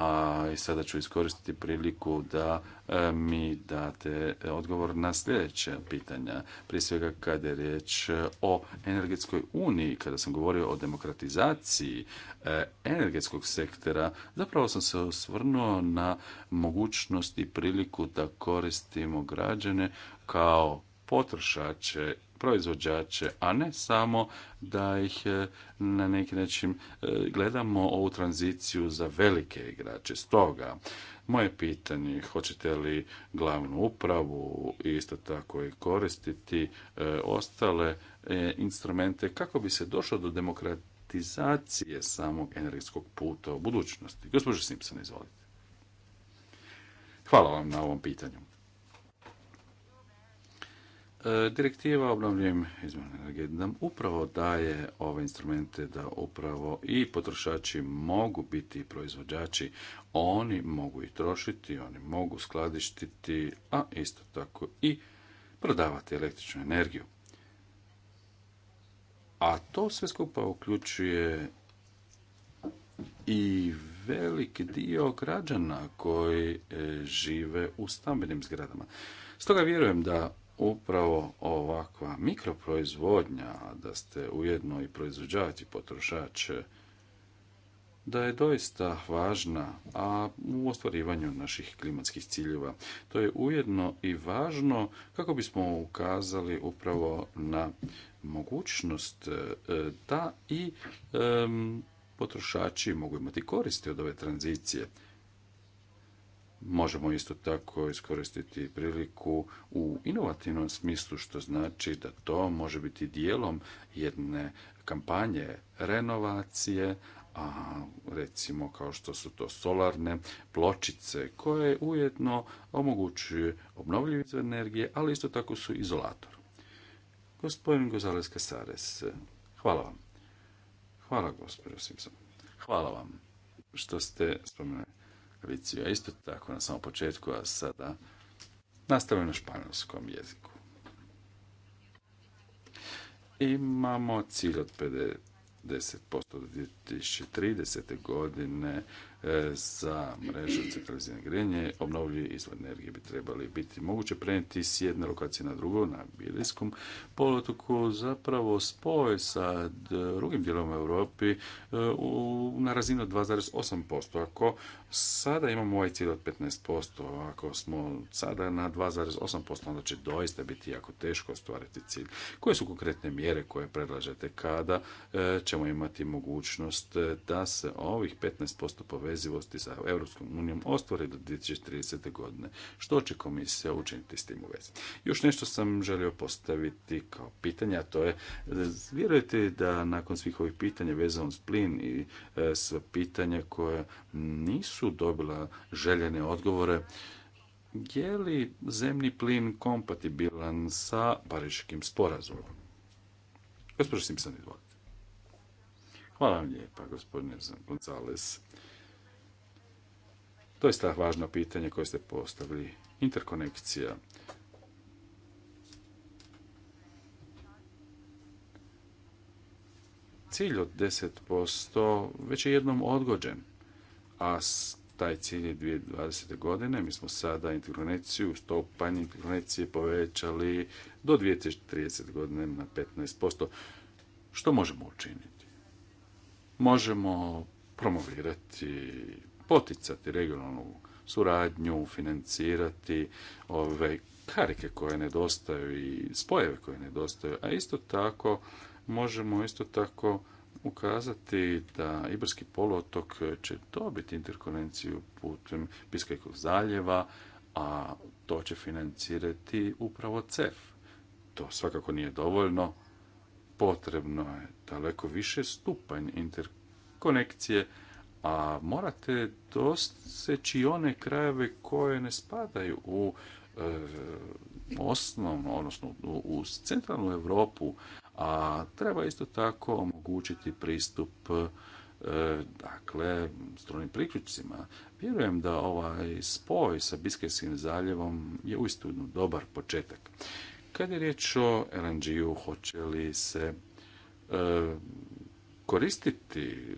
a i sada ću iskoristiti priliku da e, mi date odgovor na sljedeće pitanja. Prije svega kada je riječ e, o energetskoj uniji, kada sam govorio o demokratizaciji e, energetskog sektora, zapravo sam se osvrnuo na mogućnost i priliku da koristimo građane kao potrošače, proizvođače, a ne samo da ih e, na neki način e, gledamo ovu tranziciju za velike igrače. Stoga, moje pitanje, hoćete li glavnu upravu isto tako i koristiti e, ostale instrumente kako bi se došlo do demokratizacije samog energetskog puta u budućnosti? Gospođo Simpson, izvolite. Hvala vam na ovom pitanju. E, direktiva o obnovljivim izvorima energije nam upravo daje ove instrumente da upravo i potrošači mogu biti proizvođači, oni mogu i trošiti, oni mogu skladištiti, a isto tako i prodavati električnu energiju. A to sve skupa uključuje i veliki dio građana koji e, žive u stambenim zgradama. Stoga vjerujem da upravo ovakva mikroproizvodnja, da ste ujedno i proizvođač i potrošač, da je doista važna, a u ostvarivanju naših klimatskih ciljeva. To je ujedno i važno kako bismo ukazali upravo na mogućnost e, da i potrošači mogu imati koristi od ove tranzicije možemo isto tako iskoristiti priliku u inovativnom smislu, što znači da to može biti dijelom jedne kampanje renovacije, a recimo kao što su to solarne pločice koje ujedno omogućuju obnovljive energije, ali isto tako su izolator. Gospodin Gozales Casares, hvala vam. Hvala, gospodin Simpson. Hvala vam što ste spomenuli isto tako na samom početku, a sada nastavljam na španjolskom jeziku. Imamo cilj od 50% do 2030. godine e, za mrežu centralizirane grijanje. Obnovljivi izvor energije bi trebali biti moguće prenijeti s jedne lokacije na drugo, na Bilijskom polotoku, zapravo spoj sa drugim dijelom Europi e, na razinu 2,8%. Ako Sada imamo ovaj cilj od 15%, ako smo sada na 2,8%, onda će doista biti jako teško ostvariti cilj. Koje su konkretne mjere koje predlažete kada e, ćemo imati mogućnost e, da se ovih 15% povezivosti sa Europskom unijom ostvari do 2030. godine? Što će komisija učiniti s tim u vezi? Još nešto sam želio postaviti kao pitanje, a to je e, vjerujete da nakon svih ovih pitanja vezano s plin i s pitanja koje nisu su dobila željene odgovore. Je li zemni plin kompatibilan sa pariškim sporazumom? Gospodin Simpson, izvolite. Hvala vam lijepa, gospodine Gonzales. To je strah važno pitanje koje ste postavili. Interkonekcija. Cilj od 10% već je jednom odgođen a taj cilj je 2020. godine. Mi smo sada integraciju, stopanje integracije povećali do 2030. godine na 15%. Što možemo učiniti? Možemo promovirati, poticati regionalnu suradnju, financirati ove karike koje nedostaju i spojeve koje nedostaju, a isto tako možemo isto tako ukazati da Iberski poluotok će dobiti interkonenciju putem Biskajkog zaljeva, a to će financirati upravo CEF. To svakako nije dovoljno. Potrebno je daleko više stupanj interkonekcije, a morate doseći one krajeve koje ne spadaju u e, osnovno, odnosno u centralnu Europu, a treba isto tako omogućiti pristup e, dakle, strunim priključcima. Vjerujem da ovaj spoj sa Biskajskim zaljevom je uistinu dobar početak. Kad je riječ o LNG-u, hoće li se e, koristiti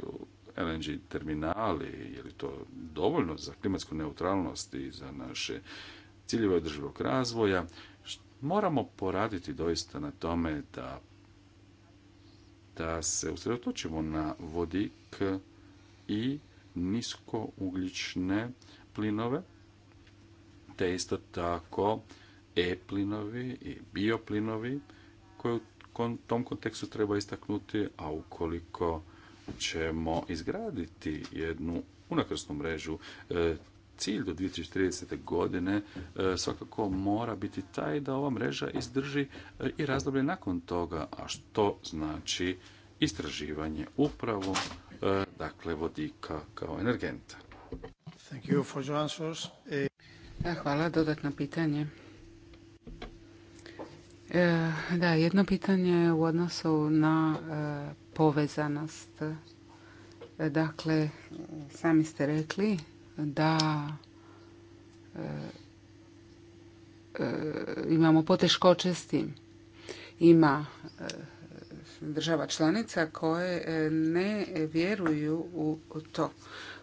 LNG terminali, je li to dovoljno za klimatsku neutralnost i za naše ciljeva održivog razvoja, moramo poraditi doista na tome da, da se usredotočimo na vodik i ugljične plinove, te isto tako e-plinovi i bioplinovi koje u tom kontekstu treba istaknuti, a ukoliko ćemo izgraditi jednu unakrsnu mrežu e, cilj do 2030. godine e, svakako mora biti taj da ova mreža izdrži e, i razdoblje nakon toga, a što znači istraživanje upravo e, dakle vodika kao energenta. Hvala, dodatno pitanje. Da, jedno pitanje u odnosu na povezanost. Dakle, sami ste rekli da e, e, imamo poteškoće s tim. Ima e, država članica koje ne vjeruju u to.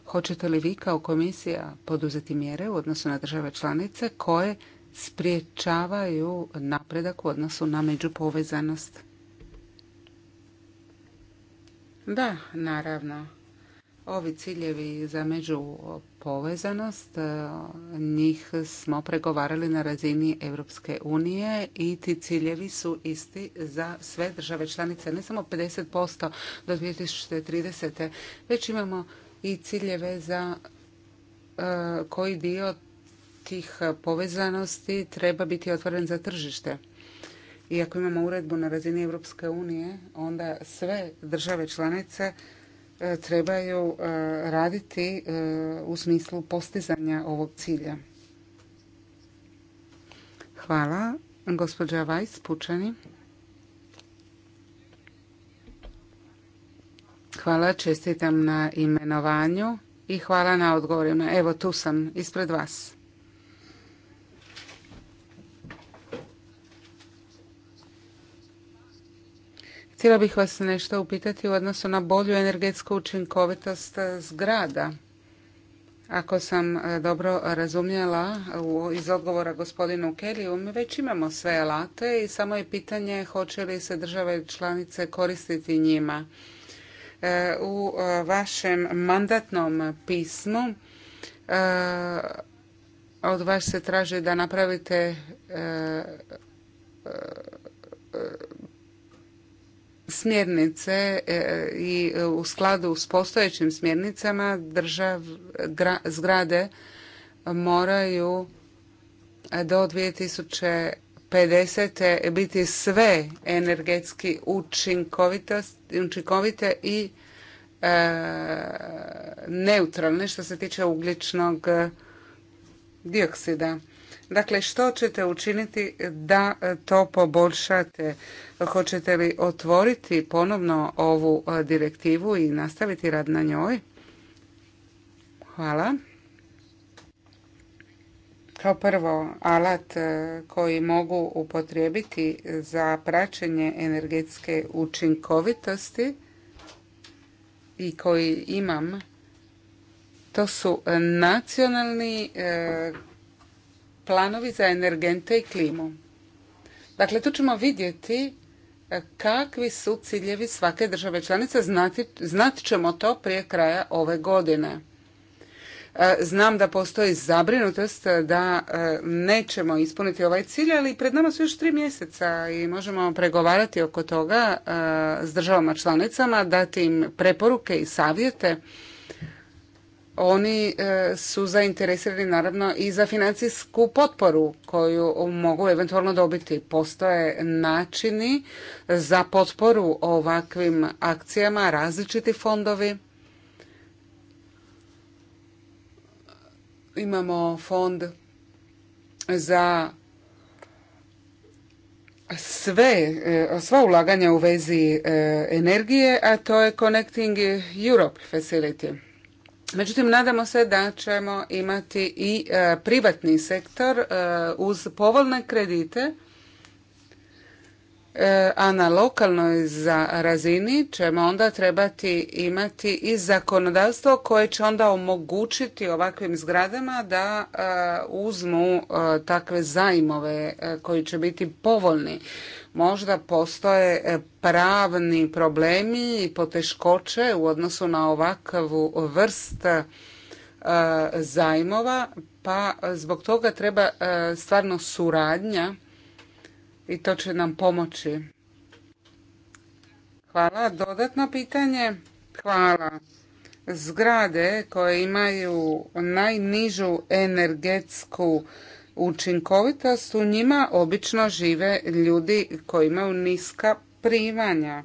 Hoćete li vi kao komisija poduzeti mjere u odnosu na države članice koje spriječavaju napredak u odnosu na međupovezanost? Da, naravno. Ovi ciljevi za međupovezanost, e, njih smo pregovarali na razini Europske unije i ti ciljevi su isti za sve države članice. Ne samo 50% do 2030. već imamo i ciljeve za e, koji dio tih povezanosti treba biti otvoren za tržište. I ako imamo uredbu na razini Europske unije, onda sve države članice E, trebaju e, raditi e, u smislu postizanja ovog cilja. Hvala. Gospođa Vajs, Pučani. Hvala, čestitam na imenovanju i hvala na odgovorima. Evo tu sam, ispred vas. Htjela bih vas nešto upitati u odnosu na bolju energetsku učinkovitost zgrada. Ako sam e, dobro razumjela iz odgovora gospodinu Keliju, mi već imamo sve alate i samo je pitanje hoće li se države članice koristiti njima. E, u e, vašem mandatnom pismu od vas se traži da napravite smjernice e, i e, u skladu s postojećim smjernicama zgrade moraju do 2050. biti sve energetski učinkovite i e, neutralne što se tiče ugljičnog dioksida. Dakle, što ćete učiniti da to poboljšate? Hoćete li otvoriti ponovno ovu direktivu i nastaviti rad na njoj? Hvala. Kao prvo, alat koji mogu upotrijebiti za praćenje energetske učinkovitosti i koji imam, to su nacionalni planovi za energente i klimu. Dakle, tu ćemo vidjeti e, kakvi su ciljevi svake države članice, znat ćemo to prije kraja ove godine. E, znam da postoji zabrinutost da e, nećemo ispuniti ovaj cilj, ali pred nama su još tri mjeseca i možemo pregovarati oko toga s državama članicama, dati im preporuke i savjete oni e, su zainteresirani naravno i za financijsku potporu koju mogu eventualno dobiti. Postoje načini za potporu ovakvim akcijama, različiti fondovi. Imamo fond za sve, e, sva ulaganja u vezi e, energije, a to je Connecting Europe Facility. Međutim, nadamo se da ćemo imati i e, privatni sektor e, uz povoljne kredite, e, a na lokalnoj razini ćemo onda trebati imati i zakonodavstvo koje će onda omogućiti ovakvim zgradama da uzmu takve zajmove koji će biti povoljni možda postoje e, pravni problemi i poteškoće u odnosu na ovakvu vrst e, zajmova, pa zbog toga treba e, stvarno suradnja i to će nam pomoći. Hvala. Dodatno pitanje? Hvala. Zgrade koje imaju najnižu energetsku učinkovitost u njima obično žive ljudi koji imaju niska primanja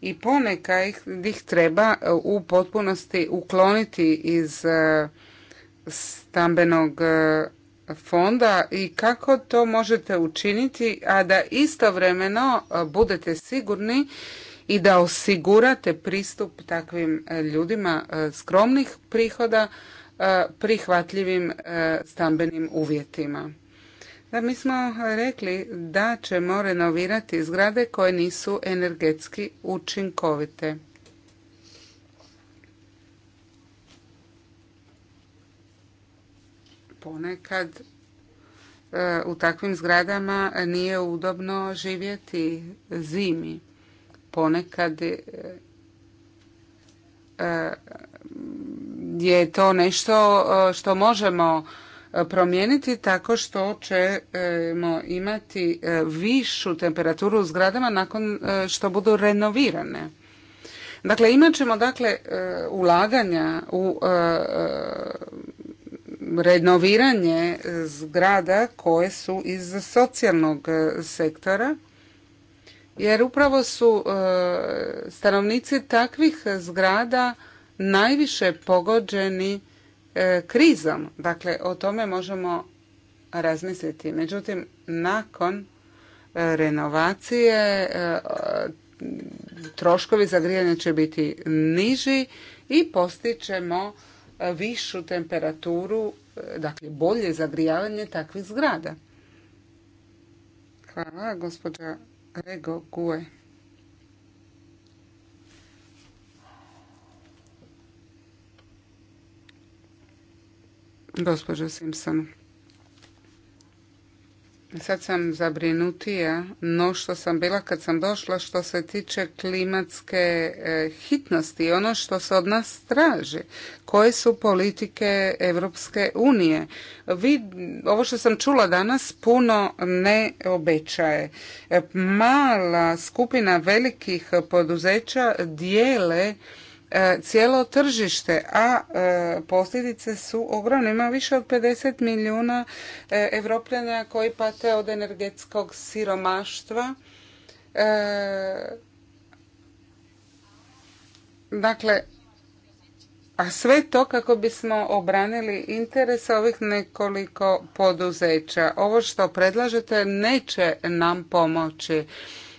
i ponekad ih treba uh, u potpunosti ukloniti iz uh, stambenog uh, fonda i kako to možete učiniti, a da istovremeno budete sigurni i da osigurate pristup takvim ljudima skromnih prihoda E, prihvatljivim e, stambenim uvjetima. Da, mi smo rekli da ćemo renovirati zgrade koje nisu energetski učinkovite. Ponekad e, u takvim zgradama nije udobno živjeti zimi. Ponekad je to nešto e, što možemo e, promijeniti tako što ćemo imati e, višu temperaturu u zgradama nakon što budu renovirane. Dakle, imat ćemo dakle, ulaganja u renoviranje zgrada koje su iz socijalnog sektora, jer upravo su stanovnici takvih zgrada najviše pogođeni e, krizom. Dakle, o tome možemo razmisliti. Međutim, nakon e, renovacije e, troškovi za grijanje će biti niži i postićemo višu temperaturu, dakle bolje zagrijavanje takvih zgrada. Hvala, gospođa Rego Gue. gospođo Simpson. Sad sam zabrinutija, no što sam bila kad sam došla što se tiče klimatske e, hitnosti, i ono što se od nas traži, koje su politike Evropske unije. Vi, ovo što sam čula danas puno ne obećaje. E, mala skupina velikih poduzeća dijele E, cijelo tržište, a e, posljedice su ogromne. Ima više od 50 milijuna e, evropljana koji pate od energetskog siromaštva. Dakle, a sve to kako bismo obranili interese ovih nekoliko poduzeća. Ovo što predlažete neće nam pomoći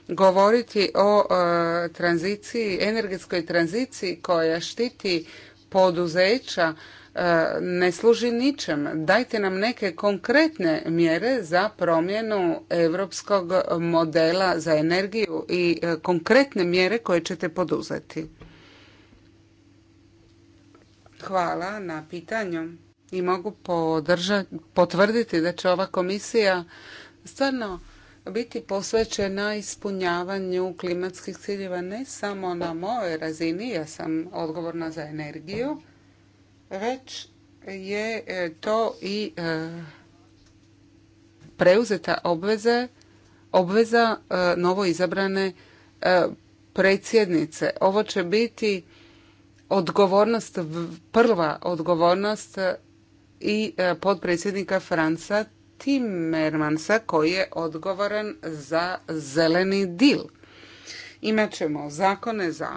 govoriti o e, tranziciji, energetskoj tranziciji koja štiti poduzeća e, ne služi ničem. Dajte nam neke konkretne mjere za promjenu europskog modela za energiju i e, konkretne mjere koje ćete poduzeti. Hvala na pitanju i mogu potvrditi da će ova komisija stvarno biti posvećena ispunjavanju klimatskih ciljeva ne samo na mojoj razini, ja sam odgovorna za energiju, već je e, to i e, preuzeta obveze, obveza e, novo izabrane predsjednice. Ovo će biti odgovornost, prva odgovornost i potpredsjednika Franca Timmermansa koji je odgovoran za zeleni dil. Imaćemo zakone za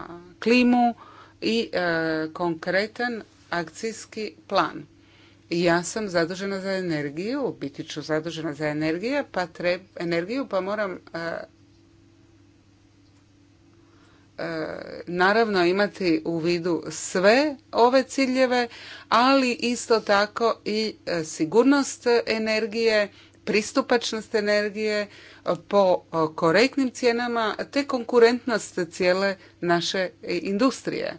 klimu i e, konkretan akcijski plan. Ja sam zadužena za energiju, biti ću zadužena za energiju, pa energiju pa moram e, naravno imati u vidu sve ove ciljeve, ali isto tako i e, sigurnost energije, pristupačnost energije e, po e, korektnim cijenama te konkurentnost cijele naše industrije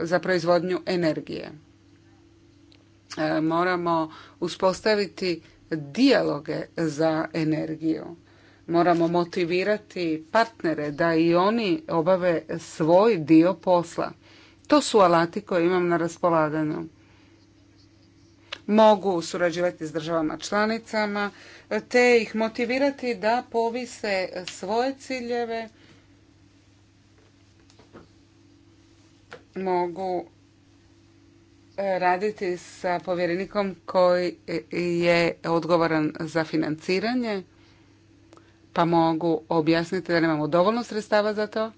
za proizvodnju energije. Moramo uspostaviti dijaloge za energiju. Moramo motivirati partnere da i oni obave svoj dio posla. To su alati koje imam na raspolaganju. Mogu surađivati s državama članicama, te ih motivirati da povise svoje ciljeve. Mogu e, raditi sa povjerenikom koji je odgovoran za financiranje pa mogu objasniti da nemamo dovoljno sredstava za to.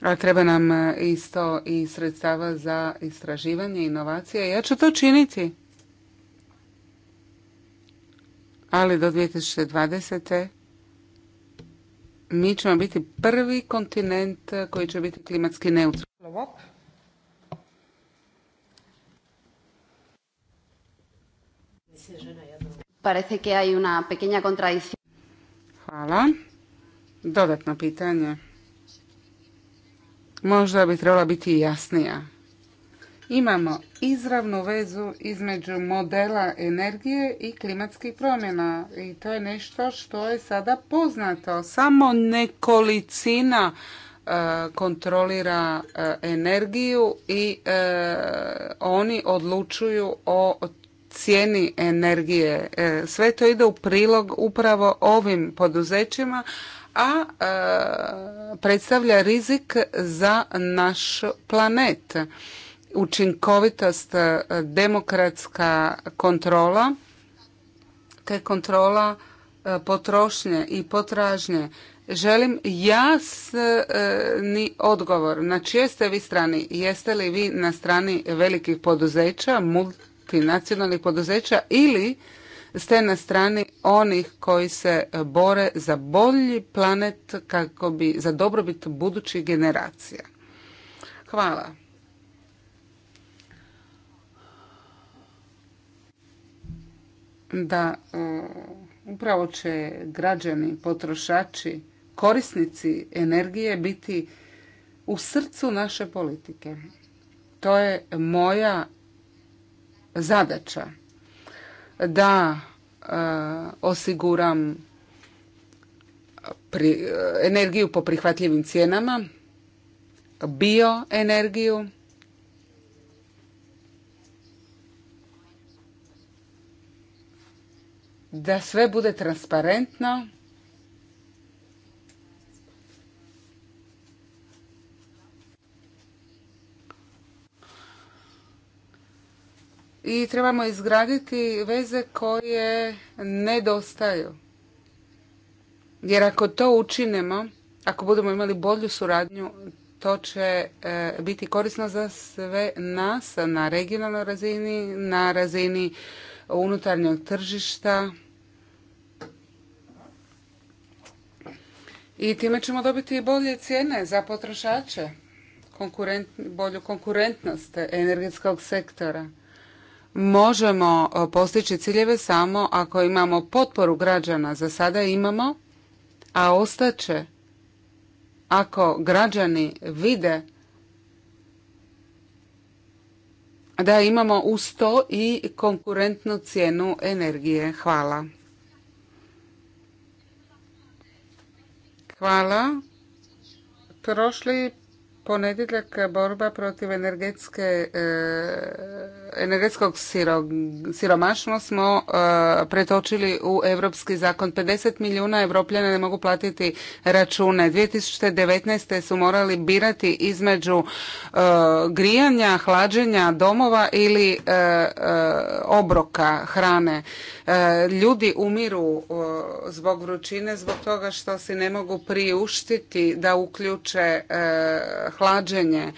A treba nam e, isto i sredstava za istraživanje, inovacije. Ja ću to činiti. Ali do 2020. mi ćemo biti prvi kontinent koji će biti klimatski neutralan. Parece que hay una pequeña contradicción. Hvala. Dodatno pitanje. Možda bi trebala biti jasnija. Imamo izravnu vezu između modela energije i klimatskih promjena i to je nešto što je sada poznato. Samo nekolicina e, kontrolira e, energiju i e, oni odlučuju o cijeni energije. E, sve to ide u prilog upravo ovim poduzećima, a e, predstavlja rizik za naš planet. Učinkovitost, e, demokratska kontrola, te kontrola potrošnje i potražnje. Želim jasni odgovor. Na čijoj ste vi strani? Jeste li vi na strani velikih poduzeća, nacionalnih poduzeća ili ste na strani onih koji se bore za bolji planet kako bi za dobrobit budućih generacija. Hvala. Da, uh, upravo će građani, potrošači, korisnici energije biti u srcu naše politike. To je moja zadaća da e, osiguram energiju po prihvatljivim cijenama, bioenergiju, da sve bude transparentno i trebamo izgraditi veze koje nedostaju. Jer ako to učinemo, ako budemo imali bolju suradnju, to će e, biti korisno za sve nas na regionalnoj razini, na razini unutarnjeg tržišta. I time ćemo dobiti bolje cijene za potrošače, bolju konkurentnost energetskog sektora možemo e, postići ciljeve samo ako imamo potporu građana. Za sada imamo, a ostaće ako građani vide da imamo uz to i konkurentnu cijenu energije. Hvala. Hvala. Prošli ponedjeljak borba protiv energetske e, energetskog siromaštva smo e, pretočili u europski zakon. 50 milijuna evropljana ne mogu platiti račune. 2019. su morali birati između e, grijanja, hlađenja domova ili e, obroka hrane. Ljudi umiru zbog vrućine, zbog toga što si ne mogu priuštiti da uključe hlađenje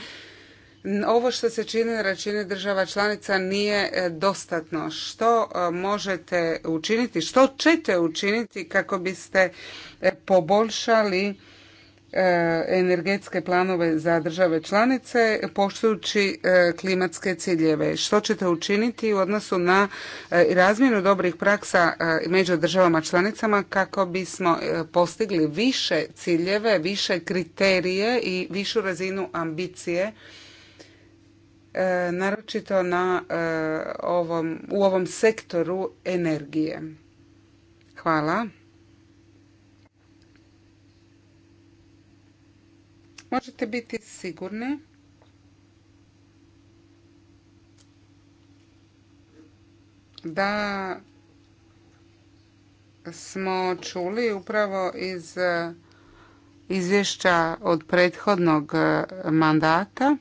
ovo što se čini na račini država članica nije e, dostatno. Što e, možete učiniti, što ćete učiniti kako biste e, poboljšali energetske planove za države članice poštujući klimatske ciljeve. Što ćete učiniti u odnosu na razmjenu dobrih praksa među državama članicama kako bismo postigli više ciljeve, više kriterije i višu razinu ambicije E, naročito na e, ovom, u ovom sektoru energije. Hvala. Možete biti sigurni da smo čuli upravo iz e, izvješća od prethodnog mandata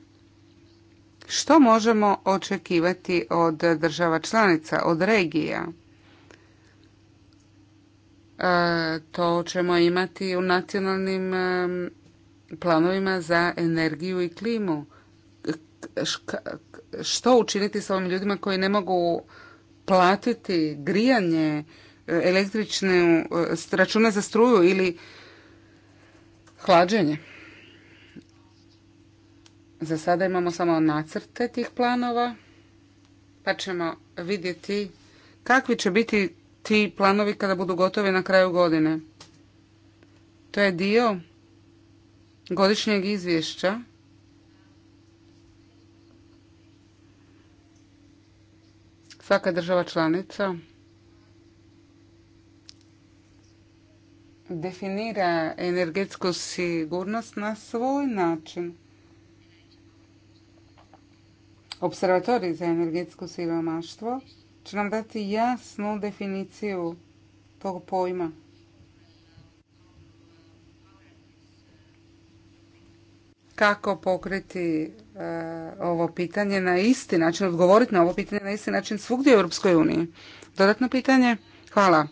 što možemo očekivati od država članica, od regija. E, to ćemo imati u nacionalnim e, planovima za energiju i klimu. Što učiniti s ovim ljudima koji ne mogu platiti grijanje, e, električne račune za struju ili hlađenje? Za sada imamo samo nacrte tih planova, pa ćemo vidjeti kakvi će biti ti planovi kada budu gotovi na kraju godine. To je dio godišnjeg izvješća svaka država članica definira energetsku sigurnost na svoj način. Observatorij za energetsko siromaštvo će nam dati jasnu definiciju tog pojma. Kako pokriti e, ovo pitanje na isti način, odgovoriti na ovo pitanje na isti način svugdje u Europskoj Dodatno pitanje? Hvala.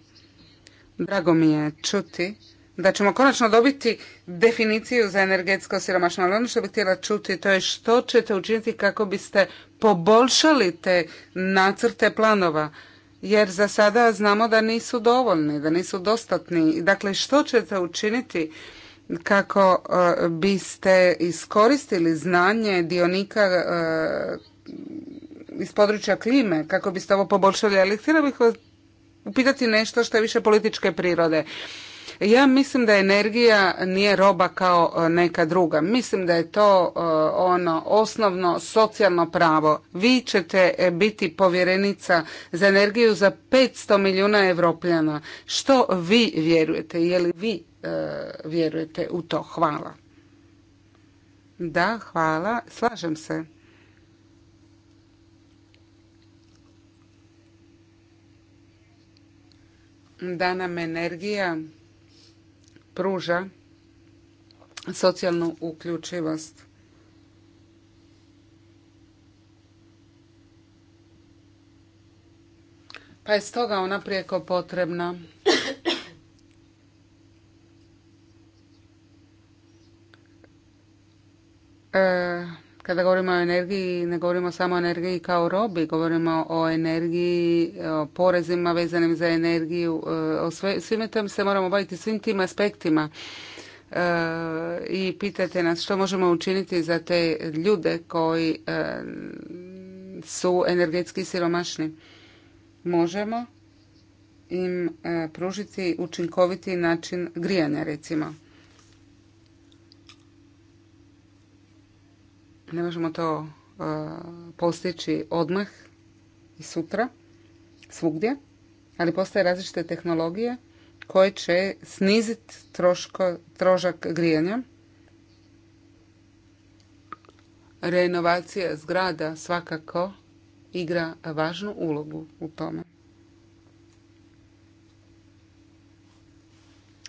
Drago mi je čuti da ćemo konačno dobiti definiciju za energetsko siromašno. Ali ono što bih htjela čuti to je što ćete učiniti kako biste poboljšali te nacrte planova. Jer za sada znamo da nisu dovoljni, da nisu dostatni. Dakle, što ćete učiniti kako e, biste iskoristili znanje dionika e, iz područja klime, kako biste ovo poboljšali. Ali htjela bih upitati nešto što je više političke prirode. Ja mislim da energija nije roba kao e, neka druga. Mislim da je to e, ono osnovno socijalno pravo. Vi ćete e, biti povjerenica za energiju za 500 milijuna evropljana. Što vi vjerujete? Je li vi vjerujete u to? Hvala. Da, hvala. Slažem se. da nam energija pruža socijalnu uključivost. Pa je stoga ona prijeko potrebna. E, kada govorimo o energiji, ne govorimo samo o energiji kao robi, govorimo o energiji, o porezima vezanim za energiju, e, o sve, svime tom se moramo baviti, svim tim aspektima e, i pitate nas što možemo učiniti za te ljude koji e, su energetski siromašni. Možemo im pružiti učinkoviti način grijanja recimo. Ne možemo to e, postići odmah i sutra, svugdje, ali postoje različite tehnologije koje će sniziti trošak grijanja. Renovacija zgrada svakako igra važnu ulogu u tome.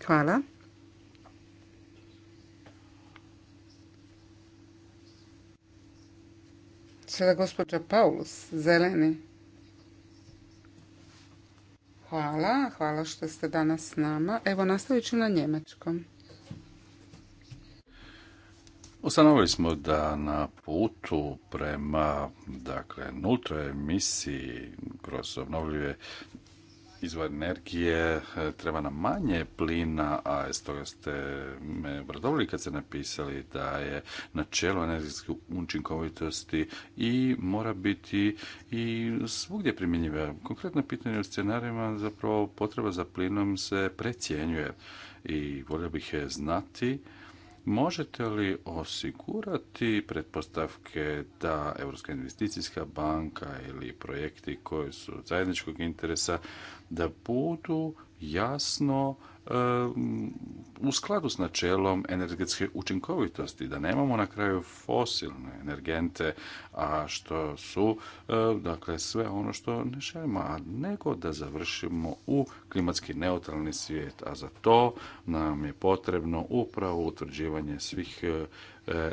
Hvala. Sada gospođa Paulus, zeleni. Hvala, hvala što ste danas s nama. Evo, nastavit ću na njemačkom. Ustanovili smo da na putu prema dakle, nultoj emisiji kroz obnovljive izvor energije, e, treba nam manje plina, a stoga ste me obradovili kad ste napisali da je načelo energetske učinkovitosti i mora biti i svugdje primjenjiva. Konkretno pitanje u scenarijima zapravo potreba za plinom se precijenjuje i volio bih je znati Možete li osigurati pretpostavke da Europska investicijska banka ili projekti koji su zajedničkog interesa da budu jasno u skladu s načelom energetske učinkovitosti, da nemamo na kraju fosilne energente, a što su e, dakle sve ono što ne želimo, a nego da završimo u klimatski neutralni svijet, a za to nam je potrebno upravo utvrđivanje svih e,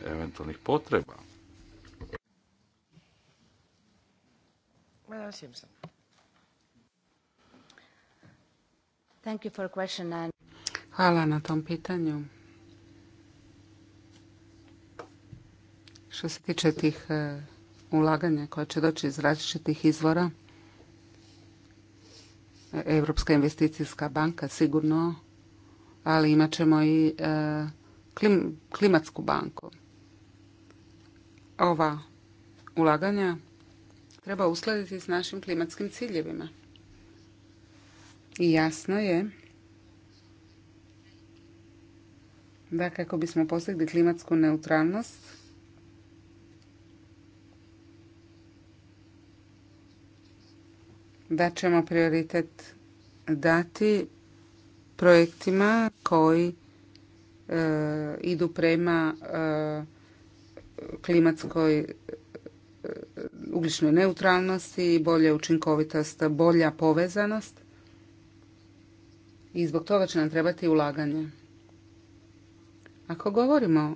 eventualnih potreba. Thank you Hvala na tom pitanju. Što se tiče tih e, ulaganja koja će doći iz različitih izvora, e, Europska investicijska banka sigurno, ali imat ćemo i e, klimatsku banku. Ova ulaganja treba uskladiti s našim klimatskim ciljevima. I jasno je da kako bismo postigli klimatsku neutralnost, da ćemo prioritet dati projektima koji e, idu prema e, klimatskoj e, ugljičnoj neutralnosti, bolje učinkovitost, bolja povezanost i zbog toga će nam trebati ulaganje. Ako govorimo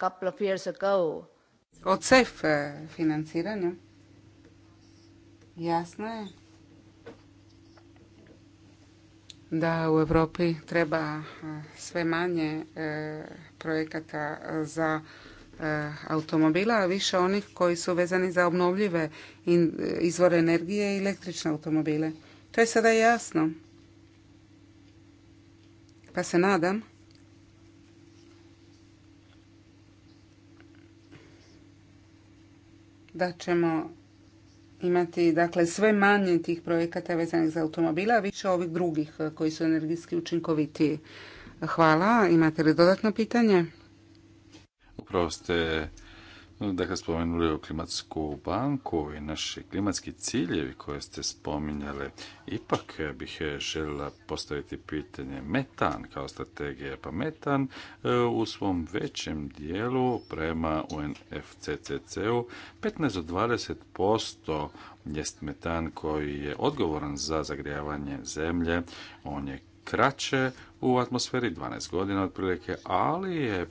couple of years Od SEF financiranja. Jasno je da u Europi treba e, sve manje e, projekata za e, automobila, a više onih koji su vezani za obnovljive izvore energije i električne automobile. To je sada jasno. Pa se nadam da ćemo imati dakle sve manje tih projekata vezanih za automobile, a više ovih drugih e, koji su energijski učinkovitiji. Hvala. Imate li dodatno pitanje? Upravo ste Dakle, spomenuli o klimatsku banku i naši klimatski ciljevi koje ste spominjali. Ipak bih željela postaviti pitanje metan kao strategija. Pa metan e, u svom većem dijelu prema UNFCCC-u 15 do 20% jest metan koji je odgovoran za zagrijavanje zemlje. On je kraće u atmosferi 12 godina otprilike, ali je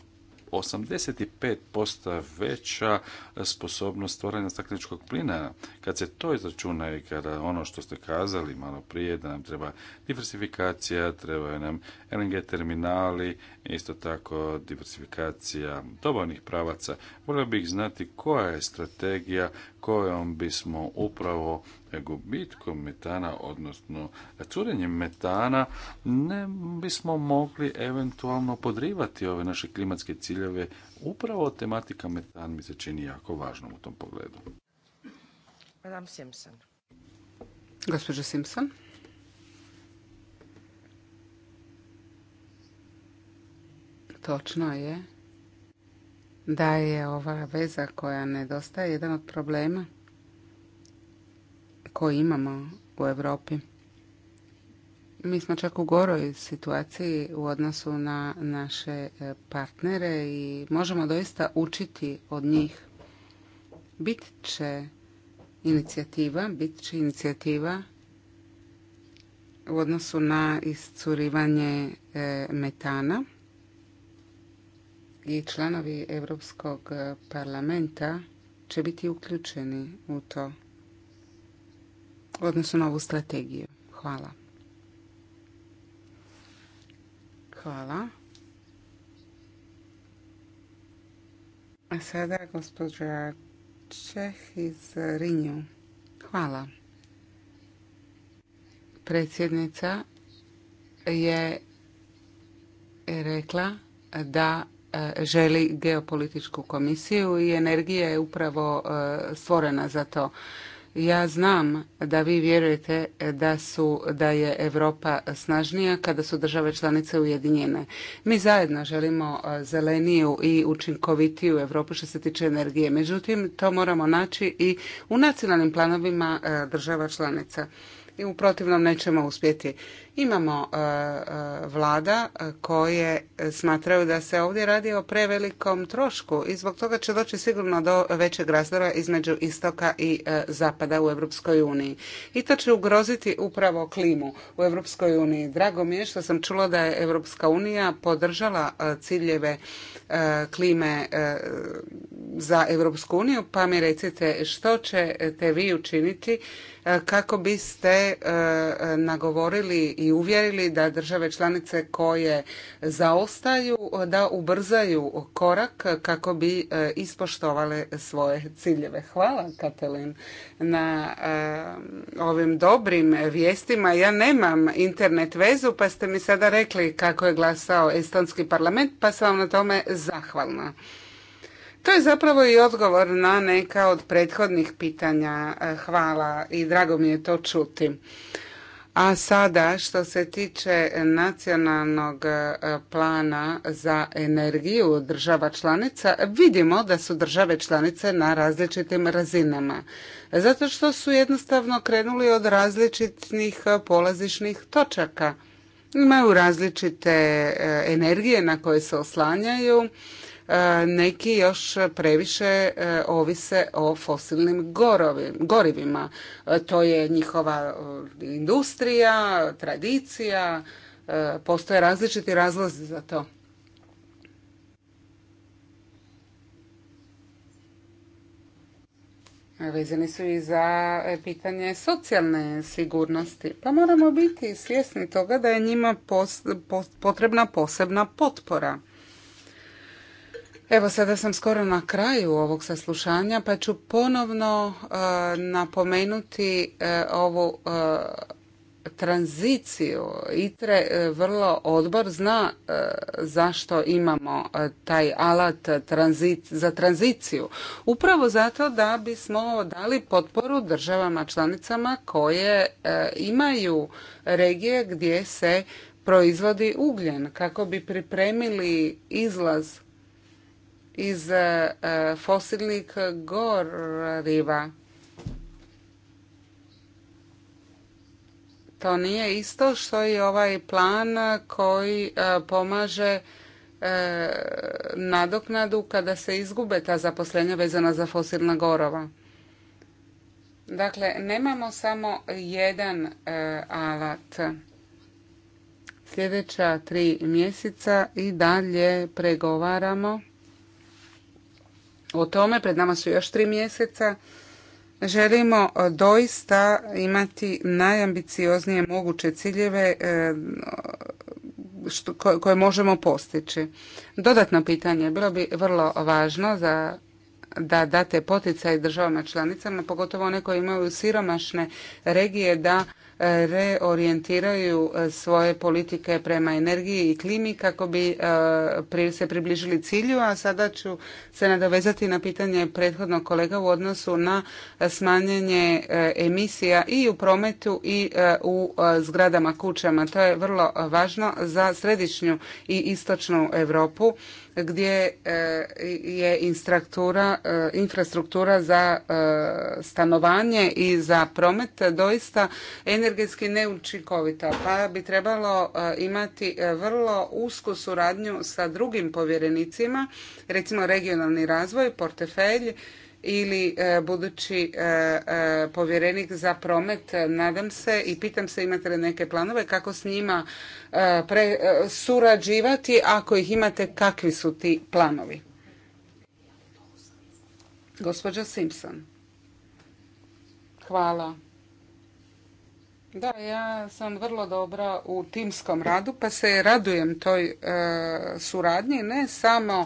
85% veća sposobnost stvaranja stakleničkog plina. Kad se to izračuna i kada ono što ste kazali malo prije, da nam treba diversifikacija, trebaju nam LNG terminali, isto tako diversifikacija dobavnih pravaca, volio bih znati koja je strategija kojom bismo upravo gubitkom metana, odnosno curenjem metana, ne bismo mogli eventualno podrivati ove naše klimatske ciljeve. Upravo tematika metan mi se čini jako važnom u tom pogledu. Simpson. Gospođa Simpson. Točno je da je ova veza koja nedostaje jedan od problema koji imamo u Europi. Mi smo čak u goroj situaciji u odnosu na naše e, partnere i možemo doista učiti od njih. Bit će inicijativa, bit će inicijativa u odnosu na iscurivanje e, metana – i članovi Europskog e, parlamenta će biti uključeni u to, odnosno na ovu strategiju. Hvala. Hvala. A sada gospođa Čeh iz Rinju. Hvala. Predsjednica je rekla da E, želi geopolitičku komisiju i energija je upravo e, stvorena za to. Ja znam da vi vjerujete da su da je Europa snažnija kada su države članice ujedinjene. Mi zajedno želimo e, zeleniju i učinkovitiju Europu što se tiče energije. Međutim, to moramo naći i u nacionalnim planovima država članica i u protivnom nećemo uspjeti. Imamo e, e, vlada e, koje smatraju da se ovdje radi o prevelikom trošku i zbog toga će doći sigurno do većeg razdora između istoka i zapada u Europskoj uniji. I to će ugroziti upravo klimu u Europskoj uniji. Drago mi je što sam čula da je Europska unija podržala ciljeve klime za Europsku uniju, pa mi recite što ćete vi učiniti E, kako biste e, nagovorili i uvjerili da države članice koje zaostaju e, da ubrzaju korak kako bi ispoštovale svoje ciljeve. Hvala Katalin na ovim dobrim vijestima. Ja nemam internet vezu pa ste mi sada rekli kako je glasao Estonski parlament pa sam vam na tome zahvalna. To je zapravo i odgovor na neka od prethodnih pitanja. E, hvala i drago mi je to čuti. A sada što se tiče nacionalnog e, plana za energiju država članica, vidimo da su države članice na različitim razinama. Zato što su jednostavno krenuli od različitih polazišnih točaka. Imaju različite e, energije na koje se oslanjaju neki još previše e, ovise o fosilnim gorivima. E, to je njihova e, industrija, tradicija, postoje različiti razlozi za to. vezani su i za pitanje socijalne sigurnosti. Pa moramo biti svjesni toga da je njima potrebna posebna potpora. Evo sada sam skoro na kraju ovog saslušanja pa ću ponovno e, napomenuti e, ovu e, tranziciju. ITRE vrlo odbor zna zašto imamo taj alat za tranziciju. Upravo zato da bismo dali potporu državama članicama koje imaju regije gdje se proizvodi ugljen kako bi pripremili izlaz iz e, e, fosilnih goriva. To nije isto što i ovaj plan koji e, pomaže nadoknadu kada se izgube ta zaposlenja vezana za fosilna gorova. Dakle, nemamo samo jedan alat. Sljedeća tri mjeseca i dalje pregovaramo u tome. Pred nama su još tri mjeseca. Želimo e, doista imati najambicioznije moguće ciljeve e, koje možemo postići. Dodatno pitanje bilo bi vrlo važno za da date poticaj državama članicama, pogotovo one koje imaju siromašne regije, da reorijentiraju e, svoje politike prema energiji i klimi kako bi e, se približili cilju, a sada ću se nadovezati na pitanje prethodnog kolega u odnosu na smanjenje e, emisija i u prometu i u zgradama kućama. To je vrlo važno za središnju i istočnu Europu gdje e, je e, infrastruktura za e, stanovanje i za promet doista energetski neučinkovita, pa bi trebalo imati vrlo usku suradnju sa drugim povjerenicima, recimo regionalni razvoj, portefelj, ili e, budući e, e, povjerenik za promet, nadam se i pitam se imate li neke planove kako s njima surađivati, ako ih imate kakvi su ti planovi. Gospođa Simpson. Hvala. Da, ja sam vrlo dobra u timskom radu, pa se radujem toj suradnji, ne samo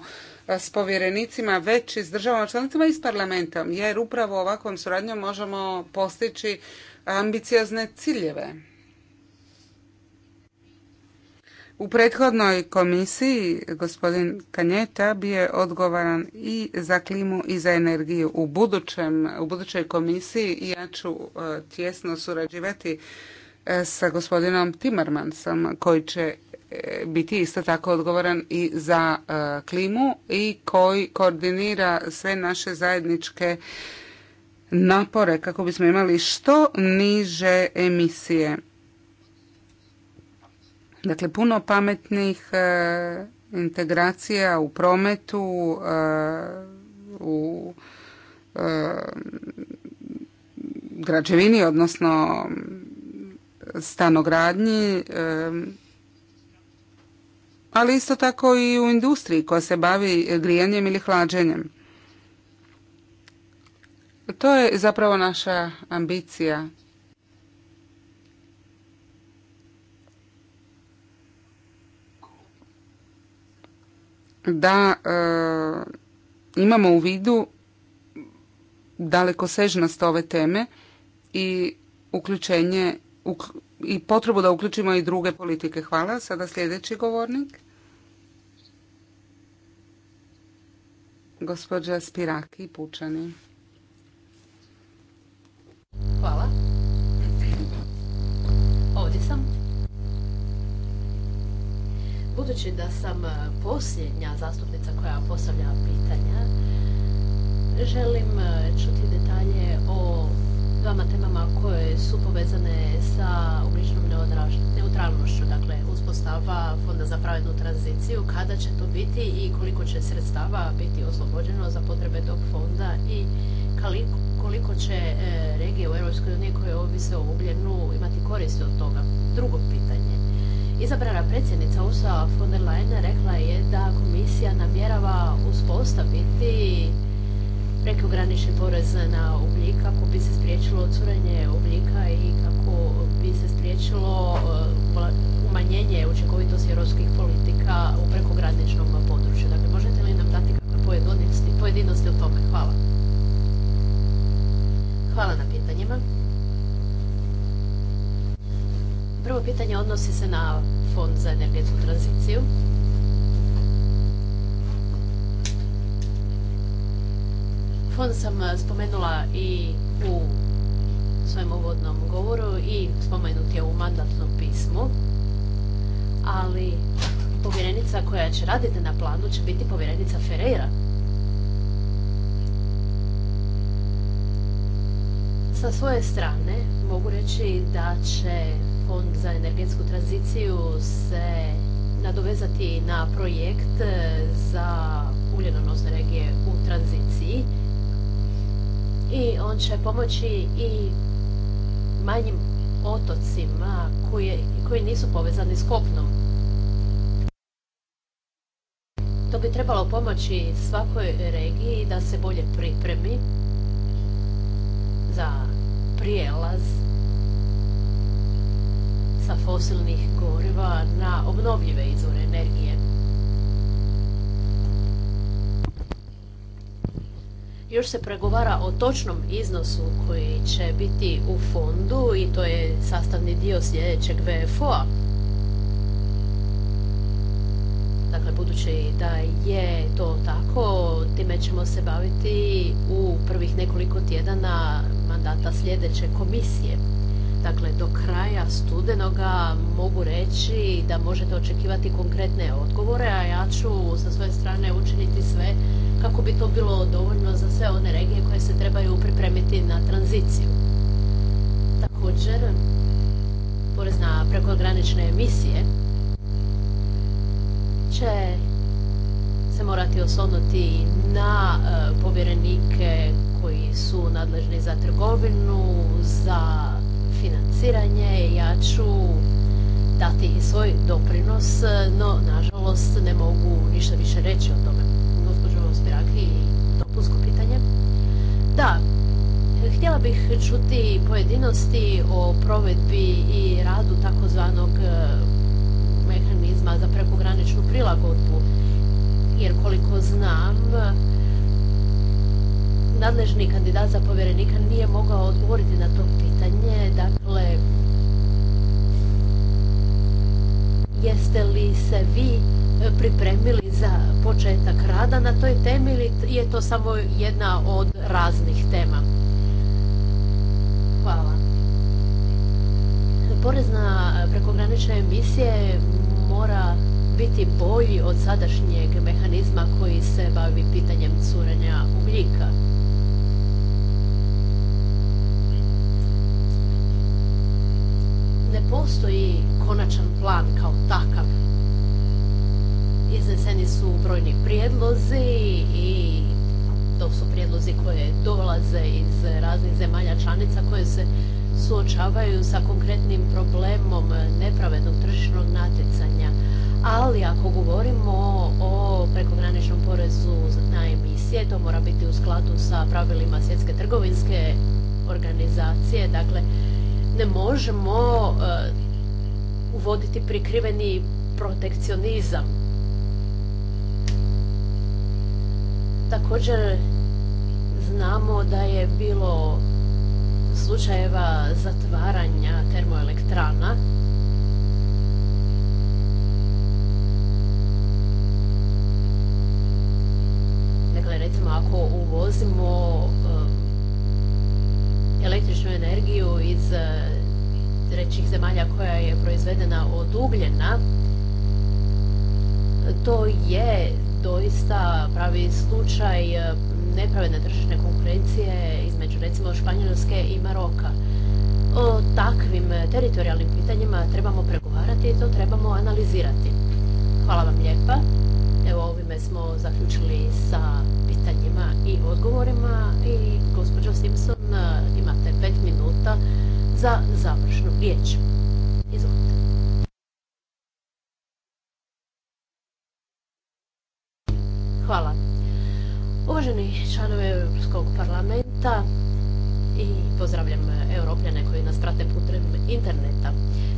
s povjerenicima već i s državama članicama i s parlamentom, jer upravo ovakvom suradnjom možemo postići ambiciozne ciljeve. U prethodnoj komisiji gospodin Kanjeta bi je odgovoran i za klimu i za energiju. U, budućem, u budućoj komisiji ja ću e, tjesno surađivati e, sa gospodinom Timmermansom koji će biti isto tako odgovoran i za e, klimu i koji koordinira sve naše zajedničke napore kako bismo imali što niže emisije. Dakle, puno pametnih e, integracija u prometu, e, u građevini, odnosno stanogradnji, ali isto tako i u industriji koja se bavi grijanjem ili hlađenjem. To je zapravo naša ambicija. Da e, imamo u vidu dalekosežnost ove teme i uključenje i potrebu da uključimo i druge politike. Hvala. Sada sljedeći govornik. Gospođa Spiraki, Pučani. Hvala. Ovdje sam. Budući da sam e, posljednja zastupnica koja postavlja pitanja, želim e, čuti detalje o dvama temama koje su povezane sa ugljičnom neutralnošću, dakle uspostava Fonda za pravednu tranziciju, kada će to biti i koliko će sredstava biti oslobođeno za potrebe tog fonda i koliko će e, regije u EU koje ovise o ugljenu imati koristi od toga. Drugo pitanje. Izabrana predsjednica USA von der Leyen rekla je da komisija namjerava uspostaviti prekogranični porez na ugljik kako bi se spriječilo curenje ugljika i kako bi se spriječilo eh, umanjenje učinkovitosti europskih politika u prekograničnom području. Dakle, možete li nam dati kakve pojedinosti, pojedinosti o tome? Hvala. Hvala na pitanjima. Prvo pitanje odnosi se na Fond za energetsku tranziciju. Fond sam spomenula i u svojem uvodnom govoru i spomenut je u mandatnom pismu, ali povjerenica koja će raditi na planu će biti povjerenica Ferreira. Sa svoje strane mogu reći da će Fond za energetsku tranziciju se nadovezati na projekt e, za uljenonosne i on će pomoći i manjim otocima koji nisu povezani s kopnom. To bi trebalo pomoći svakoj regiji da se bolje pripremi za prijelaz sa fosilnih goriva na obnovljive izvore energije. Još se pregovara o točnom iznosu koji će biti u fondu i to je sastavni dio sljedećeg VFO-a. Dakle, budući da je to tako, time ćemo se baviti u prvih nekoliko tjedana mandata sljedeće komisije. Dakle, do kraja studenoga mogu reći da možete očekivati konkretne odgovore, a ja ću sa svoje strane učiniti sve kako bi to bilo dovoljno za sve one regije koje se trebaju pripremiti na tranziciju. Također, porez na prekogranične emisije će se morati osnoviti na e, povjerenike koji su nadležni za trgovinu, za financiranje. Ja ću dati i svoj doprinos, no nažalost ne mogu ništa više reći o tome. Da, htjela bih čuti pojedinosti o provedbi i radu takozvanog e, mehanizma za prekograničnu prilagodbu, jer koliko znam, nadležni kandidat za povjerenika nije mogao odgovoriti na to pitanje. Dakle, jeste li se vi pripremili za početak rada na toj temi ili je to samo jedna od raznih tema? Hvala. Porez na prekogranične emisije mora biti bolji od sadašnjeg mehanizma koji se bavi pitanjem curenja ugljika. Ne postoji konačan plan kao takav izneseni su brojni prijedlozi i to su prijedlozi koje dolaze iz raznih zemalja članica koje se suočavaju sa konkretnim problemom nepravednog tržišnog natjecanja. Ali ako govorimo o prekograničnom porezu na emisije, to mora biti u skladu sa pravilima svjetske trgovinske organizacije. Dakle, ne možemo e, uvoditi prikriveni protekcionizam Također znamo da je bilo slučajeva zatvaranja termoelektrana Dakle, recimo ako uvozimo um, električnu energiju iz uh, trećih zemalja koja je proizvedena od ugljena, to je doista pravi slučaj e, nepravedne tržišne konkurencije između recimo Španjolske i Maroka. O takvim teritorijalnim pitanjima trebamo pregovarati i to trebamo analizirati. Hvala vam lijepa. Evo ovime smo zaključili sa pitanjima i odgovorima i gospođo Simpson imate pet minuta za završnu riječ. i članovi Europskog parlamenta i pozdravljam europljane koji nas prate putem interneta.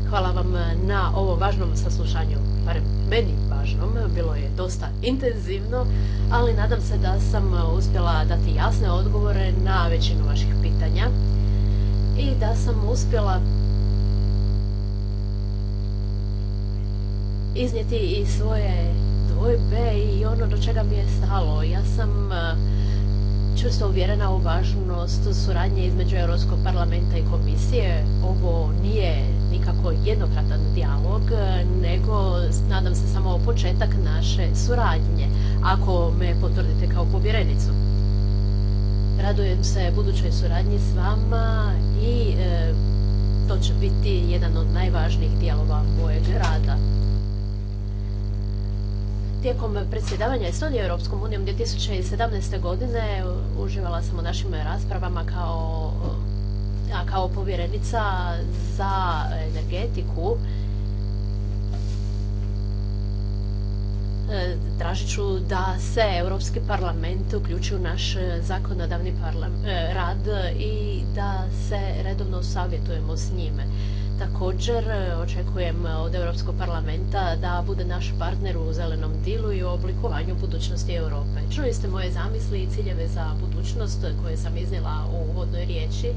Hvala vam na ovom važnom saslušanju, barem meni važnom, bilo je dosta intenzivno, ali nadam se da sam uspjela dati jasne odgovore na većinu vaših pitanja i da sam uspjela iznijeti i svoje dvojbe i ono do čega mi je stalo. Ja sam e, čvrsto uvjerena u važnost suradnje između Europskog parlamenta i komisije. Ovo nije nikako jednokratan dijalog, e, nego nadam se samo početak naše suradnje, ako me potvrdite kao povjerenicu. Radujem se budućoj suradnji s vama i e, to će biti jedan od najvažnijih dijelova mojeg rada tijekom predsjedavanja Estonije Europskom unijom 2017. godine uživala sam u našim raspravama kao, a kao povjerenica za energetiku. E, tražit ću da se Europski parlament uključi u naš zakonodavni e, rad i da se redovno savjetujemo s njime. Također e, očekujem od Europskog parlamenta da bude naš partner u zelenom dilu i u oblikovanju budućnosti Europe. Čuli ste moje zamisli i ciljeve za budućnost koje sam iznijela u uvodnoj riječi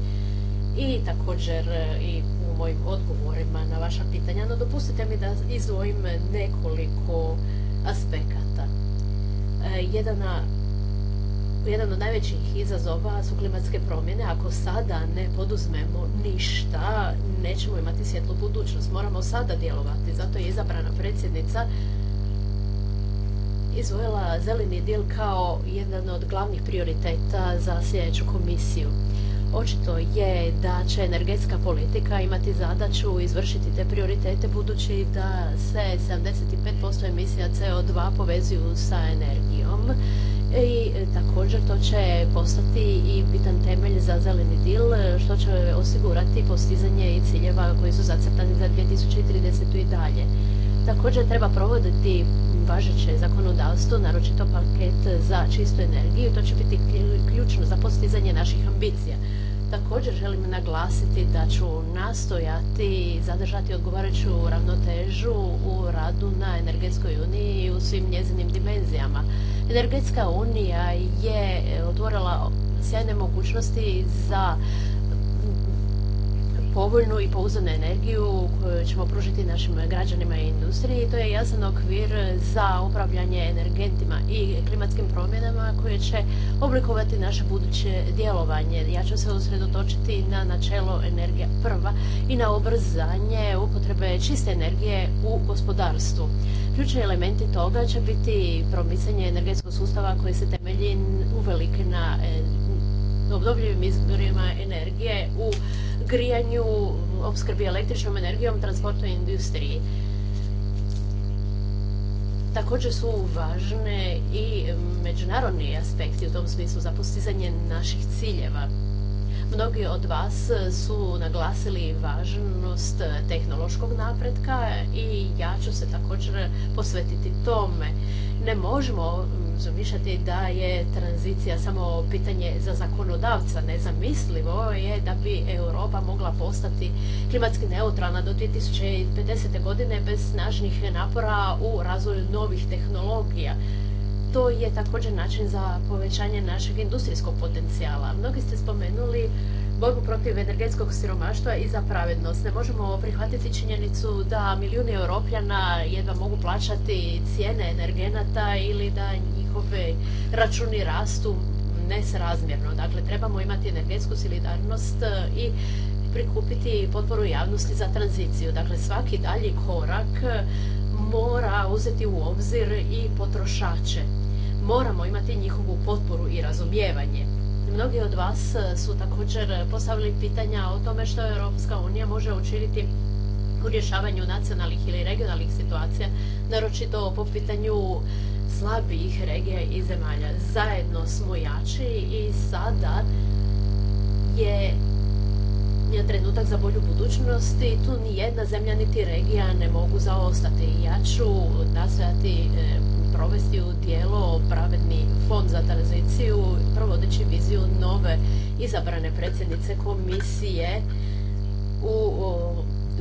i također e, i u mojim odgovorima na vaša pitanja, no dopustite mi da izdvojim nekoliko aspekata. E, jedan jedan od najvećih izazova su klimatske promjene. Ako sada ne poduzmemo ništa, nećemo imati svjetlu budućnost. Moramo sada djelovati. Zato je izabrana predsjednica izvojila zeleni dil kao jedan od glavnih prioriteta za sljedeću komisiju. Očito je da će energetska politika imati zadaću izvršiti te prioritete budući da se 75% emisija CO2 povezuju sa energijom E, i e, također to će postati i bitan temelj za zeleni dil e, što će osigurati postizanje i ciljeva koji su zacrtani za 2030. i dalje. Također treba provoditi važeće zakonodavstvo, naročito paket za čistu energiju. To će biti ključno za postizanje naših ambicija. Također želim naglasiti da ću nastojati zadržati odgovarajuću ravnotežu u radu na Energetskoj uniji i u svim njezinim dimenzijama. Energetska unija je otvorila sjajne mogućnosti za povoljnu i pouzdanu energiju koju ćemo pružiti našim građanima i industriji. To je jasan okvir za upravljanje energentima i klimatskim promjenama koje će oblikovati naše buduće djelovanje. Ja ću se usredotočiti na načelo energija prva i na obrzanje upotrebe čiste energije u gospodarstvu. Ključni elementi toga će biti promicanje energetskog sustava koji se temelji uvelike na e, obnovljivim izvorima energije u grijanju, opskrbi električnom energijom, transportu i industriji. Također su važne i međunarodni aspekti u tom smislu za postizanje naših ciljeva. Mnogi od vas e, su naglasili važnost e, tehnološkog napretka i ja ću se također posvetiti tome. Ne možemo zamišljati da je tranzicija samo pitanje za zakonodavca. Nezamislivo je da bi Europa mogla postati klimatski neutralna do 2050. godine bez snažnih napora u razvoju novih tehnologija to je također način za povećanje našeg industrijskog potencijala. Mnogi ste spomenuli borbu protiv energetskog siromaštva i za pravednost. Ne možemo prihvatiti činjenicu da milijuni europljana jedva mogu plaćati cijene energenata ili da njihove računi rastu nesrazmjerno. Dakle, trebamo imati energetsku solidarnost i prikupiti potporu javnosti za tranziciju. Dakle, svaki dalji korak mora uzeti u obzir i potrošače. Moramo imati njihovu potporu i razumijevanje. Mnogi od vas su također postavili pitanja o tome što Europska unija može učiniti u rješavanju nacionalnih ili regionalnih situacija, naročito po pitanju slabijih regija i zemalja. Zajedno smo jači i sada je trenutak za bolju budućnost i tu ni jedna zemlja niti regija ne mogu zaostati. Ja ću nastojati e, provesti u dijelo pravedni fond za tranziciju, provodeći viziju nove izabrane predsjednice komisije u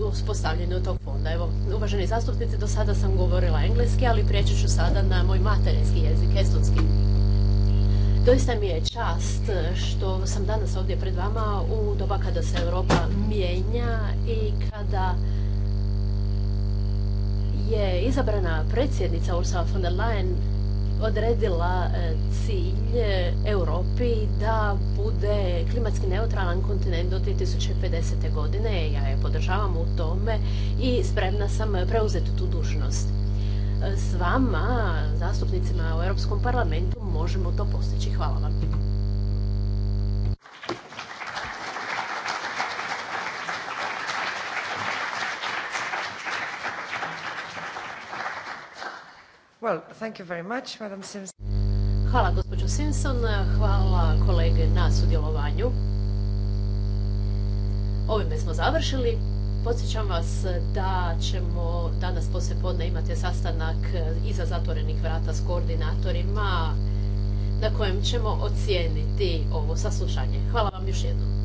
uspostavljanju tog fonda. Evo, uvaženi zastupnici, do sada sam govorila engleski, ali prijeći ću sada na moj materinski jezik, estonski. Doista mi je čast što sam danas ovdje pred vama u doba kada se Europa mijenja i kada je izabrana predsjednica Ursula von der Leyen odredila e, cilj Europi da bude klimatski neutralan kontinent do 2050. godine. Ja je podržavam u tome i spremna sam preuzeti tu dužnost s vama, zastupnicima u Europskom parlamentu, možemo to postići. Hvala vam. Simpson. Hvala gospođo Simpson, hvala kolege na sudjelovanju. Ovime smo završili. Podsjećam vas e, da ćemo danas podne imati sastanak e, iza zatvorenih vrata s koordinatorima na kojem ćemo ocijeniti ovo saslušanje. Hvala vam još jednom.